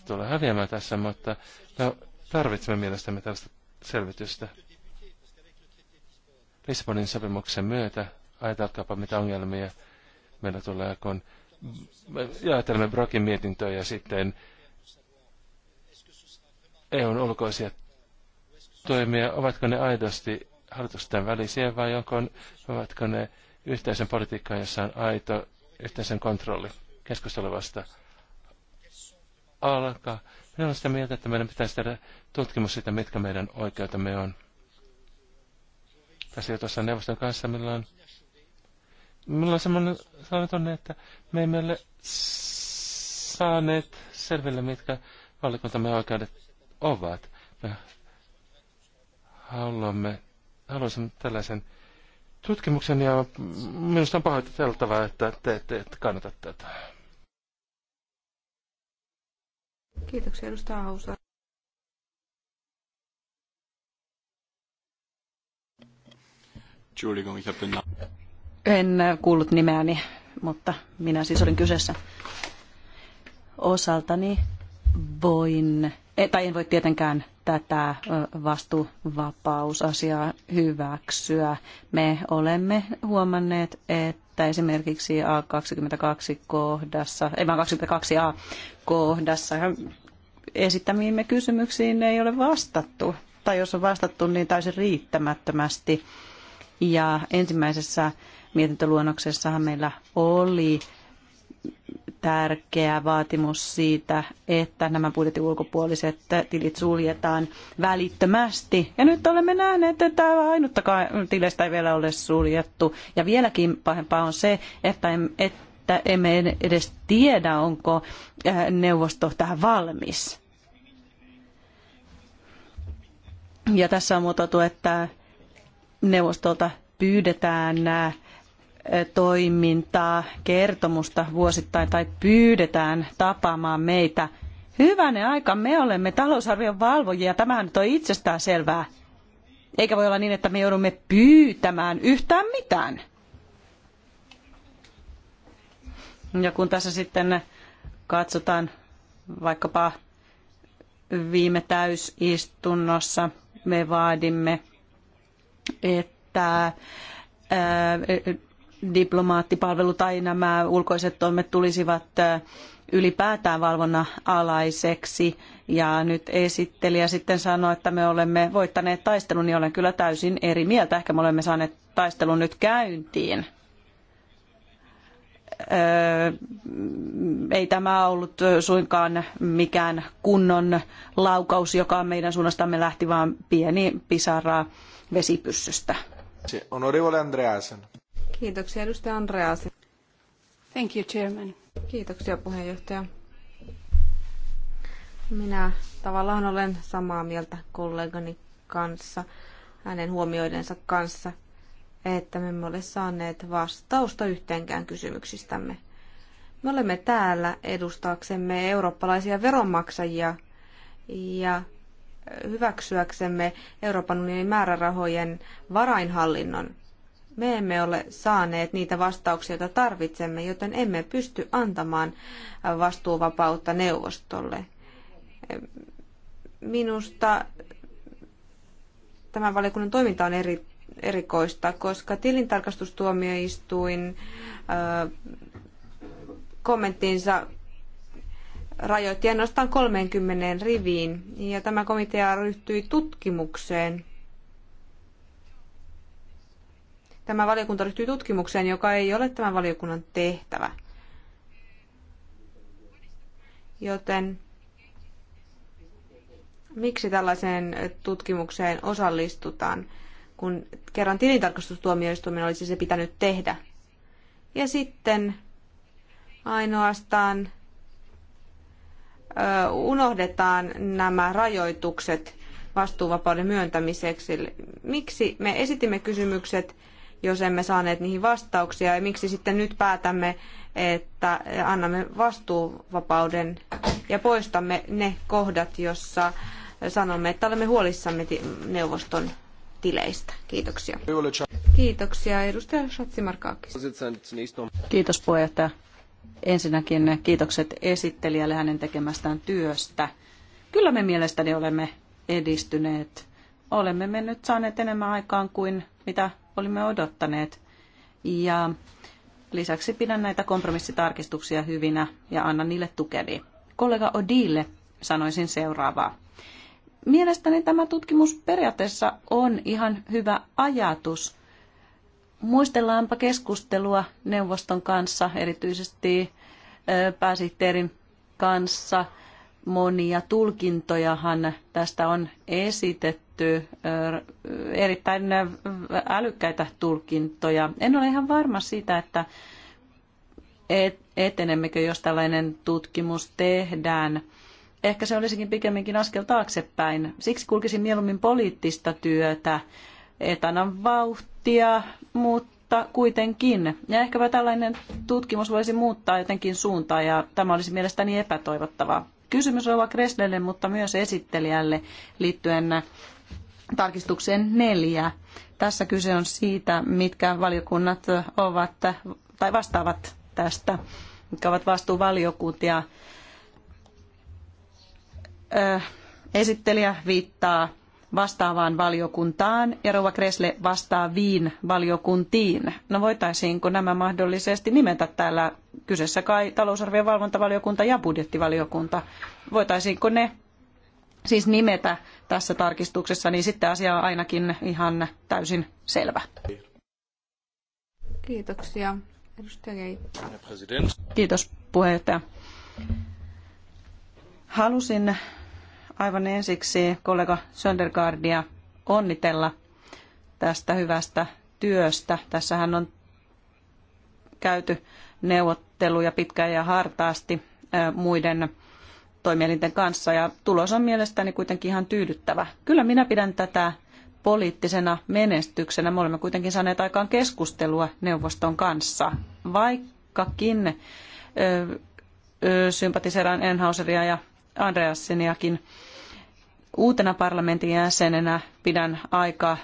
tulee häviämään tässä, mutta me tarvitsemme mielestämme tällaista selvitystä. Lissabonin sopimuksen myötä ajatelkaapa mitä ongelmia meillä tulee, kun ajatelemme Brokin mietintöä ja sitten EUn ulkoisia toimia, ovatko ne aidosti hallitusten välisiä vai onko, ovatko ne yhteisen politiikkaan, jossa on aito yhteisen kontrolli keskustelevasta alkaa. Minä olen sitä mieltä, että meidän pitäisi tehdä tutkimus siitä, mitkä meidän oikeutamme on. Tässä jo tuossa neuvoston kanssa, milloin Minulla on semmoinen sellainen että me emme ole saaneet selville, mitkä valikuntamme oikeudet ovat. Me haluamme, haluaisimme tällaisen tutkimuksen ja minusta on pahoiteltavaa, että te, ette te tätä. Kiitoksia edustaja Hausa. Entschuldigung, ich habe den Namen. En kuullut nimeäni, mutta minä siis olin kyseessä osaltani voin, e, tai en voi tietenkään tätä vastuuvapausasiaa hyväksyä. Me olemme huomanneet, että esimerkiksi A22 kohdassa, ei vaan 22a kohdassa esittämiimme kysymyksiin ei ole vastattu, tai jos on vastattu, niin täysin riittämättömästi. Ja ensimmäisessä mietintöluonnoksessahan meillä oli tärkeä vaatimus siitä, että nämä budjetin ulkopuoliset tilit suljetaan välittömästi. Ja nyt olemme nähneet, että ainuttakaan tilistä ei vielä ole suljettu. Ja vieläkin pahempaa on se, että, em, että emme edes tiedä, onko äh, neuvosto tähän valmis. Ja tässä on muotoiltu, että neuvostolta pyydetään nämä äh, toimintaa, kertomusta vuosittain tai pyydetään tapaamaan meitä. Hyvänen aika, me olemme talousarvion valvojia, tämähän nyt on itsestään selvää. Eikä voi olla niin, että me joudumme pyytämään yhtään mitään. Ja kun tässä sitten katsotaan vaikkapa viime täysistunnossa, me vaadimme, että että diplomaattipalvelu tai nämä ulkoiset toimet tulisivat äh, ylipäätään valvonnan alaiseksi. Ja nyt esittelijä sitten sanoi, että me olemme voittaneet taistelun, niin olen kyllä täysin eri mieltä. Ehkä me olemme saaneet taistelun nyt käyntiin. Öö, ei tämä ollut suinkaan mikään kunnon laukaus, joka meidän suunnastamme lähti, vaan pieni pisara vesipyssystä. Onorevole Andreasen. Kiitoksia edustaja Andreasi. Thank you, Chairman. Kiitoksia puheenjohtaja. Minä tavallaan olen samaa mieltä kollegani kanssa, hänen huomioidensa kanssa, että me emme ole saaneet vastausta yhteenkään kysymyksistämme. Me olemme täällä edustaaksemme eurooppalaisia veronmaksajia ja hyväksyäksemme Euroopan unionin määrärahojen varainhallinnon. Me emme ole saaneet niitä vastauksia, joita tarvitsemme, joten emme pysty antamaan vastuuvapautta neuvostolle. Minusta tämän valiokunnan toiminta on eri, erikoista, koska tilintarkastustuomioistuin ö, kommenttinsa rajoitti ainoastaan 30 riviin, ja tämä komitea ryhtyi tutkimukseen tämä valiokunta ryhtyy tutkimukseen, joka ei ole tämän valiokunnan tehtävä. Joten miksi tällaiseen tutkimukseen osallistutaan, kun kerran tilintarkastustuomioistuimen olisi se pitänyt tehdä? Ja sitten ainoastaan ö, unohdetaan nämä rajoitukset vastuuvapauden myöntämiseksi. Miksi me esitimme kysymykset jos emme saaneet niihin vastauksia? Ja miksi sitten nyt päätämme, että annamme vastuuvapauden ja poistamme ne kohdat, jossa sanomme, että olemme huolissamme neuvoston tileistä. Kiitoksia. Kiitoksia. Edustaja Shatsimarkaakis. Kiitos puheenjohtaja. Ensinnäkin kiitokset esittelijälle hänen tekemästään työstä. Kyllä me mielestäni olemme edistyneet. Olemme me nyt saaneet enemmän aikaan kuin mitä olimme odottaneet. Ja lisäksi pidän näitä kompromissitarkistuksia hyvinä ja annan niille tukeni. Kollega Odille sanoisin seuraavaa. Mielestäni tämä tutkimus periaatteessa on ihan hyvä ajatus. Muistellaanpa keskustelua neuvoston kanssa, erityisesti pääsihteerin kanssa – monia tulkintojahan tästä on esitetty, erittäin älykkäitä tulkintoja. En ole ihan varma siitä, että etenemmekö, jos tällainen tutkimus tehdään. Ehkä se olisikin pikemminkin askel taaksepäin. Siksi kulkisin mieluummin poliittista työtä, etanan vauhtia, mutta kuitenkin. Ja ehkäpä tällainen tutkimus voisi muuttaa jotenkin suuntaa ja tämä olisi mielestäni epätoivottavaa. Kysymys Rouva Kreslelle, mutta myös esittelijälle liittyen tarkistukseen neljä. Tässä kyse on siitä, mitkä valiokunnat ovat tai vastaavat tästä, mitkä ovat vastuuvaliokuntia. Esittelijä viittaa vastaavaan valiokuntaan ja Rova Kresle vastaaviin valiokuntiin. No voitaisiinko nämä mahdollisesti nimetä täällä kyseessä kai talousarvion valvontavaliokunta ja budjettivaliokunta? Voitaisiinko ne siis nimetä tässä tarkistuksessa, niin sitten asia on ainakin ihan täysin selvä. Kiitoksia. Edustaja Kiitos puheenjohtaja. Halusin aivan ensiksi kollega Söndergaardia onnitella tästä hyvästä työstä. Tässähän on käyty neuvotteluja pitkään ja hartaasti muiden toimielinten kanssa ja tulos on mielestäni kuitenkin ihan tyydyttävä. Kyllä minä pidän tätä poliittisena menestyksenä. Me olemme kuitenkin saaneet aikaan keskustelua neuvoston kanssa, vaikkakin sympatiseeraan Enhauseria ja Andreassiniakin Uutena parlamentin jäsenenä pidän aika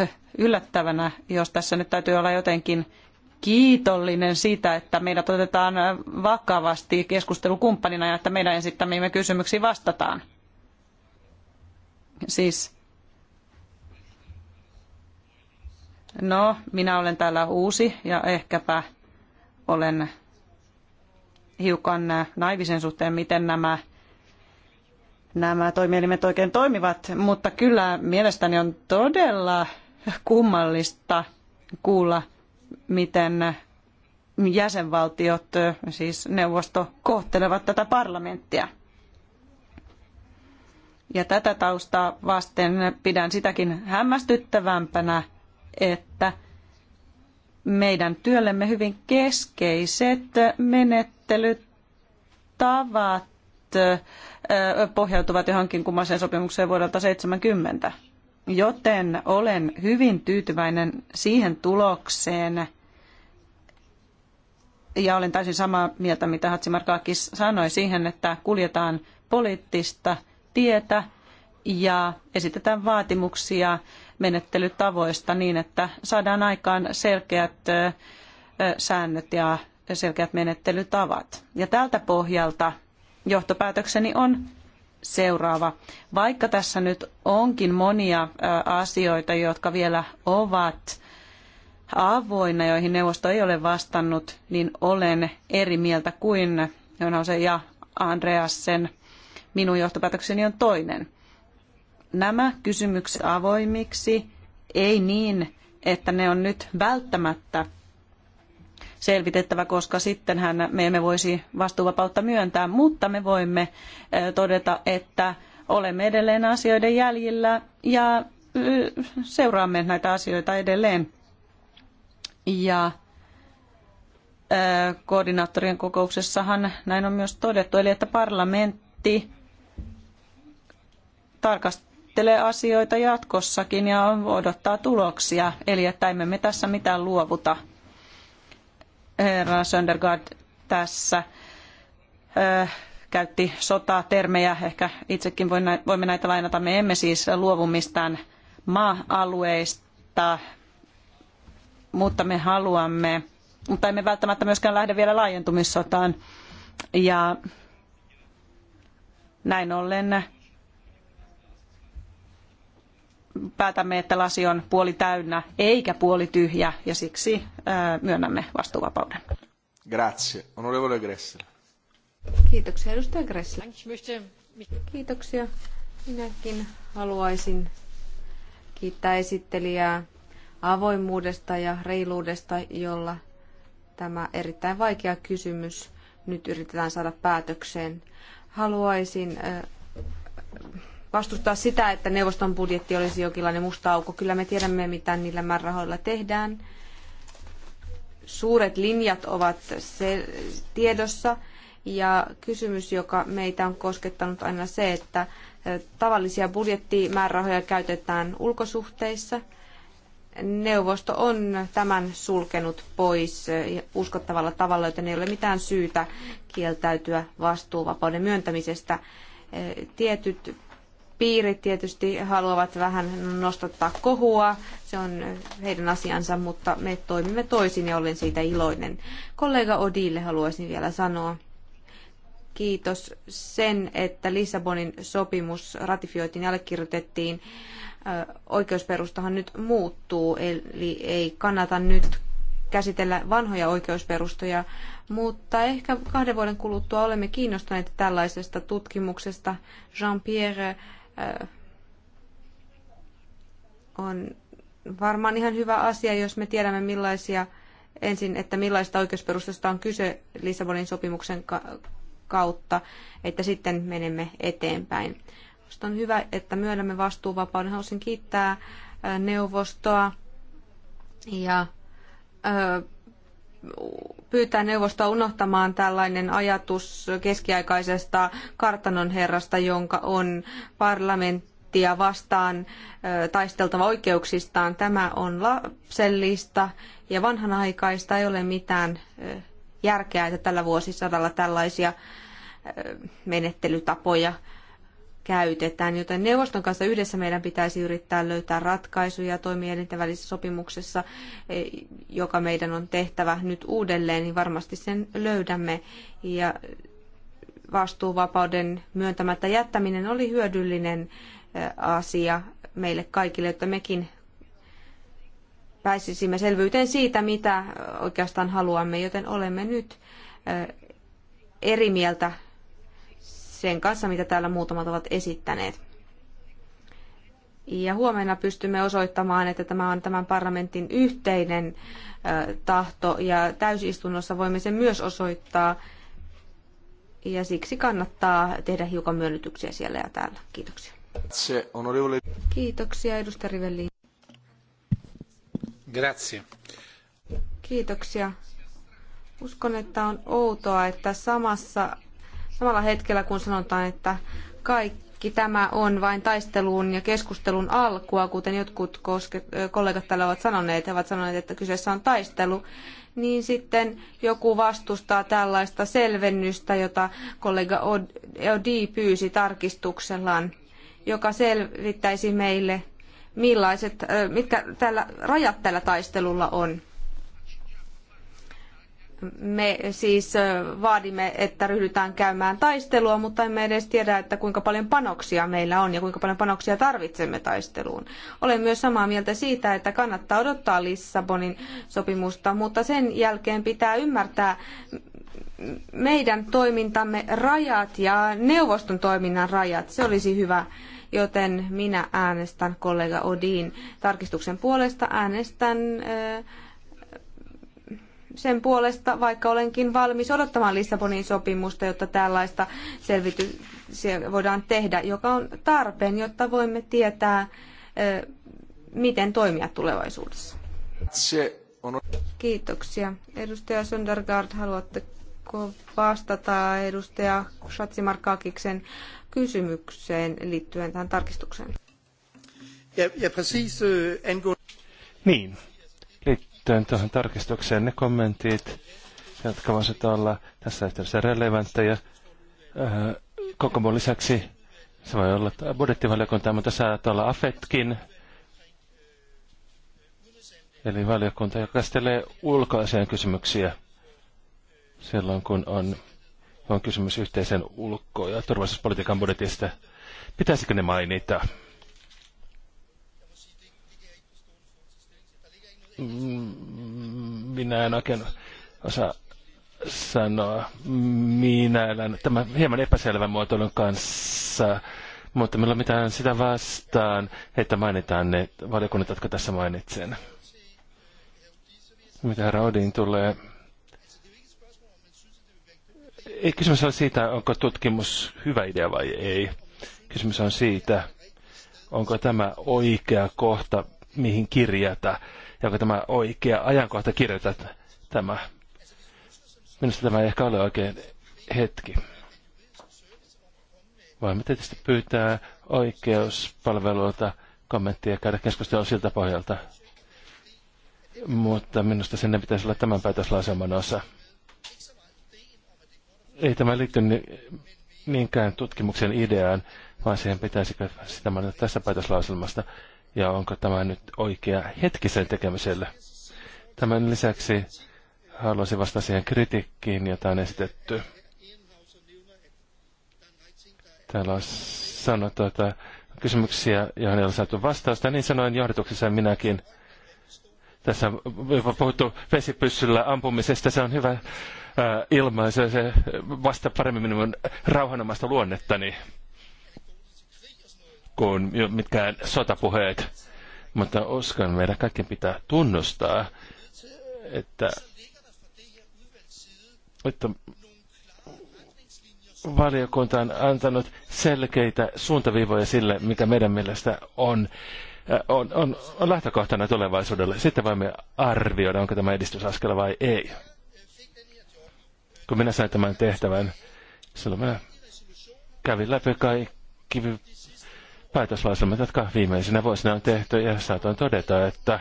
äh, yllättävänä, jos tässä nyt täytyy olla jotenkin kiitollinen siitä, että meidät otetaan äh, vakavasti keskustelukumppanina ja että meidän esittämiimme kysymyksiin vastataan. Siis, no, minä olen täällä uusi ja ehkäpä olen hiukan äh, naivisen suhteen, miten nämä nämä toimielimet oikein toimivat, mutta kyllä mielestäni on todella kummallista kuulla, miten jäsenvaltiot, siis neuvosto, kohtelevat tätä parlamenttia. Ja tätä taustaa vasten pidän sitäkin hämmästyttävämpänä, että meidän työllemme hyvin keskeiset menettelytavat pohjautuvat johonkin kummaseen sopimukseen vuodelta 70. Joten olen hyvin tyytyväinen siihen tulokseen, ja olen täysin samaa mieltä, mitä Hatsimarkaakis sanoi siihen, että kuljetaan poliittista tietä ja esitetään vaatimuksia menettelytavoista niin, että saadaan aikaan selkeät säännöt ja selkeät menettelytavat. Ja tältä pohjalta johtopäätökseni on seuraava. Vaikka tässä nyt onkin monia asioita, jotka vielä ovat avoinna, joihin neuvosto ei ole vastannut, niin olen eri mieltä kuin Jonause ja Andreasen. Minun johtopäätökseni on toinen. Nämä kysymykset avoimiksi, ei niin, että ne on nyt välttämättä selvitettävä, koska sittenhän me emme voisi vastuuvapautta myöntää, mutta me voimme todeta, että olemme edelleen asioiden jäljillä ja seuraamme näitä asioita edelleen. Ja koordinaattorien kokouksessahan näin on myös todettu, eli että parlamentti tarkastelee asioita jatkossakin ja odottaa tuloksia, eli että emme me tässä mitään luovuta herra Söndergaard tässä käytti sotatermejä, ehkä itsekin voimme näitä lainata. Me emme siis luovu mistään maa-alueista, mutta me haluamme, mutta emme välttämättä myöskään lähde vielä laajentumissotaan. Ja näin ollen päätämme, että lasi on puoli täynnä eikä puoli tyhjä ja siksi myönnämme vastuuvapauden. Grazie. Onorevole Gressel. Kiitoksia, edustaja Gressel. Kiitoksia. Minäkin haluaisin kiittää esittelijää avoimuudesta ja reiluudesta, jolla tämä erittäin vaikea kysymys nyt yritetään saada päätökseen. Haluaisin vastustaa sitä, että neuvoston budjetti olisi jokinlainen musta aukko. Kyllä me tiedämme, mitä niillä määrärahoilla tehdään. Suuret linjat ovat tiedossa. Ja kysymys, joka meitä on koskettanut aina se, että tavallisia budjettimäärärahoja käytetään ulkosuhteissa. Neuvosto on tämän sulkenut pois uskottavalla tavalla, joten ei ole mitään syytä kieltäytyä vastuuvapauden myöntämisestä. Tietyt piirit tietysti haluavat vähän nostattaa kohua, se on heidän asiansa, mutta me toimimme toisin ja olen siitä iloinen. Kollega Odille haluaisin vielä sanoa kiitos sen, että Lissabonin sopimus ratifioitiin ja allekirjoitettiin. Oikeusperustahan nyt muuttuu, eli ei kannata nyt käsitellä vanhoja oikeusperustoja, mutta ehkä kahden vuoden kuluttua olemme kiinnostuneita tällaisesta tutkimuksesta. Jean-Pierre on varmaan ihan hyvä asia, jos me tiedämme millaisia ensin, että millaista oikeusperustasta on kyse Lissabonin sopimuksen kautta, että sitten menemme eteenpäin. Minusta on hyvä, että myönnämme vastuuvapauden. Haluaisin kiittää neuvostoa ja pyytää neuvostoa unohtamaan tällainen ajatus keskiaikaisesta kartanon herrasta, jonka on parlamenttia vastaan taisteltava oikeuksistaan. Tämä on lapsellista ja vanhanaikaista. Ei ole mitään järkeä, että tällä vuosisadalla tällaisia menettelytapoja käytetään, joten neuvoston kanssa yhdessä meidän pitäisi yrittää löytää ratkaisuja toimielinten välisessä sopimuksessa, e, joka meidän on tehtävä nyt uudelleen, niin varmasti sen löydämme. Ja vastuuvapauden myöntämättä jättäminen oli hyödyllinen e, asia meille kaikille, että mekin pääsisimme selvyyteen siitä, mitä oikeastaan haluamme, joten olemme nyt e, eri mieltä sen kanssa, mitä täällä muutamat ovat esittäneet. Ja huomenna pystymme osoittamaan, että tämä on tämän parlamentin yhteinen tahto ja täysistunnossa voimme sen myös osoittaa. Ja siksi kannattaa tehdä hiukan myönnytyksiä siellä ja täällä. Kiitoksia. Kiitoksia, edustaja Rivelli. Grazie. Kiitoksia. Uskon, että on outoa, että samassa samalla hetkellä, kun sanotaan, että kaikki tämä on vain taistelun ja keskustelun alkua, kuten jotkut koske, kollegat täällä ovat sanoneet, he ovat sanoneet, että kyseessä on taistelu, niin sitten joku vastustaa tällaista selvennystä, jota kollega Odi pyysi tarkistuksellaan, joka selvittäisi meille, millaiset, mitkä tällä, rajat tällä taistelulla on. Me siis vaadimme, että ryhdytään käymään taistelua, mutta emme edes tiedä, että kuinka paljon panoksia meillä on ja kuinka paljon panoksia tarvitsemme taisteluun. Olen myös samaa mieltä siitä, että kannattaa odottaa Lissabonin sopimusta, mutta sen jälkeen pitää ymmärtää meidän toimintamme rajat ja neuvoston toiminnan rajat. Se olisi hyvä joten minä äänestän kollega Odin tarkistuksen puolesta. Äänestän äh, sen puolesta, vaikka olenkin valmis odottamaan Lissabonin sopimusta, jotta tällaista selvityksiä voidaan tehdä, joka on tarpeen, jotta voimme tietää, miten toimia tulevaisuudessa. Kiitoksia. Edustaja Söndergaard, haluatteko vastata edustaja Shatsimarkakiksen kysymykseen liittyen tähän tarkistukseen? Ja, ja precis, äh, Niin, liittyen tuohon tarkistukseen ne kommentit, jotka voisivat olla tässä yhteydessä relevantteja. Äh, koko lisäksi se voi olla budjettivaliokunta, mutta saattaa olla AFETkin, eli valiokunta, joka käsittelee ulkoasian kysymyksiä silloin, kun on, on kysymys yhteisen ulko- ja turvallisuuspolitiikan budjetista. Pitäisikö ne mainita? Minä en oikein osaa sanoa. Minä elän tämän hieman epäselvän muotoilun kanssa, mutta meillä on mitään sitä vastaan, että mainitaan ne valiokunnat, jotka tässä mainitsen. Mitä Raudin tulee? Ei kysymys ole siitä, onko tutkimus hyvä idea vai ei. Kysymys on siitä, onko tämä oikea kohta, mihin kirjata ja onko tämä oikea ajankohta kirjoittaa tämä. Minusta tämä ei ehkä ole oikein hetki. Voimme tietysti pyytää oikeuspalveluilta kommenttia ja käydä keskustelua siltä pohjalta. Mutta minusta sinne pitäisi olla tämän päätöslauselman osa. Ei tämä liitty niinkään tutkimuksen ideaan, vaan siihen pitäisikö sitä mainita tässä päätöslauselmasta ja onko tämä nyt oikea hetki sen tekemiselle. Tämän lisäksi haluaisin vastata siihen kritiikkiin, jota on esitetty. Täällä on sanottu, että kysymyksiä, joihin ei ole saatu vastausta, niin sanoin johdotuksessa minäkin. Tässä on puhuttu vesipyssyllä ampumisesta, se on hyvä ilmaisu, se vastaa paremmin minun rauhanomaista luonnettani kuin mitkään sotapuheet. Mutta uskon, meidän kaikkien pitää tunnustaa, että, että valiokunta on antanut selkeitä suuntaviivoja sille, mikä meidän mielestä on, äh, on, on, on lähtökohtana tulevaisuudelle. Sitten voimme arvioida, onko tämä edistysaskel vai ei. Kun minä sain tämän tehtävän, silloin minä kävin läpi kaikki päätöslauselmat, jotka viimeisenä vuosina on tehty, ja saatoin todeta, että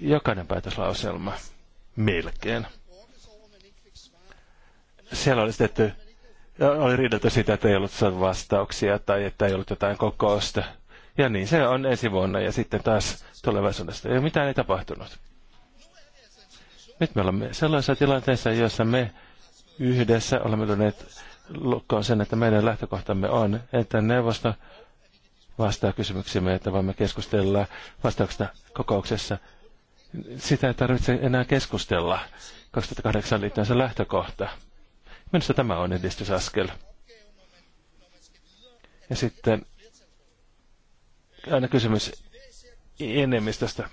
jokainen päätöslauselma, melkein. Siellä oli esitetty, oli riidelty sitä, että ei ollut vastauksia tai että ei ollut jotain kokousta. Ja niin se on ensi vuonna ja sitten taas tulevaisuudesta. Ja mitään ei tapahtunut. Nyt me olemme sellaisessa tilanteessa, jossa me yhdessä olemme luoneet lukkoon sen, että meidän lähtökohtamme on, että neuvosto vastaa kysymyksiimme, että voimme keskustella vastauksesta kokouksessa. Sitä ei tarvitse enää keskustella. 2008 liittyen se lähtökohta. Minusta tämä on edistysaskel. Ja sitten aina kysymys enemmistöstä.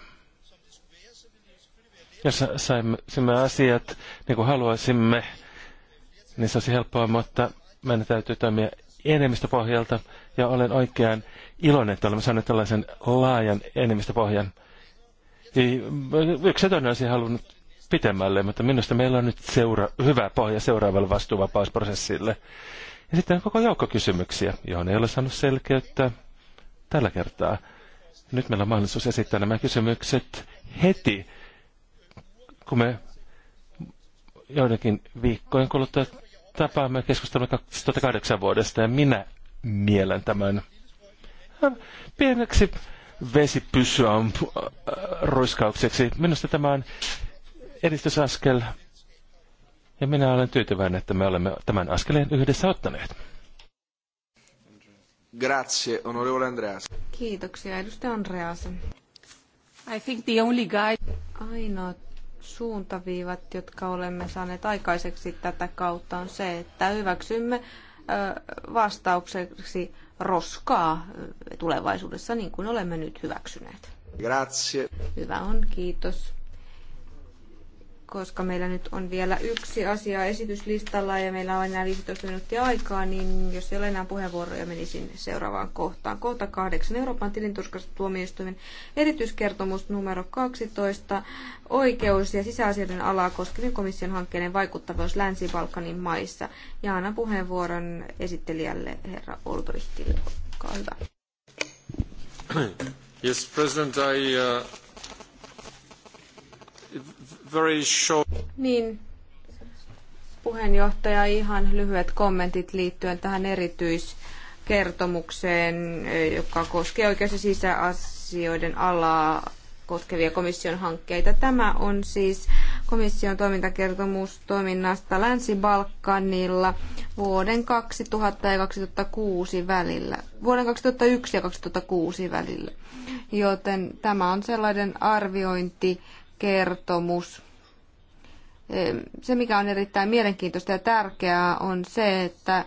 Jos saisimme asiat niin kuin haluaisimme, niin se olisi helppoa, mutta meidän täytyy toimia enemmistöpohjalta ja olen oikein iloinen, että olemme saaneet tällaisen laajan enemmistöpohjan. Mm, yksi toinen olisi halunnut pitemmälle, mutta minusta meillä on nyt seura- hyvä pohja seuraavalle vastuuvapausprosessille. Ja sitten on koko joukko kysymyksiä, johon ei ole saanut selkeyttä tällä kertaa. Nyt meillä on mahdollisuus esittää nämä kysymykset heti, kun me joidenkin viikkojen kuluttua tapaamme keskustelua 2008 vuodesta, ja minä mielen tämän. Pieneksi vesipysyä äh, roiskaukseksi. Minusta tämä on edistysaskel. Ja minä olen tyytyväinen, että me olemme tämän askeleen yhdessä ottaneet. Grazie, onorevole Andreas. Kiitoksia, edustaja Andreas. I think the only guy... Ainoat suuntaviivat, jotka olemme saaneet aikaiseksi tätä kautta, on se, että hyväksymme vastaukseksi roskaa tulevaisuudessa, niin kuin olemme nyt hyväksyneet. Grazie. Hyvä on, kiitos koska meillä nyt on vielä yksi asia esityslistalla ja meillä on enää 15 minuuttia aikaa, niin jos ei ole enää puheenvuoroja, menisin seuraavaan kohtaan. Kohta kahdeksan Euroopan tuomioistuimen erityiskertomus numero 12, oikeus- ja sisäasioiden alaa koskevien komission hankkeiden vaikuttavuus Länsi-Balkanin maissa. Ja annan puheenvuoron esittelijälle herra Olbrichtille. Olkaa hyvä. Yes, President, I, uh very short. Niin, puheenjohtaja, ihan lyhyet kommentit liittyen tähän erityiskertomukseen, joka koskee oikeus- ja sisäasioiden alaa koskevia komission hankkeita. Tämä on siis komission toimintakertomus toiminnasta Länsi-Balkanilla vuoden 2000 ja 2006 välillä, vuoden 2001 ja 2006 välillä. Joten tämä on sellainen arviointi, kertomus. Se, mikä on erittäin mielenkiintoista ja tärkeää, on se, että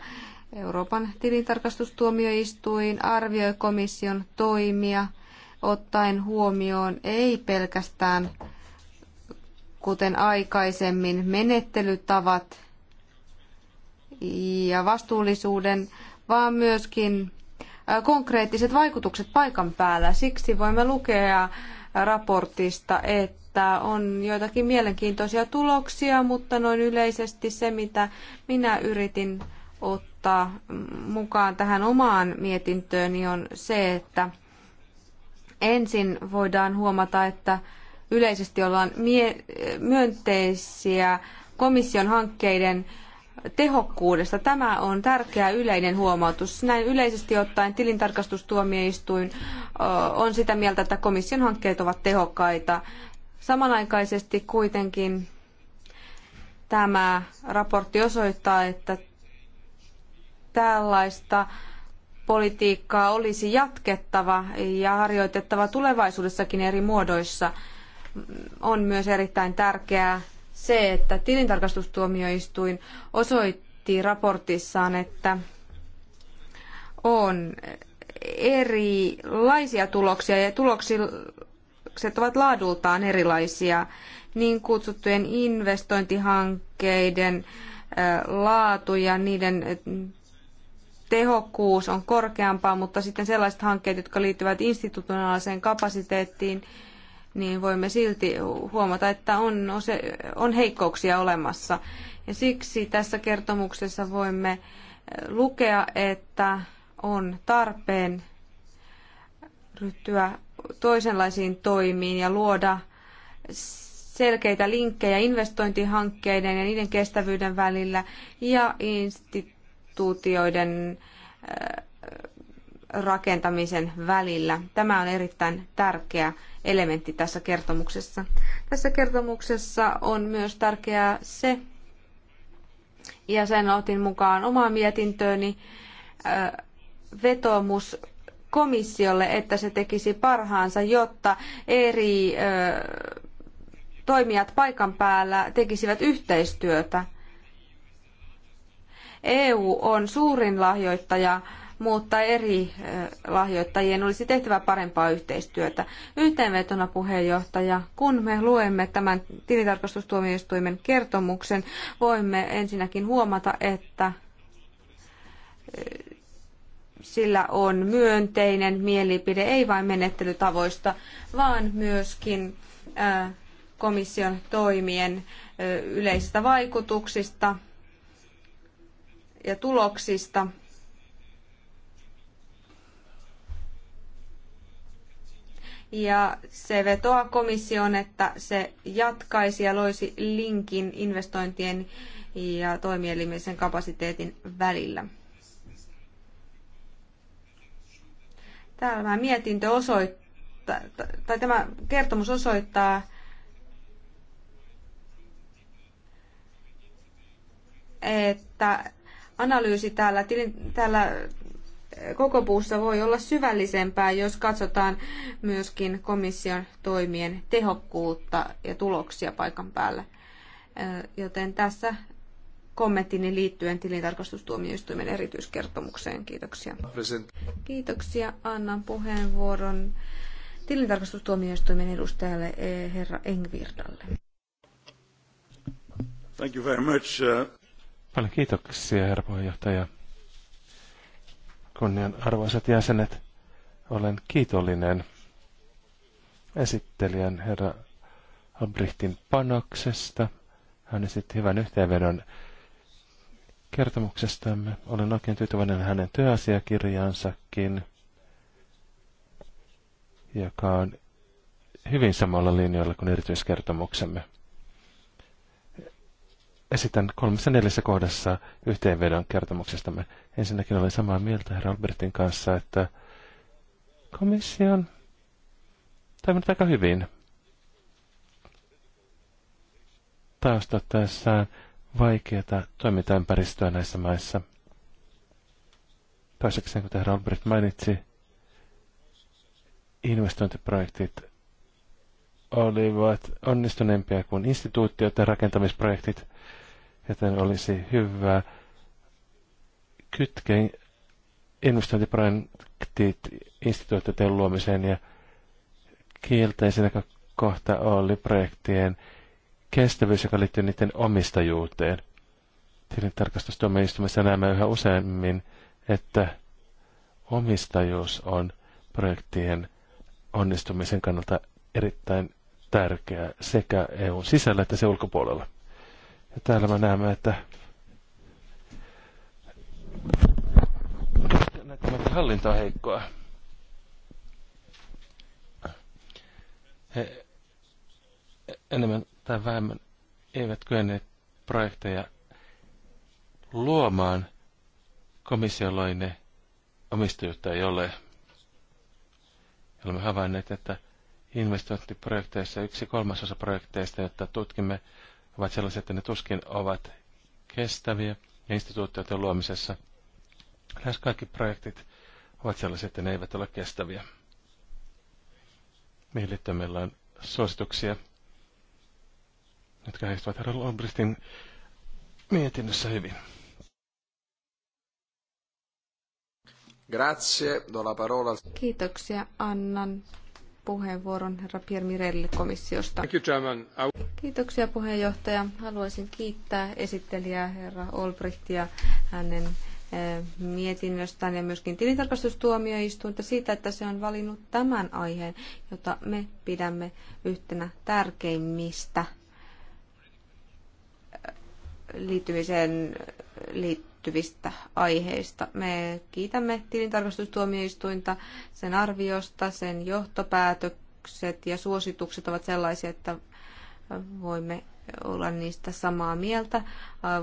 Euroopan tilintarkastustuomioistuin arvioi komission toimia ottaen huomioon ei pelkästään, kuten aikaisemmin, menettelytavat ja vastuullisuuden, vaan myöskin konkreettiset vaikutukset paikan päällä. Siksi voimme lukea raportista, että että on joitakin mielenkiintoisia tuloksia, mutta noin yleisesti se, mitä minä yritin ottaa mukaan tähän omaan mietintööni, niin on se, että ensin voidaan huomata, että yleisesti ollaan myönteisiä komission hankkeiden tehokkuudesta. Tämä on tärkeä yleinen huomautus. Näin yleisesti ottaen tilintarkastustuomioistuin on sitä mieltä, että komission hankkeet ovat tehokkaita. Samanaikaisesti kuitenkin tämä raportti osoittaa, että tällaista politiikkaa olisi jatkettava ja harjoitettava tulevaisuudessakin eri muodoissa. On myös erittäin tärkeää se, että tilintarkastustuomioistuin osoitti raportissaan, että on erilaisia tuloksia ja tuloksilla ehdotukset ovat laadultaan erilaisia. Niin kutsuttujen investointihankkeiden laatu ja niiden tehokkuus on korkeampaa, mutta sitten sellaiset hankkeet, jotka liittyvät institutionaaliseen kapasiteettiin, niin voimme silti huomata, että on, on heikkouksia olemassa. Ja siksi tässä kertomuksessa voimme lukea, että on tarpeen ryhtyä toisenlaisiin toimiin ja luoda selkeitä linkkejä investointihankkeiden ja niiden kestävyyden välillä ja instituutioiden äh, rakentamisen välillä. Tämä on erittäin tärkeä elementti tässä kertomuksessa. Tässä kertomuksessa on myös tärkeää se, ja sen otin mukaan omaan mietintööni, äh, vetoomus komissiolle, että se tekisi parhaansa, jotta eri toimijat paikan päällä tekisivät yhteistyötä. EU on suurin lahjoittaja, mutta eri lahjoittajien olisi tehtävä parempaa yhteistyötä. Yhteenvetona puheenjohtaja, kun me luemme tämän tilintarkastustuomioistuimen kertomuksen, voimme ensinnäkin huomata, että sillä on myönteinen mielipide ei vain menettelytavoista, vaan myöskin komission toimien yleisistä vaikutuksista ja tuloksista. Ja se vetoaa komission, että se jatkaisi ja loisi linkin investointien ja toimielimisen kapasiteetin välillä. Tämä mietintö osoittaa, tai tämä kertomus osoittaa, että analyysi täällä, täällä eh, koko puussa voi olla syvällisempää, jos katsotaan myöskin komission toimien tehokkuutta ja tuloksia paikan päällä. Eh, joten tässä kommenttini liittyen tilintarkastustuomioistuimen erityiskertomukseen. Kiitoksia. Kiitoksia. Annan puheenvuoron tilintarkastustuomioistuimen edustajalle eh, herra Engvirdalle. Thank you very much. Uh, Paljon kiitoksia, herra puheenjohtaja. Kunnianarvoisat jäsenet, olen kiitollinen esittelijän herra Albrechtin panoksesta. Hän esitti hyvän yhteenvedon kertomuksestamme. Olen oikein tyytyväinen hänen työasiakirjaansakin, joka on hyvin samalla linjoilla kuin erityiskertomuksemme. Esitän kolmessa neljässä kohdassa yhteenvedon kertomuksestamme. Ensinnäkin olen samaa mieltä herra Albertin kanssa, että komission toiminut aika hyvin tässä vaikeaa toimintaympäristöä näissä maissa. Toiseksi, niin kuten Albert mainitsi, investointiprojektit olivat onnistuneempia kuin ja rakentamisprojektit, joten olisi hyvä kytkeä investointiprojektit instituutioiden luomiseen ja kielteisenä kohta oli projektien kestävyys, joka liittyy niiden omistajuuteen. Tilintarkastustuomioistuimessa näemme yhä useammin, että omistajuus on projektien onnistumisen kannalta erittäin tärkeää sekä EUn sisällä että se ulkopuolella. Ja täällä me näemme, että näyttämättä hallinta on heikkoa. He enemmän tai vähemmän eivät kyenneet projekteja luomaan, komissioloinen omistajuutta ei ole. Olemme havainneet, että investointiprojekteissa yksi kolmasosa projekteista, joita tutkimme, ovat sellaisia, että ne tuskin ovat kestäviä ja instituutioiden luomisessa. Lähes kaikki projektit ovat sellaisia, että ne eivät ole kestäviä. Mihin liittyen meillä on suosituksia jotka heistävät herra Lombristin mietinnössä hyvin. Grazie, do la parola. Kiitoksia, annan puheenvuoron herra Pierre komissiosta. Kiitoksia puheenjohtaja. Haluaisin kiittää esittelijää herra Olbrichtia hänen eh, mietinnöstään ja myöskin tilintarkastustuomioistuinta siitä, että se on valinnut tämän aiheen, jota me pidämme yhtenä tärkeimmistä liittymiseen liittyvistä aiheista. Me kiitämme tilintarkastustuomioistuinta sen arviosta, sen johtopäätökset ja suositukset ovat sellaisia, että voimme olla niistä samaa mieltä.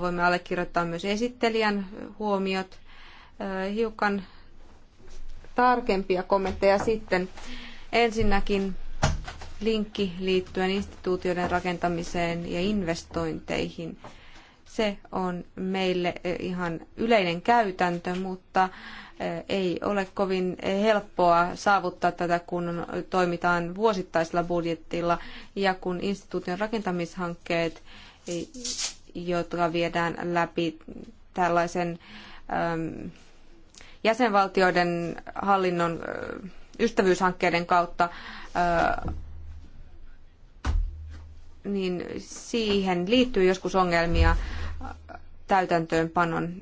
Voimme allekirjoittaa myös esittelijän huomiot. Hiukan tarkempia kommentteja sitten. Ensinnäkin linkki liittyen instituutioiden rakentamiseen ja investointeihin. Se on meille eh, ihan yleinen käytäntö, mutta eh, ei ole kovin helppoa saavuttaa tätä, kun toimitaan vuosittaisella budjettilla ja kun instituution rakentamishankkeet, eh, jotka viedään läpi tällaisen ehm, jäsenvaltioiden hallinnon ystävyyshankkeiden kautta, niin siihen liittyy joskus ongelmia täytäntöönpanon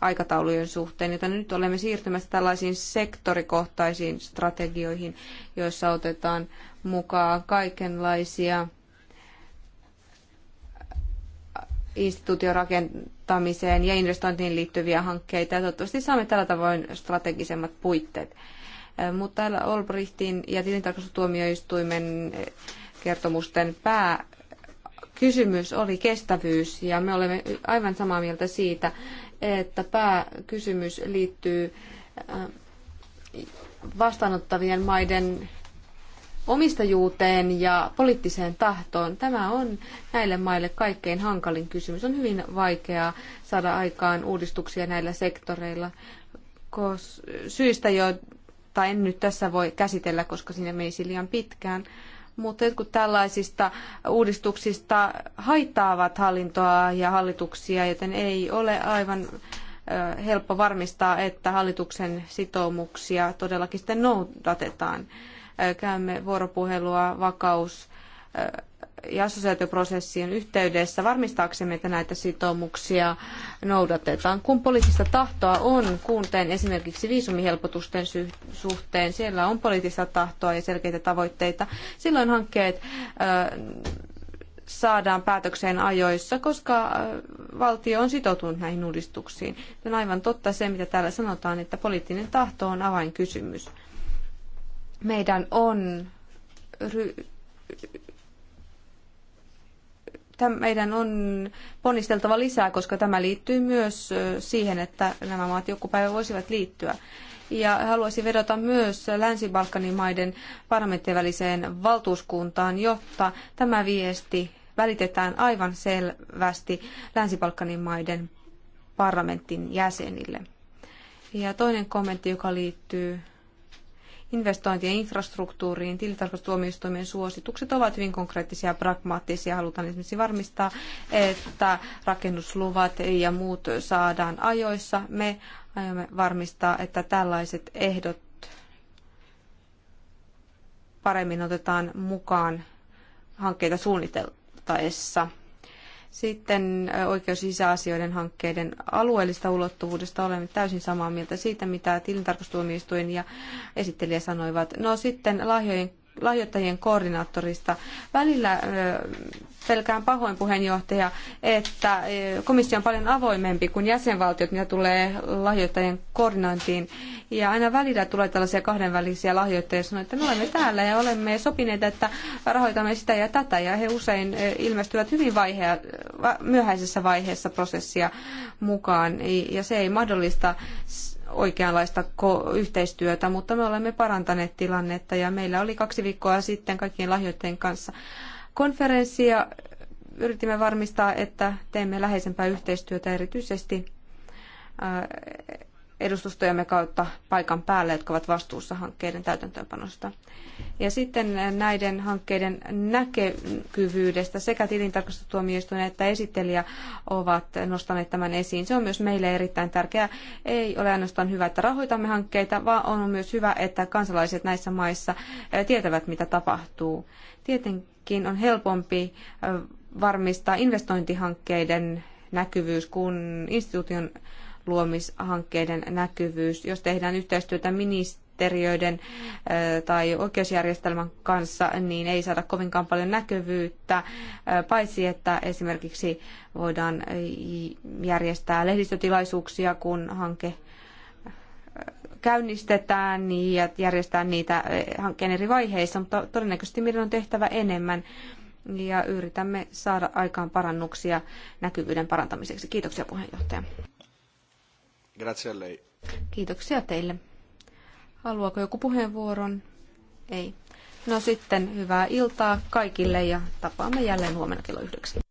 aikataulujen suhteen, joten nyt olemme siirtymässä tällaisiin sektorikohtaisiin strategioihin, joissa otetaan mukaan kaikenlaisia instituutiorakentamiseen ja investointiin liittyviä hankkeita. Ja toivottavasti saamme tällä tavoin strategisemmat puitteet. Äh, mutta täällä Olbrichtin ja tilintarkastustuomioistuimen äh, kertomusten pää kysymys oli kestävyys ja me olemme aivan samaa mieltä siitä, että pääkysymys liittyy äh, vastaanottavien maiden omistajuuteen ja poliittiseen tahtoon. Tämä on näille maille kaikkein hankalin kysymys. On hyvin vaikeaa saada aikaan uudistuksia näillä sektoreilla syistä, joita en nyt tässä voi käsitellä, koska sinne menisi liian pitkään mutta jotkut tällaisista uudistuksista haittaavat hallintoa ja hallituksia, joten ei ole aivan helppo varmistaa, että hallituksen sitoumuksia todellakin sitten noudatetaan. Käymme vuoropuhelua vakaus ja assosiaatioprosessien yhteydessä varmistaaksemme, että näitä sitoumuksia noudatetaan. Kun poliittista tahtoa on, kun esimerkiksi viisumihelpotusten suhteen, siellä on poliittista tahtoa ja selkeitä tavoitteita, silloin hankkeet saadaan päätökseen ajoissa, koska valtio on sitoutunut näihin uudistuksiin. On aivan totta se, mitä täällä sanotaan, että poliittinen tahto on avainkysymys. Meidän on ry- meidän on ponnisteltava lisää, koska tämä liittyy myös siihen, että nämä maat joku päivä voisivat liittyä. Ja haluaisin vedota myös Länsi-Balkanin maiden parlamenttien väliseen valtuuskuntaan, jotta tämä viesti välitetään aivan selvästi Länsi-Balkanin maiden parlamentin jäsenille. Ja toinen kommentti, joka liittyy investointien infrastruktuuriin. tilintarkastustuomioistuimen suositukset ovat hyvin konkreettisia ja pragmaattisia. Halutaan esimerkiksi varmistaa, että rakennusluvat ja muut saadaan ajoissa. Me aiomme varmistaa, että tällaiset ehdot paremmin otetaan mukaan hankkeita suunniteltaessa. Sitten oikeus sisäasioiden hankkeiden alueellista ulottuvuudesta olemme täysin samaa mieltä siitä, mitä tilintarkastustuomioistuin ja esittelijä sanoivat. No sitten lahjojen lahjoittajien koordinaattorista. Välillä pelkään pahoin puheenjohtaja, että komissio on paljon avoimempi kuin jäsenvaltiot, mitä tulee lahjoittajien koordinointiin. Ja aina välillä tulee tällaisia kahdenvälisiä lahjoittajia, sanoo, että me olemme täällä ja olemme sopineet, että rahoitamme sitä ja tätä. Ja he usein ilmestyvät hyvin vaihea, myöhäisessä vaiheessa prosessia mukaan. Ja se ei mahdollista oikeanlaista yhteistyötä, mutta me olemme parantaneet tilannetta ja meillä oli kaksi viikkoa sitten kaikkien lahjoitteen kanssa konferenssi ja yritimme varmistaa, että teemme läheisempää yhteistyötä erityisesti äh, edustustojemme kautta paikan päälle, jotka ovat vastuussa hankkeiden täytäntöönpanosta. Ja sitten näiden hankkeiden näkyvyydestä sekä tilintarkastustuomioistuin että esittelijä ovat nostaneet tämän esiin. Se on myös meille erittäin tärkeää. Ei ole ainoastaan hyvä, että rahoitamme hankkeita, vaan on myös hyvä, että kansalaiset näissä maissa eh, tietävät, mitä tapahtuu. Tietenkin on helpompi eh, varmistaa investointihankkeiden näkyvyys kuin instituution luomishankkeiden näkyvyys. Jos tehdään yhteistyötä ministeriöiden, ministeriöiden tai oikeusjärjestelmän kanssa, niin ei saada kovinkaan paljon näkyvyyttä, paitsi että esimerkiksi voidaan järjestää lehdistötilaisuuksia, kun hanke käynnistetään niin, ja järjestää niitä hankkeen eri vaiheissa, mutta todennäköisesti meidän on tehtävä enemmän ja yritämme saada aikaan parannuksia näkyvyyden parantamiseksi. Kiitoksia puheenjohtaja. Grazie lei. Kiitoksia teille. Haluaako joku puheenvuoron? Ei. No sitten hyvää iltaa kaikille ja tapaamme jälleen huomenna kello yhdeksän.